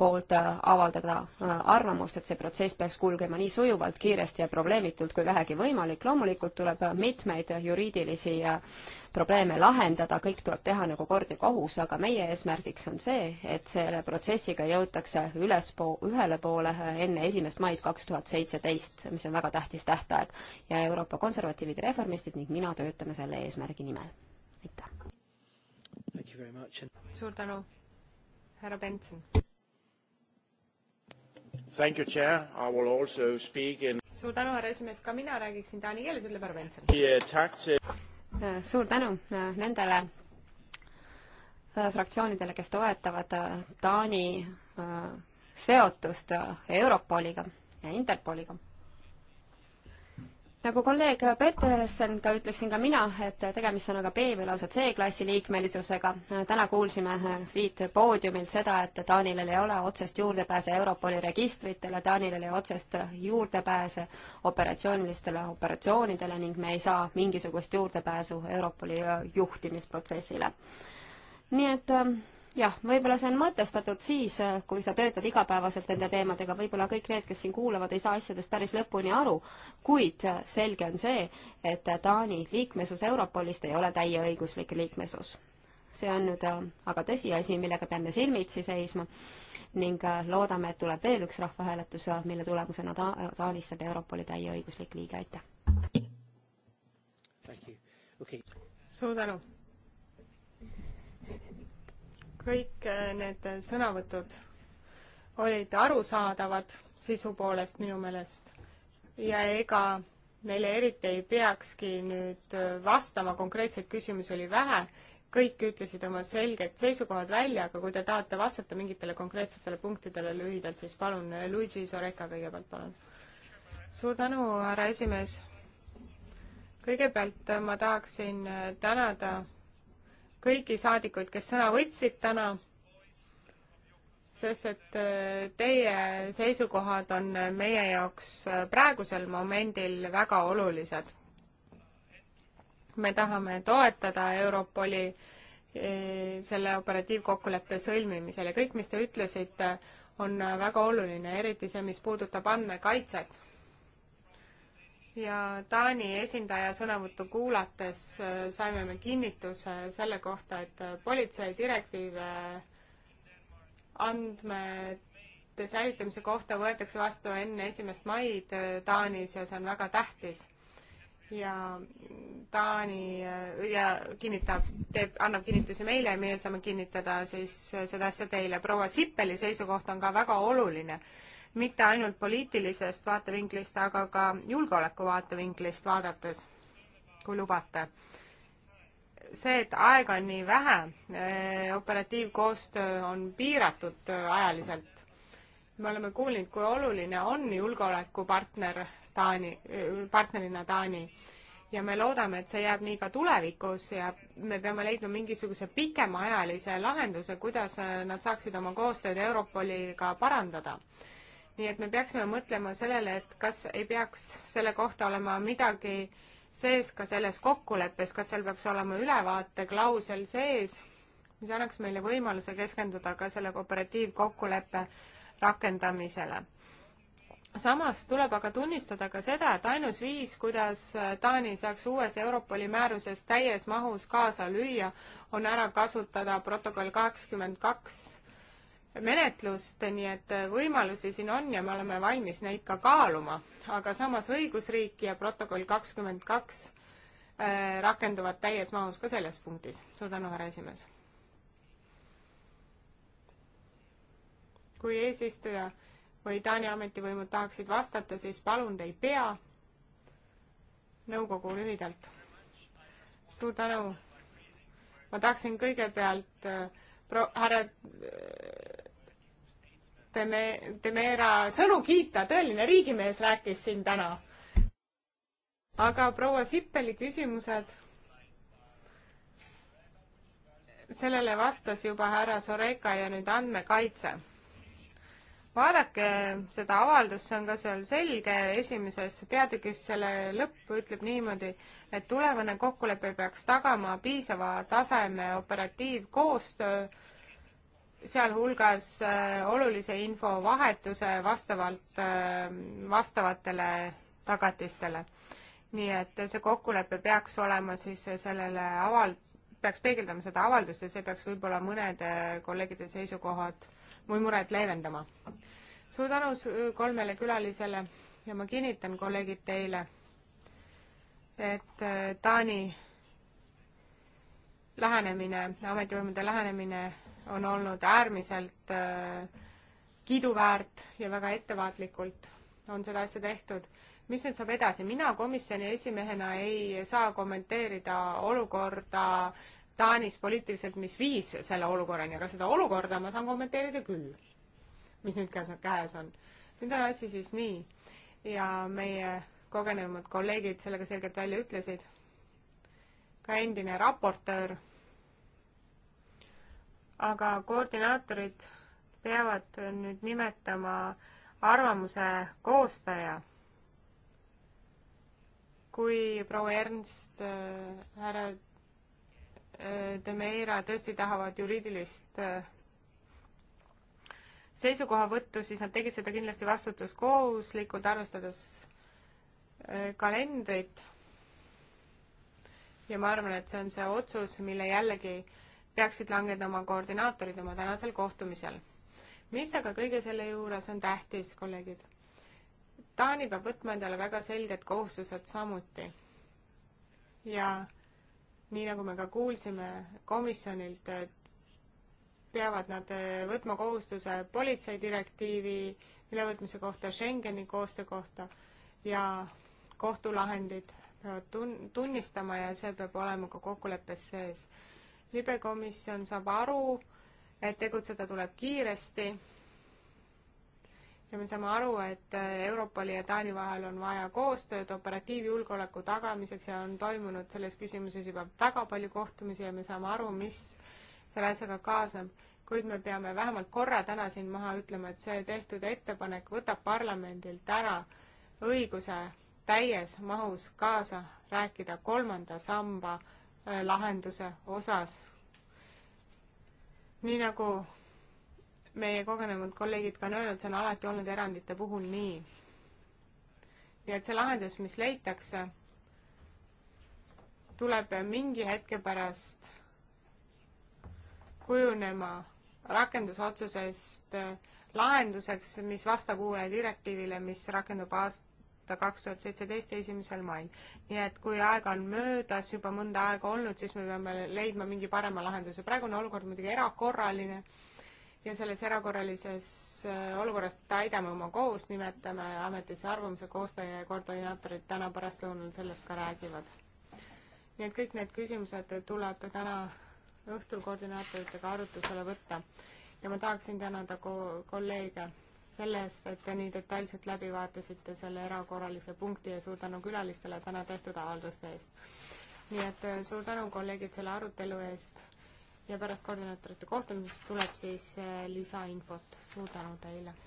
poolt äh, avaldada äh, arvamust, et see protsess peaks kulgema nii sujuvalt, kiiresti ja probleemitult kui vähegi võimalik. loomulikult tuleb äh, mitmeid juriidilisi probleeme lahendada, kõik tuleb teha nagu kord ja kohus, aga meie eesmärgiks on see, et selle protsessiga jõutakse ülespoole, ühele poole enne esimest maid kaks tuhat seitseteist, mis on väga tähtis tähtaeg. ja Euroopa konservatiivid ja reformistid ning mina töötame selle eesmärgi nimel. aitäh! suur tänu, härra Benson! Thank you, chair. I will also speak in suur tänu, härra esimees, ka mina räägiksin taani keeles, ütleb härra Benson. Eh, äh, suur tänu äh, nendele äh, fraktsioonidele, kes toetavad Taani seotust Europoliga ja Interpoliga nagu kolleeg Peterson ka ütleksin ka mina, et tegemist on aga B või lausa C-klassi liikmelisusega. täna kuulsime siit poodiumilt seda, et Taanil ei ole otsest juurdepääse Europoli registritele, Taanil ei ole otsest juurdepääse operatsioonilistele operatsioonidele ning me ei saa mingisugust juurdepääsu Europoli juhtimisprotsessile. nii et jah, võib-olla see on mõtestatud siis, äh, kui sa töötad igapäevaselt nende teemadega, võib-olla kõik need, kes siin kuulavad, ei saa asjadest päris lõpuni aru, kuid äh, selge on see, et äh, Taani liikmesus Europolist ei ole täieõiguslik liikmesus. see on nüüd aga tõsiasi, millega peame silmitsi seisma ning loodame, et tuleb veel üks rahvahääletus, mille tulemusena ta-, Taanis saab Europoli täieõiguslik liige, aitäh! Okay. suur tänu! kõik äh, need sõnavõtud olid arusaadavad sisu poolest minu meelest ja ega neile eriti ei peakski nüüd äh, vastama, konkreetseid küsimusi oli vähe, kõik ütlesid oma selged seisukohad välja, aga kui te tahate vastata mingitele konkreetsetele punktidele lühidalt, siis palun, äh, Luigi Soreka kõigepealt, palun. suur tänu, härra esimees. kõigepealt ma tahaksin tänada kõiki saadikuid, kes sõna võtsid täna, sest et äh, teie seisukohad on äh, meie jaoks äh, praegusel momendil väga olulised. me tahame toetada Europoli selle operatiivkokkuleppe sõlmimisel ja kõik, mis te ütlesite, on väga oluline, eriti see, mis puudutab andmekaitset ja Taani esindaja sõnavõttu kuulates äh, saime me kinnituse selle kohta, et äh, politsei direktiive andmete säilitamise kohta võetakse vastu enne esimest maid äh, Taanis ja see on väga tähtis. ja Taani ja kinnitab, teeb, annab kinnitusi meile ja meie saame kinnitada siis seda asja teile. proua Sippeli seisukoht on ka väga oluline mitte ainult poliitilisest vaatevinklist, aga ka julgeoleku vaatevinklist vaadates, kui lubate. see, et aega on nii vähe, eh, operatiivkoostöö on piiratud eh, ajaliselt. me oleme kuulnud, kui oluline on julgeolekupartner Taani, eh, partnerina Taani ja me loodame, et see jääb nii ka tulevikus ja me peame leidma mingisuguse pikemaajalise lahenduse, kuidas nad saaksid oma koostööd Europoliga parandada nii et me peaksime mõtlema sellele, et kas ei peaks selle kohta olema midagi sees ka selles kokkuleppes, kas seal peaks olema ülevaateklausel sees, mis annaks meile võimaluse keskenduda ka selle kooperatiivkokkuleppe rakendamisele. samas tuleb aga tunnistada ka seda, et ainus viis, kuidas Taani saaks uues Europoli määruses täies mahus kaasa lüüa, on ära kasutada protokoll kaheksakümmend kaks menetlust, nii et äh, võimalusi siin on ja me oleme valmis neid ka kaaluma, aga samas õigusriik ja protokoll kakskümmend kaks äh, rakenduvad täies mahus ka selles punktis. suur tänu, härra esimees. kui eesistuja või Taani ametivõimud tahaksid vastata, siis palun, te ei pea. nõukogu lühidalt. suur tänu. ma tahaksin kõigepealt äh, pro-, härra äh, Deme-, Demera sõnu kiita, tõeline riigimees rääkis siin täna. aga proua Sippeli küsimused? sellele vastas juba härra Soreka ja nüüd andmekaitse. vaadake seda avaldust, see on ka seal selge, esimeses peatükis selle lõpp ütleb niimoodi, et tulevane kokkulepe peaks tagama piisava taseme operatiivkoostöö sealhulgas äh, olulise info vahetuse vastavalt, äh, vastavatele tagatistele. nii et see kokkulepe peaks olema siis sellele aval-, peaks peegeldama seda avaldust ja see peaks võib-olla mõnede kolleegide seisukohad või mured leevendama. suur tänu kolmele külalisele ja ma kinnitan, kolleegid, teile, et äh, Taani lähenemine, ametivõimude lähenemine on olnud äärmiselt äh, kiduväärt ja väga ettevaatlikult on seda asja tehtud. mis nüüd saab edasi? mina komisjoni esimehena ei saa kommenteerida olukorda Taanis poliitiliselt, mis viis selle olukorrani, aga seda olukorda ma saan kommenteerida küll, mis nüüd käes, käes on. nüüd on asi siis nii ja meie kogenumad kolleegid sellega selgelt välja ütlesid, ka endine raportöör aga koordinaatorid peavad nüüd nimetama arvamuse koostaja. kui proua Ernst äh,, härra äh, Demeira tõesti tahavad juriidilist äh, seisukohavõttu, siis nad tegid seda kindlasti vastutuskohuslikult, arvestades äh, kalendrit. ja ma arvan, et see on see otsus, mille jällegi äh, peaksid langedama koordinaatorid oma tänasel kohtumisel. mis aga kõige selle juures on tähtis, kolleegid? Taani peab võtma endale väga selged kohustused samuti. ja nii, nagu me ka kuulsime komisjonilt, peavad nad eh, võtma kohustuse politseidirektiivi ülevõtmise kohta, Schengeni koostöö kohta ja kohtulahendid peavad tun-, tunnistama ja see peab olema ka kokkuleppes sees libekomisjon saab aru, et tegutseda tuleb kiiresti ja me saame aru, et Europoli ja Taani vahel on vaja koostööd operatiivjulgeoleku tagamiseks ja on toimunud selles küsimuses juba väga palju kohtumisi ja me saame aru, mis selle asjaga kaasneb. kuid me peame vähemalt korra täna siin maha ütlema, et see tehtud ettepanek võtab parlamendilt ära õiguse täies mahus kaasa rääkida kolmanda samba äh, Äh, lahenduse osas. nii nagu meie kogenenud kolleegid ka on öelnud, see on alati olnud erandite puhul nii. nii et see lahendus, mis leitakse, tuleb mingi hetke pärast kujunema rakendusotsusest äh, lahenduseks, mis vastab uuele direktiivile, mis rakendub aast-, aasta kaks tuhat seitseteist esimesel mail. nii et kui aega on möödas juba mõnda aega olnud, siis me peame leidma mingi parema lahenduse. praegune olukord muidugi erakorraline ja selles erakorralises äh, olukorras täidame oma kohust, nimetame ametisse arvamuse koostaja ja koordinaatorid täna pärastlõunal sellest ka räägivad. nii et kõik need küsimused tuleb täna õhtul koordinaatoritega arutusele võtta ja ma tahaksin tänada ko-, kolleege selle eest, et te nii detailselt läbi vaatasite selle erakorralise punkti ja suur tänu külalistele täna tehtud avalduste eest. nii et äh, suur tänu, kolleegid, selle arutelu eest ja pärast koordinaatorite kohtumist tuleb siis äh, lisainfot. suur tänu teile!